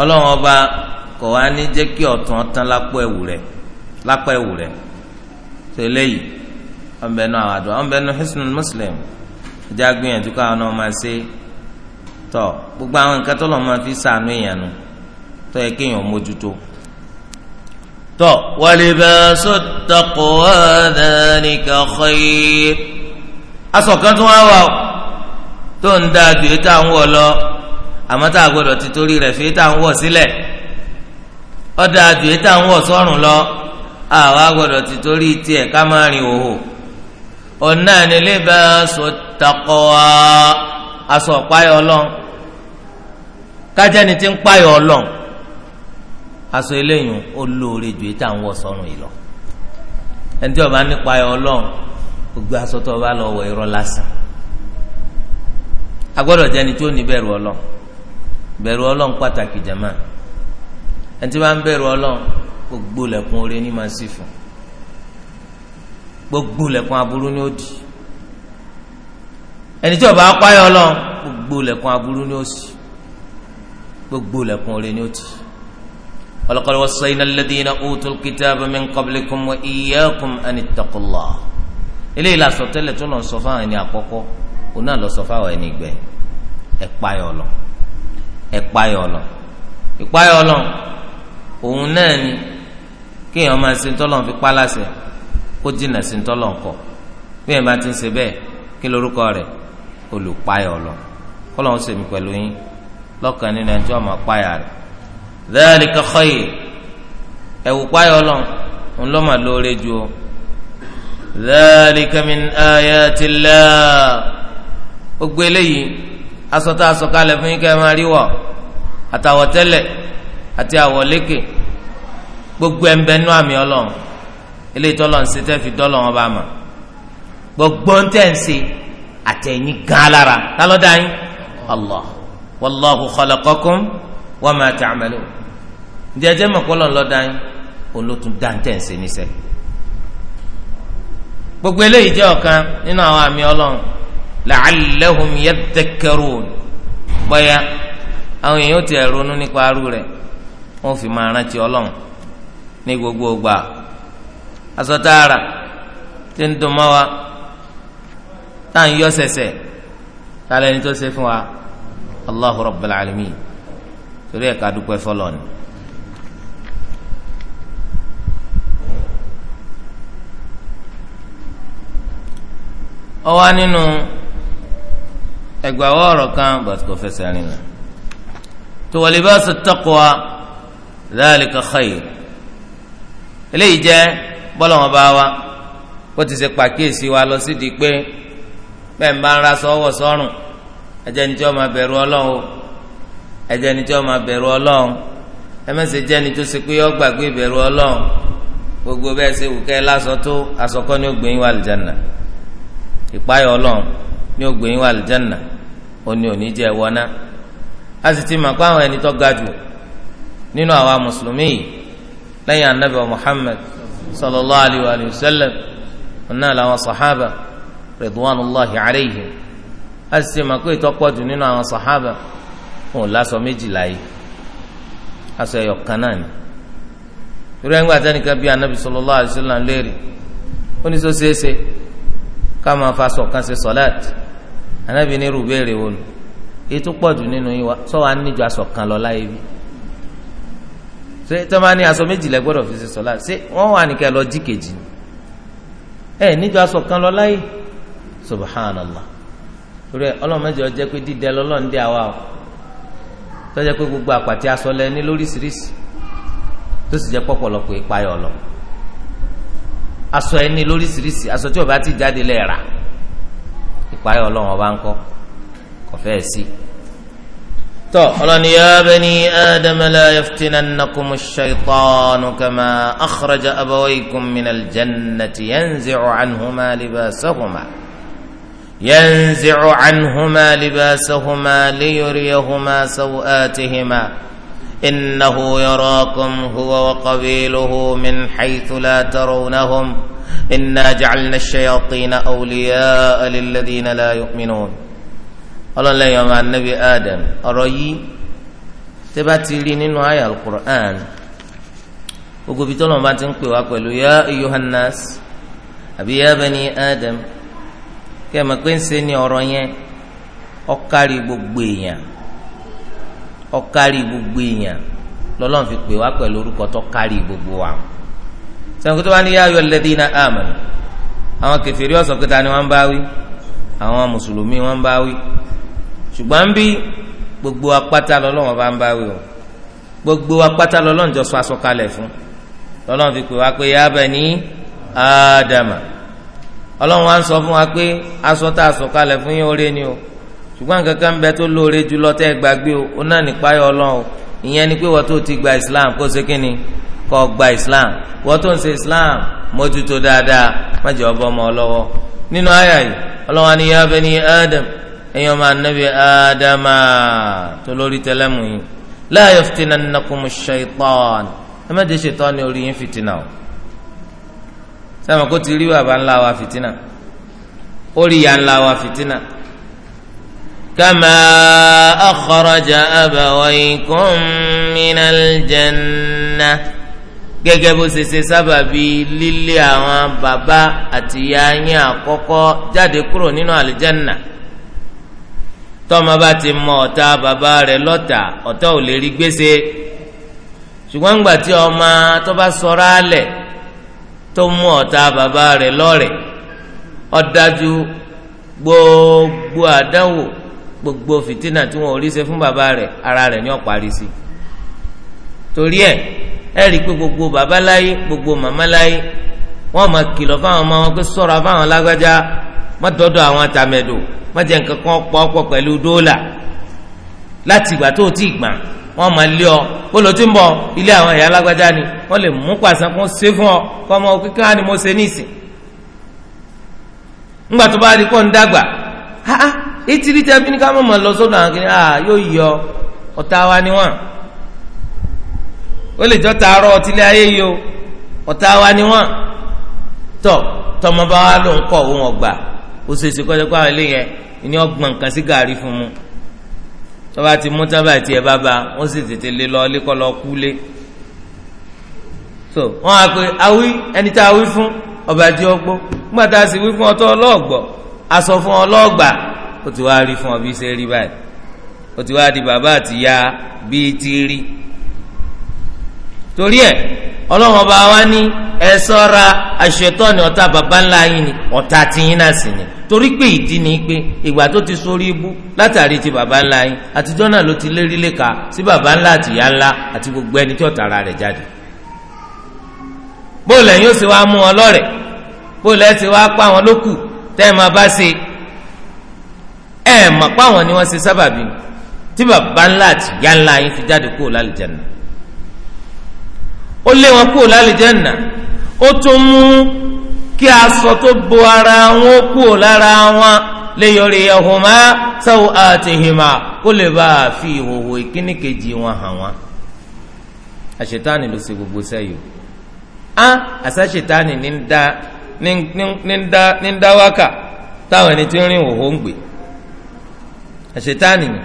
ọlọ́run ọba kò wá ní jẹ́ kí ọ̀tún ọ̀tán lápò ẹ̀wù rẹ̀ lápò ẹ̀wù rẹ̀ tó eléyìí ọ̀nbẹ nu àwọn àdúrà ọ̀nbẹ nu hisnul muslim ẹ̀jẹ̀ agbìyànjú káwọn náà máa ṣe tọ̀ gbogbo àwọn nǹkan tó lọ́ọ́ máa fi sànú èèyàn nu tó yẹ kéèyàn mójútó tọ̀ wa libasu taqwa dhalika khayr aṣọ kan tó wá wà ó tó ń da ju ètò àwọn wọ̀ lọ àmọ́ tá a gbọ́dọ̀ ti torí rẹ̀ fi ètò àwọn wọ̀ sílẹ̀ ó da ju ètò àwọn wọ̀ sọ́rùn lọ àwa gbọ́dọ̀ ti torí tiẹ̀ ká máa rìn òhò ọ̀nà ni libasu taqwa aṣọ ọ̀páyọ̀ ọlọ́run kájẹ́ni ti ń páyọ̀ ọlọ́run aṣọ eléyìí ó lóore ju ètò àwọn wọ̀ yìí lọ ẹni tí ó bá nípa ẹ̀ ọlọ́run gbogbo aṣọ tó bá lọ wọ irọ́ lásán agbọ́dọ̀ jẹni tó ní bẹ̀rù Ọlọ́run bẹ̀rù Ọlọ́run pàtàkì jama ẹni tí wọ́n ń bẹ̀rù Ọlọ́run gbogbo lẹ̀kùn oore ní máa sì fún gbogbo lẹ̀kùn aburú ní òdì ẹni tí ó bá páyọ gbogbo lẹ̀kùn aburú ní òsì gbogbo lẹ̀kùn oore ní òdì. ولقد وصينا الذين أوتوا الكتاب من قبلكم وإياكم أن اتقوا الله eléyìí la sọ tẹ́lẹ̀ tó lọ sọ fáwọn ẹni àkọ́kọ́ òun náà lọ sọ fáwọn ẹni gbẹ ẹ̀páyọ̀ ọ̀lọ̀ ẹ̀páyọ̀ ọ̀lọ̀ ìpáyọ̀ ọ̀lọ̀ òun náà ni kéèyàn máa ṣe tọ́lọ̀ fi pálásẹ̀ kó jìnnà sí tọ́lọ̀ kọ̀ bí ẹ̀ bá ti ń ṣe bẹ́ẹ̀ kí lorúkọ rẹ̀ olùpáyọ̀ kọ́lọ̀ ń sèmi pẹ̀lú yín lọ́kàn nínú ẹni tí wọ́n máa páyà rẹ̀ dhalika khayr ẹ̀wù páyọ̀ ọ̀lọ̀ dhalika min ayati Allah gbogbo eléyìí aṣọ tá a sọ kalẹ̀ fún yín kẹ́ ẹ máa rí wọ̀ àtàwọ̀tẹ́lẹ̀ àti àwọ̀lékè gbogbo ẹ̀ ń bẹ nú àmì ọlọ́run eléyìí tọ́lọ̀ ń ṣe tẹ́ fi dọ́lọ̀ wọn bá mà gbogbo ń tẹ̀ ń ṣe àtẹ̀yìn gan lára tálọ́dá yín Allah wallahu khalaqakum wa ma ta'malun jẹjẹ mọ̀kọ́lọ́ ńlọ́dá yín olótùn dáńtẹ̀ ń ṣe níṣẹ́ gbogbo eléyìí jẹ́ ọ̀kan nínú àwọn àmì ọlọ́run la'allahum yadhakkarun bọ́yá àwọn èèyàn ó ti ronú nípa arú rẹ̀ wọ́n fi máa rántí ọlọ́run ní gbogbo ọgbà aṣọ tààrà tí ń dùn mọ́ wa tá à ń yọ sẹ̀sẹ̀ tá a tó ṣe fún wa Allahu Rabbil Alamin torí ẹ̀ka dúpẹ́ fọlọ́ni. ó wà nínú ẹgbàáwọ ọ̀rọ̀ kan bàtí kò fẹsẹ̀ rìn lọ tó wa libasu taqwa dhalika khayr eléyìí jẹ́ bọ́lá wọn bá wa kó ti ṣe pàkíyèsí wa lọ sí di pé bẹ́ẹ̀ ń bá ń ra sọ́wọ́ sọ́rùn ẹjẹ́ ni tí wọ́n máa bẹ̀rù ọlọ́run ẹjẹ́ ni tí wọ́n máa bẹ̀rù ọlọ́run ẹmẹ́sẹ̀ jẹ́ ni tó ṣe pé ó gbàgbé ìbẹ̀rù ọlọ́run gbogbo bẹ́ẹ̀ ṣe wù kẹ́ lásọ tó asọkọ́ ni ó wà lìjànà ìpáyọ̀ ọlọ́run ní ó gbé yín wọ àlùjánnà ó ní òní jẹ́ wọná a sì ti mọ̀ pé àwọn ẹni tó ga jù nínú àwa mùsùlùmí yìí lẹ́yìn anabi muhammed sallallahu alayhi wa sallam ọ̀nà làwọn sàhábà ridwanullahi alayhim a sì ti mọ̀ pé ìtọ́pọ̀ jù nínú àwọn sàhábà wọn lásọ méjìlá yìí aṣọ ẹ̀yọ̀ náà ni irú ń gbà sẹ́nìkan bí anabi sallallahu alayhi wa sallam léèrè ó ní sọ ṣeéṣe ká máa fa sọ̀kan ṣe sọ̀láàtì anábì ní irú béèrè wo nù èyí tó pọ̀jù nínú yín wa sọ wa níjọ aṣọ kan lọ láyé bí ṣé tó máa ní aṣọ méjìlá gbọ́dọ̀ fi ṣe sọ̀láàtì ṣé wọ́n wà ní kẹ́ lọ jí kejì ẹ kan lọ láyé subhanallah torí ọlọ́mọdé ọjọ́ pé dídẹ lọ́lọ́run dé àwa o tọ́jà pé gbogbo àpàtì aṣọ lẹ ní lóríṣiríṣi tó sì jẹ́ pọ̀pọ̀lọpọ̀ ìpayọ̀ ọlọ́run aṣọ ẹni lóríṣiríṣi aṣọ tí ó bá ti jáde lẹ́ẹ̀ra ìpayọ̀ ọlọ́run ọba ń kọ́ kò fẹ́ẹ̀ sí. tọ́ ọlọ́ni ya bani adama la yaftinannakumu ash-shaytanu kama akhraja minal jannati yanzi'u anhuma libasahuma. ينزع عنهما لباسهما ليريهما سوآتهما إنه يراكم هو وقبيله من حيث لا ترونهم إنا جعلنا الشياطين أولياء للذين لا يؤمنون الله لا يوم النبي آدم أرأي تباتي لين آية القرآن وقبي تلوم باتن قوي يا أيها الناس أبي يا بني آدم كما كنسيني أرأيين أكاري بقبيين ọkari gbogbo èèyàn lọ́lọ́run fi pè wá pẹ̀lú orúkọ tó kari gbogbo wa sẹ́wọ̀n tó wá ní yáyọ lẹ́dínà àmánù àwọn kẹfìrí ọ̀sán kẹta ni wọ́n bá wí àwọn mùsùlùmí wọ́n bá wí ṣùgbọ́n bí gbogbo apáta lọ́lọ́run bá ń bá wí o gbogbo apáta lọ́lọ́run jọ sọ aṣọ kalẹ̀ fún lọ́lọ́run fi pè wá pé yá bẹ̀ ní ádámà ọlọ́run wá ń sọ fún wa pé aṣọ tá a sọ fún yín ó rẹ́ ni o ṣùgbọ́n kankan bẹ tó lóore jùlọ tẹ́ gbàgbé o ó náà nípayọ̀ ọlọ́run ìyẹn ni pé wọ́n tó ti gba islam kó ṣe kínni kọ́ gba islam wọ́n tó ń ṣe islam mójútó dáadáa má jẹ́ ọbọ̀ ọmọ ọlọ́wọ́ nínú àyà yìí ọlọ́wọ́ ni yá bẹ́ni adam ẹ̀yin ọmọ anabi adama tó lórí tẹlẹ́mù yìí la yaftinannakum shaitan ẹ má jẹ́ ṣaitan ní orí yín fìtínà o sábà kó ti rí bàbá ńlá wa fìtínà ó rí ńlá wa fìtínà كما أخرج أبويكم من الجنة gẹ́gẹ́ bó ṣe ṣe sábàbí lílé àwọn bàbá àti ìyá yín àkọ́kọ́ jáde kúrò nínú àlìjánà tọ́mọ bá ti mọ ọ̀tá bàbá rẹ̀ lọ́tà ọ̀tá ò lè rí gbèsè ṣùgbọ́n ńgbà tí ọmọ tó bá sọ̀rọ̀ alẹ̀ tó mú ọ̀tá bàbá rẹ̀ lọ́rẹ̀ ó gbogbo àdánwò gbogbo fìtínà tí wọn ò rí ṣe fún bàbá rẹ ara rẹ̀ ní ọ̀parí sí torí ẹ̀ ẹ rí i pé gbogbo baba láyé gbogbo mama láyé wọn máa kìlọ̀ fáwọn ọmọ wọn pé ṣọ́ra fáwọn lágbájá má dọ́dọ̀ àwọn àtàmẹ̀dò má jẹ́ nǹkan kan pọ̀ pọ̀ pẹ̀lú dóòlà láti ìgbà tó ti gbà wọn máa lé ọ ń àwọn ẹ̀yà alágbájá ni wọn lè mú pàṣán kó ṣe fún ọ ọmọ ni mo níìsín. ìtìrí tẹ́ fi ní ká mọ̀ mọ̀ lọ sọ́dọ̀ àwọn kìnìún à yóò yọ ọ̀tá wa ni wọ́n ó lè jọ́ taarọ̀ ọtílé ayé yìí o ọ̀tá wa ni wọ́n tọ̀ tọmọba wa ló ń kọ̀ òun ọ̀gbà ó ṣe ṣe kọ́jọ́ pé àwọn eléyẹn ni ọgbọ̀n nǹkan sí gàrí fún mu tọ́ba ti mú tábà tiẹ̀ bábà wọ́n sì tètè lé lọ lé kọ́ lọ so wọ́n á pe awí ẹni tá a wí fún ọba jẹ́ ọgbó nígbà tá a sì wí fún ọtọ́ ọlọ́ọ̀gbọ́ a fún ọlọ́ọ̀gbà ó ti wá rí fún ọ bí ṣe rí báyìí ó ti wá di bàbá ya bíi ti rí torí ẹ ọlọ́run ọba wa ní ẹ sọ́ra àṣetọ́ni ọ̀tá bàbá ńlá yín ni ọ̀tá tiyín náà sì ni torí pé ìdí ni pé ìgbà tó ti sórí ibú látàrí ti bàbá ńlá yín àtijọ́ náà ló ti lérí léka sí bàbá ńlá àtìyá ńlá àti gbogbo ẹni tí ọ̀tá rẹ̀ jáde bóòlù ẹ̀yin ó sì wá mú wọn lọ́rẹ̀ bóòlù ẹ̀ sì wá pa wọn lókù tẹ́ ẹ máa bá ṣe ẹ mọ̀ pé àwọn ni wọ́n ṣe sábàbí tí bàbá ńlá àti ìyá ńlá yín fi jáde kúrò lálùjánnà ó lé wọn kúrò lálùjánnà ó tún mú kí aṣọ tó bo ara wọn kúrò lára wọn lè yọrí ẹhùn má sáwọ àtìhìmà kó lè bá a fi ìhòòhò ìkíní kejì wọn hàn wọn àṣetáni ló ṣe gbogbo sẹ́yìn á àṣàṣetáni ní ń dá ní ń dá wákà táwọn ẹni tí ń rìn òhò ń gbé àṣetáàni ni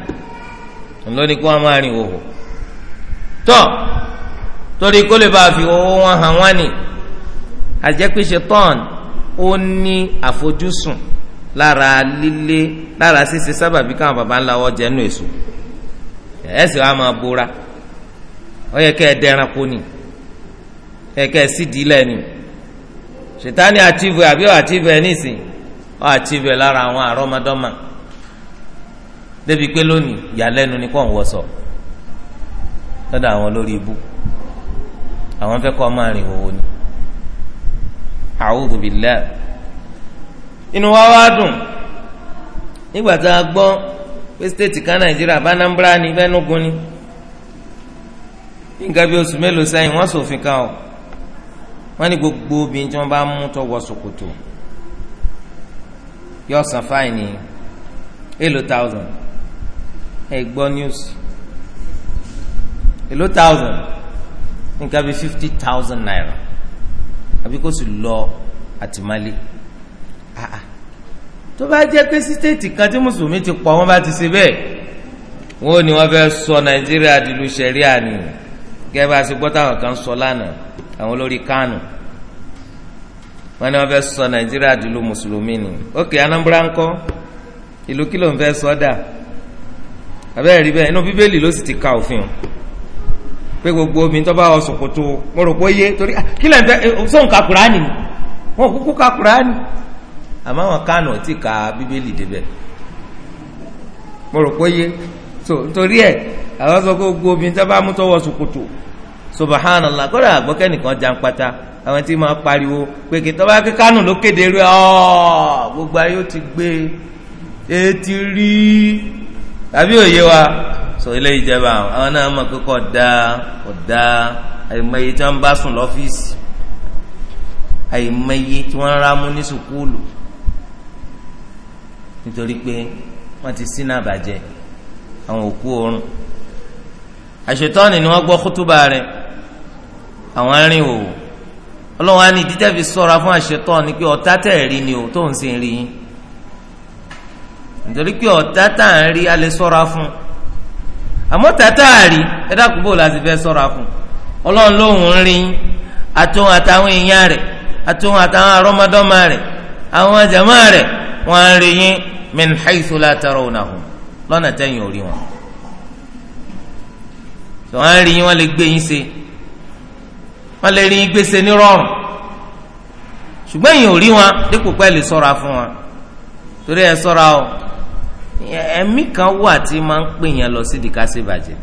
lórí kó wọn máa rìn òhò tọ torí kó lè bá fi owó wọn hàn wọn ni àjẹpé ṣetán ó ní àfojúsùn lára líle lára ṣíṣe sábàbí káwọn baba ńlá wọn jẹ nù èso ẹsẹ wa máa bora ó yẹ kẹ ẹ dẹran kó ni ẹ kẹ ẹ sì dílẹ ni ṣètánì àtìvù àbí àtìvù ẹ nísìn ọ àtìvù lára àwọn àrọmọdọ́mọ débi pé lónìí ìyàlẹ́nu ni kò ń wọṣọ lọ́dọ̀ àwọn lórí ibú àwọn fẹ́ kọ́ máa rìn òwò ni a'udhu billah inú wa wá dùn nígbà tá a gbọ́ pé stéètì kan nàìjíríà bá Anambra ni bẹ́nugun ni nǹkan bí oṣù mélòó sẹ́yìn wọ́n ṣòfin kan o wọ́n ní gbogbo obìnrin tí wọ́n bá mú tó wọ ṣòkòtò yóò san fáìní eight thousand ẹ gbọ́ news èló thousand nǹkan bíi fifty thousand naira àbí kó sì lọ àtìmálé àà tó bá jẹ́ pé sítèètì kan tí mùsùlùmí ti pọ̀ wọ́n bá ti ṣe bẹ́ẹ̀ wọ́n ní wọ́n fẹ́ sọ nàìjíríà di ìlú ṣẹ̀ríà ni gẹ́gẹ́ bá a ṣe gbọ́ táwọn kan sọ lánàá àwọn olórí kánò wọ́n ní wọ́n fẹ́ sọ nàìjíríà di ìlú mùsùlùmí ni ókè Anambra ńkọ́ ìlú kí ń fẹ́ sọ dáa. abẹ́rẹ́ rí bẹ́ẹ̀ inú bíbélì ló sì ti ka òfin o pé gbogbo omi tó bá ọsùn kò tó mo rò pé yé torí kí lẹ́nu tẹ́ sóhun eh, ka kuraani ni wọn kúkú ka ti ka bíbélì débẹ̀ mo rò pé yé torí gbogbo omi tó bá mú tó wọ sòkòtò subahánàlá kódà àgbọ̀kẹ́nìkan jan pata àwọn tí pariwo pé kí tọ́ba kí kánò ló kéde gbogbo ayé ó ti gbé e ti tàbí òye wa sọ ilé ìjẹba àwọn náà mọ̀ pé kò dáa kò dáa àìmọye tí wọ́n bá sùn lọ́fíìsì àìmọye tí wọ́n rá mú ní sùkúlù nítorí pé wọ́n ti sínú àbàjẹ́ àwọn òkú oorun àṣetọ́ni ni wọ́n gbọ́ kútúbà rẹ̀ àwọn arìn òwò ọlọ́wọ́n á ní ìdíjẹ́ fi sọ́ra fún àṣetọ́ni pé ọ̀tá tẹ̀ rí ni o tóun sì ń rí yín nítorí pé ọ̀tá tá à ń rí a lè sọ́ra fún un àmọ́ tàtà àrí ẹ dákun bò láti fẹ́ sọ́ra fún un ọlọ́run lóhùn ń rin àtòhun àtàwọn èèyàn rẹ̀ àtòhun àtàwọn arọ́mọdọ́mọ rẹ̀ àwọn jàmá rẹ̀ wọ́n á rí yín min haythu la tarawnahum lọ́nà tẹ́yìn ò rí wọn. tó wọ́n á rí yín wọ́n lè gbé yín ṣe wọ́n lè rí yín gbèsè ní rọrùn ṣùgbọ́n èèyàn ò rí wọn dípò pẹ́ lè sọ́ra fún wọn torí ẹ sọ́ra o ẹ̀mí kan wà tí máa ń pè yẹn lọ sídìí ká bàjẹ́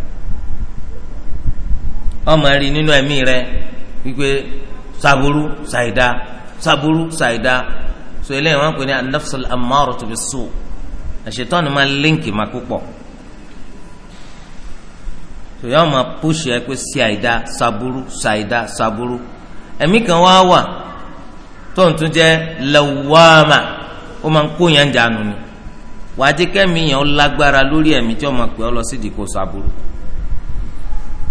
ọmọ rí nínú ẹ̀mí rẹ wípé saburu saida, saburu saida. so eléyìí wọn pè ní anafsal amaro tó fi so àṣetọ́ni máa líǹkì máa púpọ̀ so yọọ máa púṣì ẹ pé ṣàìdá saburu saida, saburu ẹ̀mí kan wá wà tó ń tún jẹ́ lawama ó máa ń kó yẹn jánu ni wà á jẹ́ kẹ́mi yẹn ó lágbára lórí ẹ̀mí tí ọmọ pé ọ lọ sí ìdìkò sàbúrú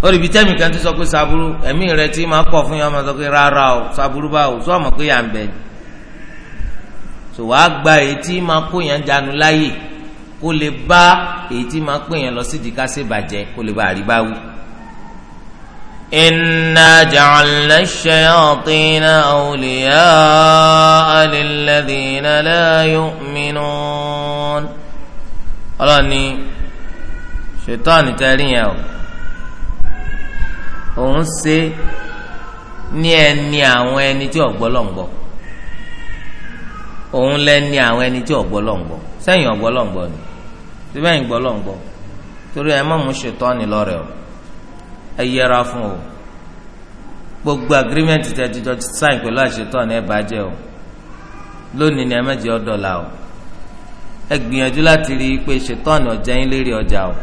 olùbí tẹ́mi kan ti sọ pé sàbúrú ẹ̀mí rẹ tí máa kọ̀ fún yẹn ọmọ sọ pé rárá o sàbúrú bá o sọ ọmọ pé yà ń bẹ̀ sọ èyí tí máa kó yẹn jánu láàyè kó lè bá èyí tí máa pè yẹn lọ sí ìdìkà ṣèbàjẹ́ kó lè bá àríbáwí. إنا جعلنا الشياطين أولياء للذين لا يؤمنون ọlọ́ni شيطان tẹ́rí yẹn o òun ṣe ní ẹni àwọn ẹni tí ọ̀gbọ́lọ́ngbọ́ òun lẹ́ni àwọn ẹni tí ọ̀gbọ́lọ́ngbọ́ sẹ́yìn ọ̀gbọ́lọ́ngbọ́ ni síbẹ̀ yìí torí ẹ má mú ṣètọ́ni lọ́rẹ̀ o ẹ yẹra fún o gbogbo agreement tẹ ti jọ sign pẹ̀lú àṣetán ẹ bàjẹ́ o lónìí ni ẹ má jẹ́ ọ̀dọ́là o ẹ gbìyànjú láti rí i pé ṣetán ọ̀jẹ̀ yín lérí ọjà o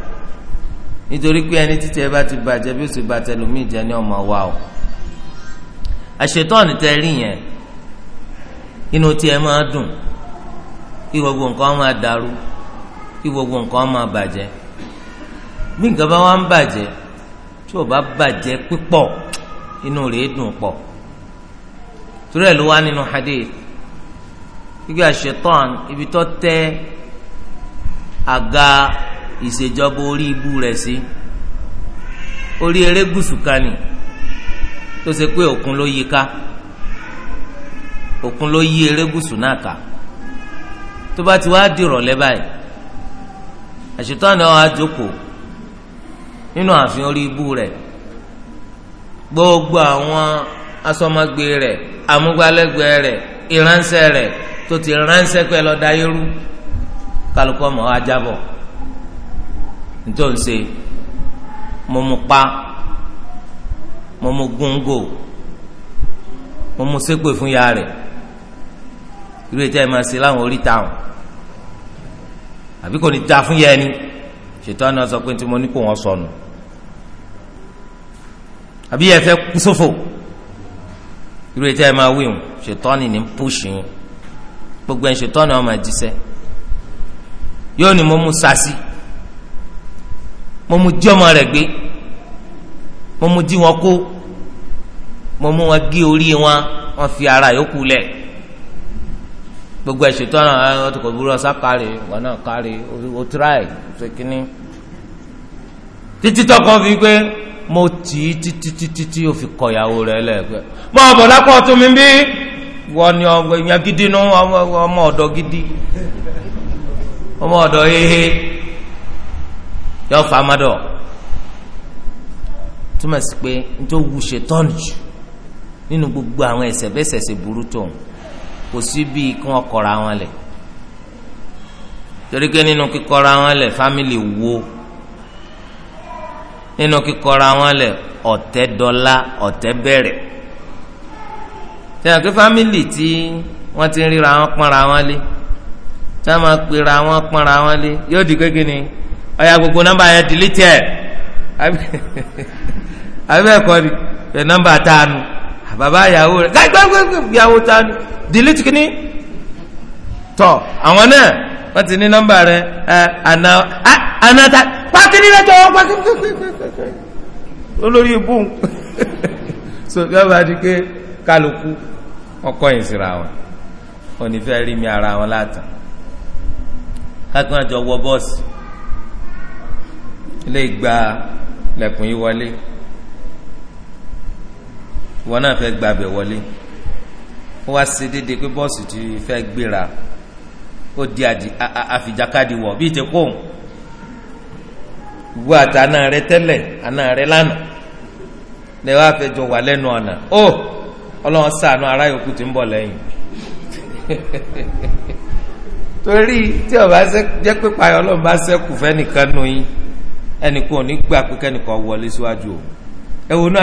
nítorí pé ẹni títí ẹ bá ti bàjẹ́ bí ó sì bàtẹ lómi ìjẹ ní ọmọ wa o àṣetán tẹ rí yẹn inú tí ẹ máa dùn kí gbogbo nǹkan máa dàrú kí gbogbo nǹkan máa bàjẹ́ bí nǹkan bá wà ń bàjẹ́ tí ò bá bàjẹ́ pípọ̀ inú rẹ̀ dùn pọ̀ torí ẹ̀ ló wá nínú hadith gbígbé àṣetán ibi tó tẹ àga ìṣèjọba orí ibú rẹ̀ sí orí erégùsù kan ni tó ṣe pé òkun ló yí ká òkun ló yí erégùsù náà ká tó bá ti wá dìrọ̀lẹ́ báyìí àṣetán náà á jókòó nínú ààfin orí ibú rẹ̀ gbogbo àwọn asọmọgbé rẹ̀ amúgbálẹ́gbẹ̀ẹ́ rẹ̀ ìránṣẹ́ rẹ̀ tó ti ránṣẹ́ pẹ́ lọ́ọ́ da irú kálukú ọmọ wa jábọ̀ mo mu pa mo mu gúngò mo mu ṣépè fún ya rẹ̀ irú ètò ẹ̀ máa ṣe láwọn oríta hàn àbí kò ní ta fún yẹn ni ṣètò àná sọ pé tí mo ní kò wọ́n sọnù. So àbí ẹ fẹ́ kú sófò irú ètò ẹ máa wíwùn ṣètọ́ni ní púùsì yín gbogbo ẹ̀ ṣètọ́ni ọmọ ẹ̀jíṣẹ́ yóò ní mo mú sasi mo mú jí ọmọ rẹ̀ gbé mo mú jí wọn kó mo mú wọn gé orí wọn wọn fi ara yòókù lẹ̀ gbogbo ẹ̀ ṣètọ́ni ọmọ tó kò burú ọ̀sá kárí wọn náà kárí o tíráì ṣe kínní títí tọkàn fi gbé. mo tì í títí títí tí o fi kọ ìyàwó rẹ lẹ́gbẹ̀ẹ́. mọ ọbọ lápá ọtún mi bí wọn ni ọmọ èèyàn gidi ọmọ ọdọ gidi ọmọ ọ̀dọ̀ hehe yọ famadọ túmọ̀ sí pé wù ṣe tọ́nù nínú gbogbo àwọn burú kò sí bíi kí wọ́n wọn lẹ̀ torí pé nínú wọn lẹ̀ wo. nínú kíkọra wọn lẹ̀ ọ̀tẹ̀ dọ́là ọ̀tẹ̀ bẹ̀rẹ̀ tẹ̀yàn kí fámìlì tí wọ́n ti ń ríra wọn pọ́nra wọn lé tí wọ́n máa pera wọn pọ́nra wọn lé yóò di kékeré ni ọ̀yà gbogbo nọ́mbà yẹn dìlítì ẹ̀ abẹ́ẹ̀ kọ́ ni pẹ̀ nọ́mbà tánu bàbá ìyàwó rẹ̀ gbàgbàgbà ìyàwó tánu dìlítì kìíní tọ̀ àwọn náà wọ́n ti ní nọ́mbà rẹ̀ ẹ̀ àná anata pàkínní lẹ́jọ́ pàkínní olórí ibú so gbọ́dọ̀ di pé kálukú ọkọ yìí síra wọn òní fẹ́ rí mi ara wọn látàn kákan àjọ wọ bọ́ọ̀sì ilé ìgbà lẹ́kùn yìí wọlé ìwọ náà fẹ́ gbàbẹ̀ wọlé ó wá sí dédé pé bọ́ọ̀sì ti fẹ́ gbéra ó di àfìjàkadì wọ̀ bíi ti ìwọ àti àna rẹ tẹlẹ àna rẹ lánàá wafe wá fẹjọ wà lẹ́nu ọ̀nà ó ọlọ́run ṣàánú ará yòókù tí ń bọ̀ lẹ́yìn torí tí ọba jẹ́ pé payọ̀ ọlọ́run bá ṣẹ́kù fẹ́nìkan nù yín ẹnìkan ò ní gbà pé kẹ́nìkan wọlé síwájú o ẹ wo àná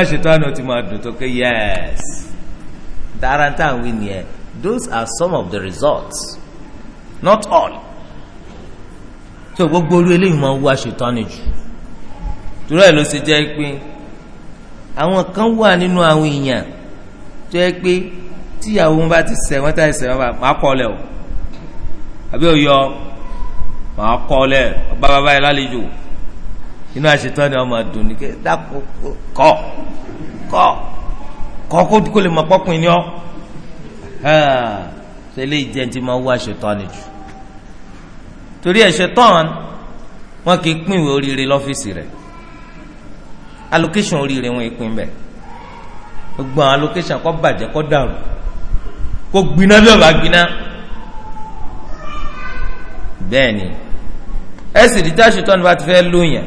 dùn tó ké those are some of the results not all gbogbo olú eléyìí máa ń torí ẹ̀ ló ṣe jẹ́ pé àwọn kan wà nínú àwọn èèyàn tó yẹ pé tíyàwó wọn bá ti ṣẹ̀ wọ́n tá ti ṣẹ̀ wọ́n bá máa kọ́ lẹ̀ o àbí òyọ máa kọ́ lẹ̀ bá bá báyìí lálejò inú àṣetán ni wọ́n máa dùn ní kẹ́ dákò kọ́ kọ́ kọ́ kó kó lè máa pọ́kùn ní ọ́ tẹ́lẹ̀ ìjẹ́ ti máa wá àṣetán ni jù torí àṣetán wọn kì í pín ìwé oríire lọ́fíìsì rẹ̀ allocation oríire wọn ìpín bẹ gbogbo àwọn allocation kọ bàjẹ́ kọ dàrú kó gbiná bí ọba gbiná bẹ́ẹ̀ ni ẹ sì rí táṣù tọ́ni bá ti fẹ́ lóyìn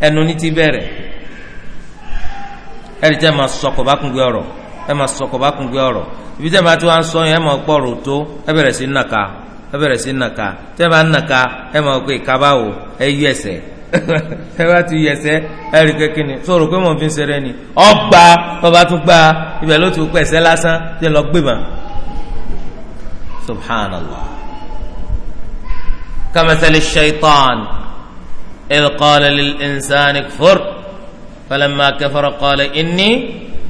ẹnu ní ti bẹ̀rẹ̀ ẹ rí tẹ́ máa sọkọ̀ bá kún gbé ọ̀rọ̀ ẹ máa sọkọ̀ bá kún gbé ọ̀rọ̀ ibi tẹ́ máa tí wọ́n á sọ yẹn ẹ máa pọ̀ rò ẹ bẹ̀rẹ̀ sí nàka ẹ bẹ̀rẹ̀ sí nàka tẹ́ máa nàka ẹ máa kábàáwò ẹ yí ẹsẹ̀ ẹ bá ti yẹsẹ ẹ rí kékeré ni sọ̀rọ̀ pé mò ń fi ṣeré ni ọgbà bàbá tún gbà ibẹ̀ ló ti kú ẹsẹ̀ lásán ṣe lọ gbé bàn subhanallah kàmẹsẹlẹ shaitan ilqaala lil insaani kfur falamma kafara qaala inni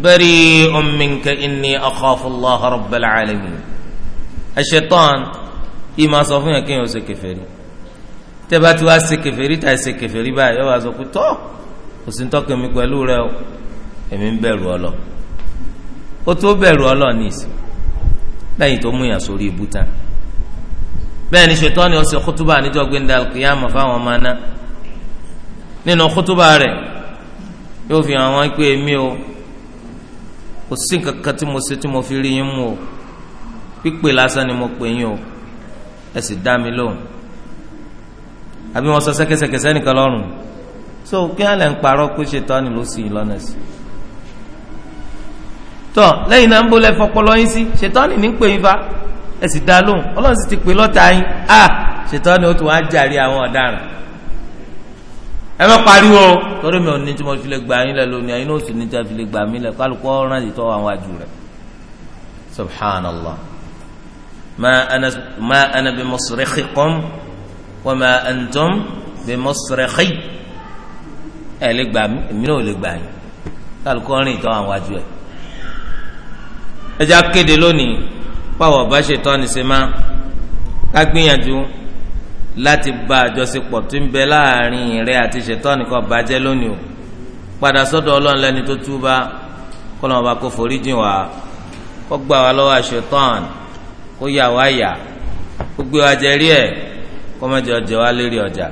bari'un minka inni akhafu allah rabbal alamin ashaitan ìmọ̀ sọ fún yẹn kéèyàn ó ṣe kèfèrí tẹ́bá tí wàá ṣe kẹfẹ́rí tàì ṣe kẹfẹ́rí báyìí ọ̀ wá sọ pé tọ́ kò sí tọ́kẹ́ mi pẹ̀lú rẹ o èmi ń bẹ̀rù ọ lọ ó tó bẹ̀rù ọ lọ nìsí lẹ́yìn tó múyàn sórí ibú bẹ́ẹ̀ ni ṣètọ́ ni ó ṣe kútúbà níjọ́ gbẹ̀ndà kìyàmọ̀ fáwọn ọmọ náà nínú kútúbà rẹ̀ yóò fi hàn wọ́n pé èmi o kò sí nǹkan tí mo ṣe tí mo fi rí yín mú o pípè lásán ni mo pè yín o ẹ sì dá mi lóhùn àbí wọn sọ sẹ́kẹsẹkẹsẹ nìkan lọ́rùn so kí wọn lè ń parọ́ pé ṣètọ́ni ló sì lọ́nà sí tọ lẹ́yìn náà ń bọ́ lẹ́fọ́ pọlọ́ yín sí ṣètọ́ni ní pè yín fa ẹ sì dá lóhùn ọlọ́run sì ti pè lọ́ta yín a ṣètọ́ni ó tún wá jàre àwọn ọ̀daràn ẹ má pariwo torí mi ò ní tí mo fi lè gbà yín lẹ lónìí ẹ̀yin náà sì ní tí a fi lè gbà mí lẹ kálukú ọ̀ràn yìí tọ́ àwọn àjù rẹ̀ subhanallah ma ana ma ana bi musrikhikum wa ma antum bi musrikhi ẹ lè gbà mí èmi náà ò lè gbà yín kálukú rìn tán àwọn àjò ẹ ẹjẹ akéde lónìí pàwọ bá ṣe tọ́ ni ṣe máa ká gbìyànjú láti bá àjọṣepọ̀ tó ń bẹ láàrin rẹ àti ṣètọ́ nìkan bàjẹ́ lónìí o padà sọ́dọ̀ ọlọ́run lẹ́ni tó túbà kọ́nà ọba kó forí jìn wá kó gbà wá lọ́wọ́ àṣetán kó yà wá yà kó gbé wa jẹ rí ẹ̀. kọ́mọ́jọ jẹ wá lérí ọjà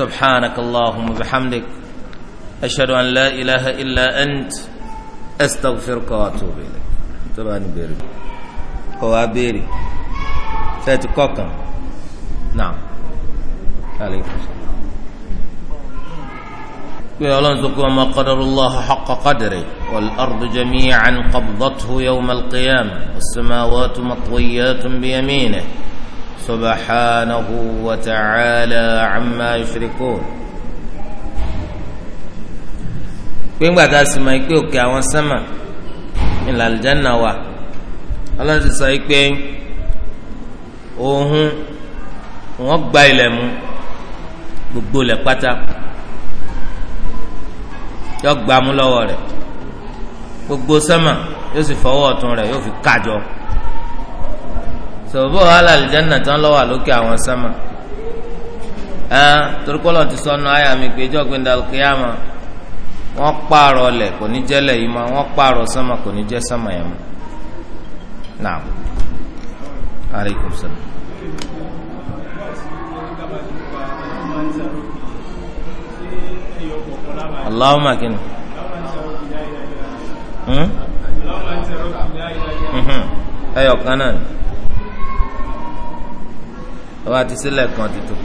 subhanaka allahumma bihamdik ashhadu an la ilaha illa ant astaghfiruka wa atubu ilayk tó bá ní bèrè kọ́ wa bèrè sẹ́ẹ̀tì kọ̀ọ̀kan náà kálí ìfọ̀sọ́. pé ọlọ́run sọ pé ọmọ qadarullahu haqqa qadri wal ardu jami'an qabdathu yawmal qiyamah was samawati matwiyatun biyaminihi. سبحانه وتعالى عما يشركون gbẹ̀ngbà tá a sì máa pé òkè àwọn sánmà ìlà àlùjáná wa ọlọ́run ti sọ pé òun wọ́n gba ilẹ̀ mú gbogbo ilẹ̀ pátá yọ gbàmú lọ́wọ́ rẹ̀ gbogbo sánmà yóò sì fọwọ́ ọ̀tún rẹ̀ yóò fi kájọ. sọ̀bọ̀ alàlìjánà tán lọ́wọ́ àlókè àwọn sámà ẹn torúkọ́lọ́ ti sọnù àyà mi pé ìjọ gbẹ̀ndà kíyàmà wọ́n pààrọ̀ ọlẹ̀ kò ní jẹ́lẹ̀ yìí mọ́ wọ́n pààrọ̀ sámà kò ní jẹ́ sámà yẹn ọba ti sílẹ̀ kan tuntun.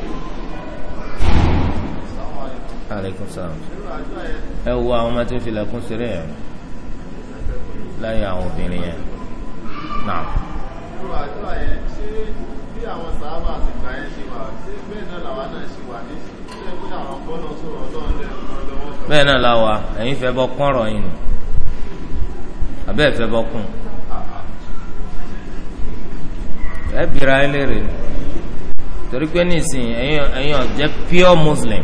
aleykum salaam. ẹ wo àwọn ọmọ tí ń filẹ̀kùn ṣeré yẹn láyé àwọn obìnrin yẹn náà. bí àwọn sábà àti ìgbà yẹn ṣe wà ṣé bẹ́ẹ̀ náà làwa náà ṣe wà ní ṣe kí àwọn bọ́ọ̀lù sọ̀rọ̀ ọlọ́run lẹ́nu bẹ́ẹ̀ náà la ẹ̀yin fẹ́ bọ́ kọ́rọ̀ yìí nù abẹ́ fẹ́ bọ́ kùn ẹ̀ bìrà ẹ̀ lérè nù torí pé nísìnyí ẹ̀yin ọ̀jẹ́ pure muslim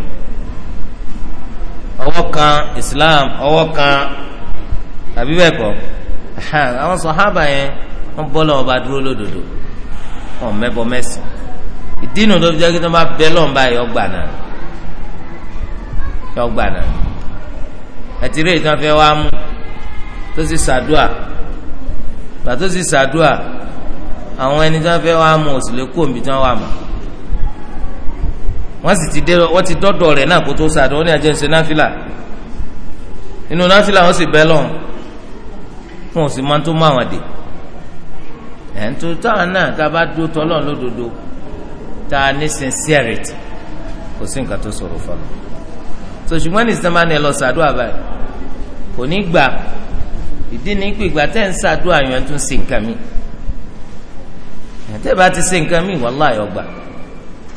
ọwọ́ kan islam ọwọ́ kan àbí bẹ́ẹ̀ kọ́ àwọn sọ̀hábà yẹn wọ́n bọ́ lọ́wọ́ bá dúró lódodo wọ́n mẹ́bọ mẹ́sìn ìdí inú tó fi jẹ́ kí wọ́n bá bẹ́ lọ́wọ́ báyìí ọgbà náà ọgbà náà àti eré ìtàn fẹ́ wá mú tó sì sàdúà gbà sì sàdúà àwọn ẹni tí fẹ́ wá mú òsì lè kó omi tí wà mọ́ wọ́n sì ti dé wọ́n ti dọ́dọ̀ rẹ̀ náà kó tó sáà wọ́n ní ajẹ́ ń ṣe náfìlà inú náfìlà wọ́n sì bẹ́ lọ́hùn fún òsì máa tó máa wọn dè ẹ̀ ń tó táwọn náà tá a bá dúró tọ́ lọ́hùn lódodo tá a ní sincerity kò sí nǹkan tó sọ̀rọ̀ fọlọ́ so ṣùgbọ́n ní sinimá ni ẹ lọ sàdúrà báyìí kò ní gbà ìdí ní pé ìgbà tẹ́ ń sàdúrà yẹn tún ṣe nǹkan mi àtẹ́bà ti ṣe nǹkan mi wàláhì ọgbà.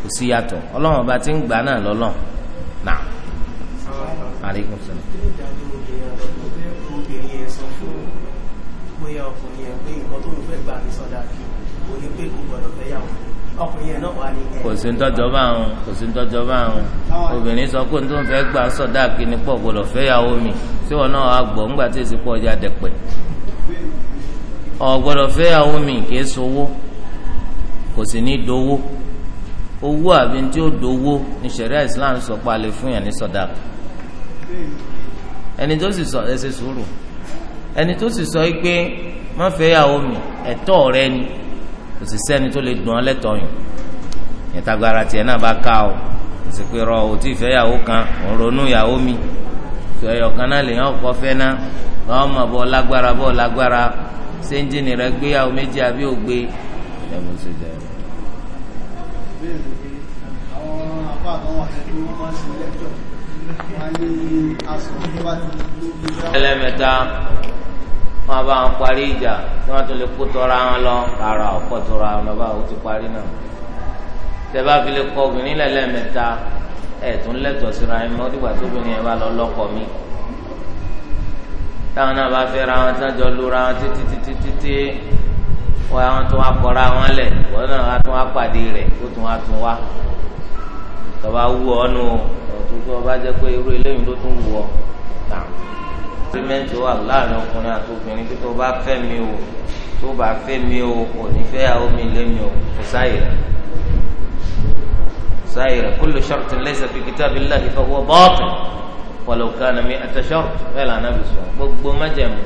kò sí yàtọ̀ ọlọ́run ọba ti ń gbà náà lọ́lọ́run náà. o kò sí ń bá àwọn kò sí ń bá àwọn obìnrin sọ pé tó fẹ́ gbà sọ́dà kí ni pọ̀ gbọ́dọ̀ fẹ́ mi tí wọn náà wàá gbọ́ ńgbà tí èsì pọ̀ ya dẹ̀pẹ̀ ọ̀ gbọ́dọ̀ fẹ́ yàwó mi kì í kò ní dowó. owó àbí tí ó dowó ní ṣẹ̀ríà islam sọ a lè fún yàn ní sọdáàkì ẹni tó sì sọ ẹsẹ sùúrù ẹni tó sì sọ pé má fẹ́ ẹ̀tọ́ rẹ ni kò sì sẹ́ni tó lè dùn lẹ́tọ̀ọ́ yìí tiẹ̀ o sì pé rọ o ìfẹ́ yàwó kan òun ronú yàwó mi kan náà lèyàn ọkọ fẹ́ ná wọn mọ̀ bọ́ lágbára bọ́ lágbára ṣé ń jìnnì rẹ gbéyàwó méjì àbí ògbé ẹ̀ mọ̀ béèrè pé àwọn apá àtàwọn wà tí wọ́n máa ṣe lẹ́jọ́ wọ́n á ní aṣọ tó bá ti lóbi. ẹlẹ́mẹ̀ta wọn bá wọn parí ìjà tí wọn tún lè kó tọra wọn lọ rárá ọkọ tọra wọn lọ báwo ti parí náà tẹ́bá fi lè kọ obìnrin lẹ́lẹ́mẹ̀ta ẹ̀ tún síra ẹ̀ mọ́ dìgbà tó obìnrin yẹn bá lọ lọ́kọ mi táwọn náà bá fẹ́ ra wọn tí wọn jọ lura wọn títí títí títí wọ́n àwọn tó wá kọ́ra wọn lẹ̀ wọ́n náà wá tún wá pàdé rẹ̀ ó tún wá tún wá tọba wú ọ nù ọtútù ọba jẹ pé irú eléyìí ló tún wù ọ tà pírímẹ́ǹtì wà láàrin ọkùnrin àti obìnrin tó bá fẹ́ mi o tó bá fẹ́ mi o kò ní fẹ́ yàwó mi lé o kò sáyè rẹ̀ sáyè rẹ̀ kullu shartin laysa fi kitabillahi fahuwa batil walau kana mi'ata shart bẹ́ẹ̀ lànà bìsọ̀ gbogbo májẹ̀mú.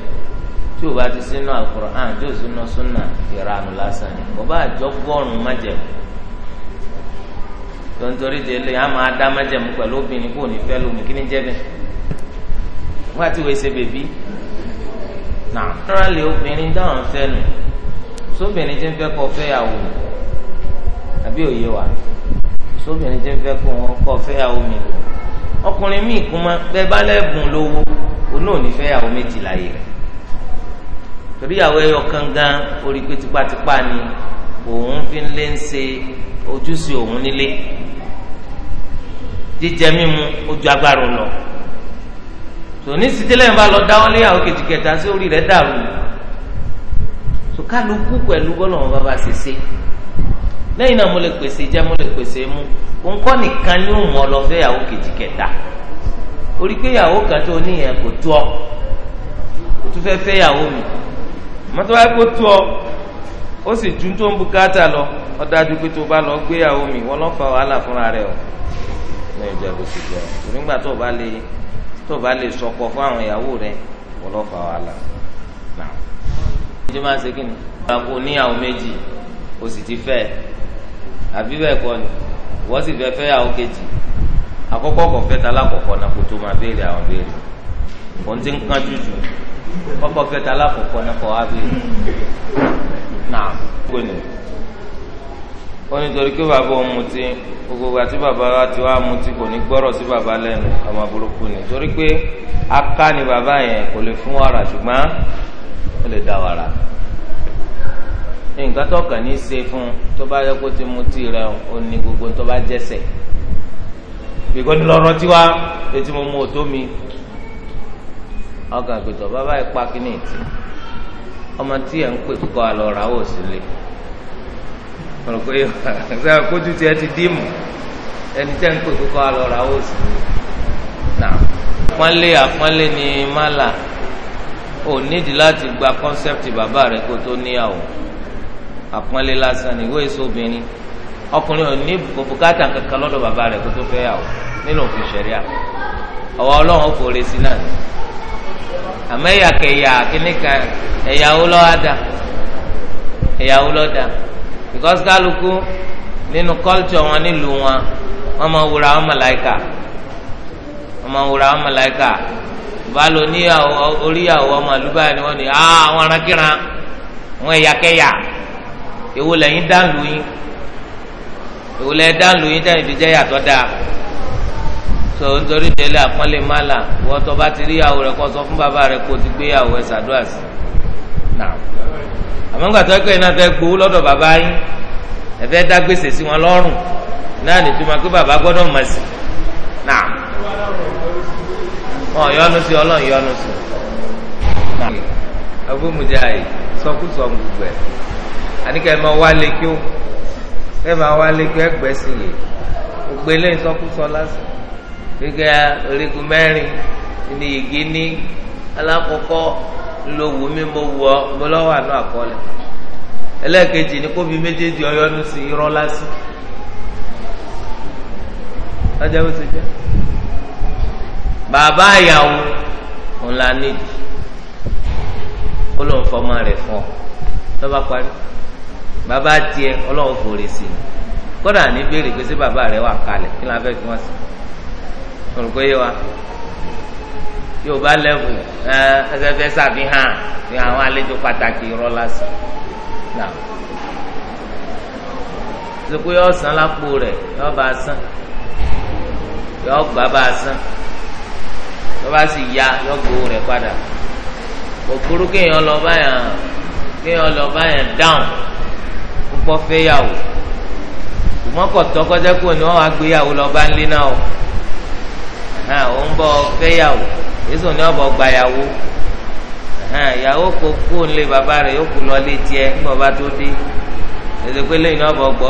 tí o bá ti sínú alukur'an tí o sínú súnà ìranù lásán ni kò bá àjọ májẹ̀mú tó ń torí májẹ̀mú pẹ̀lú obìnrin kò ní fẹ́ lómi kí ni jẹ́ bẹ́ẹ̀ tí o bèbí rárá lè obìnrin dáhùn fẹ́ sóbìnrin tí ń fẹ́ kọ́ àbí òye wa sóbìnrin mi ọkùnrin míì kú mọ́ torí ìyàwó ẹyọ kangan orí pé tipátipá ni òun fi ń lé ń ṣe ojúṣe òun nílé jíjẹ mímu ojú agbára lọ tòní sídílẹ̀ ń bá lọ dáwọ́ léyàwó kejì kẹta sí orí rẹ̀ dàrú tó kálukú pẹ̀lú bọ́lọ̀ wọn bàbá ṣe ṣe lẹ́yìn náà mo lè pèsè jẹ́ mo lè pèsè mu nìkan ni fẹ́ kejì kẹta orí pé kan tó kò tó ọ kò tún fẹ́ fẹ́ mọ́tò wáyé kó tó ọ ó sì ju tó ń bùkátà lọ ó dájú pé tó bá lọ gbéyàwó mi wọ́n lọ́ fa wàhálà fúnra rẹ̀ o ní ìjà bó ti jẹ́ nígbà tó bá lè tó bá lè sọpọ fún àwọn ìyàwó rẹ̀ wọ́n lọ́ fa wàhálà náà. ìjọba máa ṣe kí ni. àgbo níyàwó méjì o sì ti fẹ́ àbí bẹ́ẹ̀ kọ́ ni wọ́n sì fẹ́ fẹ́ kejì àkọ́kọ́ kọ̀ fẹ́ ta lákọ̀ọ́kọ́ máa béèrè àwọn béèrè kọ́kọ́ fẹ́ ta alákọ̀ọ́kọ́ ní kọ́ wáá bẹ́ẹ̀ náà gbé ni ó ní torí kí bàbá òun mutí gbogbo àti bàbá wa ti wá mutí kò ní gbọ́rọ̀ sí bàbá lẹ́nu ọmọ burúkú ni torí pé aká ni bàbá yẹn kò lè fún wàrà ṣùgbọ́n ó lè dá wàrà nǹkan tó kàn ní í ṣe fún tó bá yẹ kó ti mutí rẹ ó ní gbogbo tó bá jẹ́sẹ̀ ìgbọ́nilọ́rọ́ tiwa etí mo mú o tó mi ọkàn àgbẹ̀tọ̀ bàbá ìpa kínní ìtì ọmọ tí ẹ̀ ń pè kókó àlọ́ ra ó sì lè rò pé ṣáà kójú tiẹ̀ ti dìímù ẹni tẹ́ ń pè kókó àlọ́ lè nà àpọ́nlé àpọ́nlé ni gba bàbá rẹ kó tó níyàwó àpọ́nlé lásán ni ìwé èso obìnrin ọkùnrin ò ní bùkátà kankan lọ́dọ̀ bàbá rẹ kó tó fẹ́ yàwó nínú òfin ọlọ́run àmọ́ ẹ̀yà keya kìnnìkan ẹ̀yàwó lọ́wọ́ dà ẹ̀yàwó lọ́wọ́ dà because kálukú nínú culture wọn nílùú wọn wọn máa wúra wọn màláìkà wọn máa wúra wọn màláìkà balo oríyàwó ọmọ àlùbáyà ni wọn ni àwọn arákìnrin wọn ẹ̀yà kẹ̀yà èwo lẹ́yìn yín so nítorí délé àpọ́nlé mọ́là wọ́n tó bá ti rí ìyàwó rẹ̀ kọ́ sọ fún bàbá rẹ̀ kó ti gbé ìyàwó ẹ̀ sàdúrà sí nà àmọ́ tó ẹ pé iná fẹ́ gbowó lọ́dọ̀ bàbá yín ẹ fẹ́ dá gbèsè sí wọn lọ́rùn náà bàbá gbọ́dọ̀ mọ̀ sí nà wọn yọnu sí ọlọ́run gbígbé orígun mẹ́rin ní igi ní alákọ̀ọ́kọ́ ló wù mí mo wù ọ́ mo lọ́wọ́ àánú àkọọ́lẹ̀ ẹlẹ́ẹ̀kejì ni kóbi méjèèjì ọyọ́nu sí irọ́ lásì bó ti jẹ́ bàbá ayawu ńlá nídìí ó lóun fọmọ rẹ̀ ọ lọ́ba parí bàbá tiẹ̀ ọlọ́run fòrè sí i kódà ní pé sí bàbá rẹ̀ wà òrùkọ yé wa yóò bá lẹ́bù ẹ ẹsẹ̀fẹ́ ṣàfihàn ní àwọn àlejò pàtàkì irọ́ lásán náà sèpé ọ̀sán lápò rẹ̀ yọ bá sán yọ gbà bá sán yọ bá sì ya yọ gbowó rẹ̀ padà òkúrú kéèyàn lọ báyàn kéèyàn lọ báyàn dáhùn púpọ̀ fẹ́yàwó ìmọ̀kọ̀tọ́ kọjá kúrò ni wọ́n wá gbéyàwó lọ bá ń lé náà o. hàn ó ń bọ̀ fẹ́yàwó èso ní ọ̀bọ̀ gbayàwó hàn ìyàwó kò kó ń lé bàbá rẹ̀ yóò kú lọ lé tiẹ̀ ńgbọ̀ bá tó dé èso pé lẹ́yìn na ọ̀bọ̀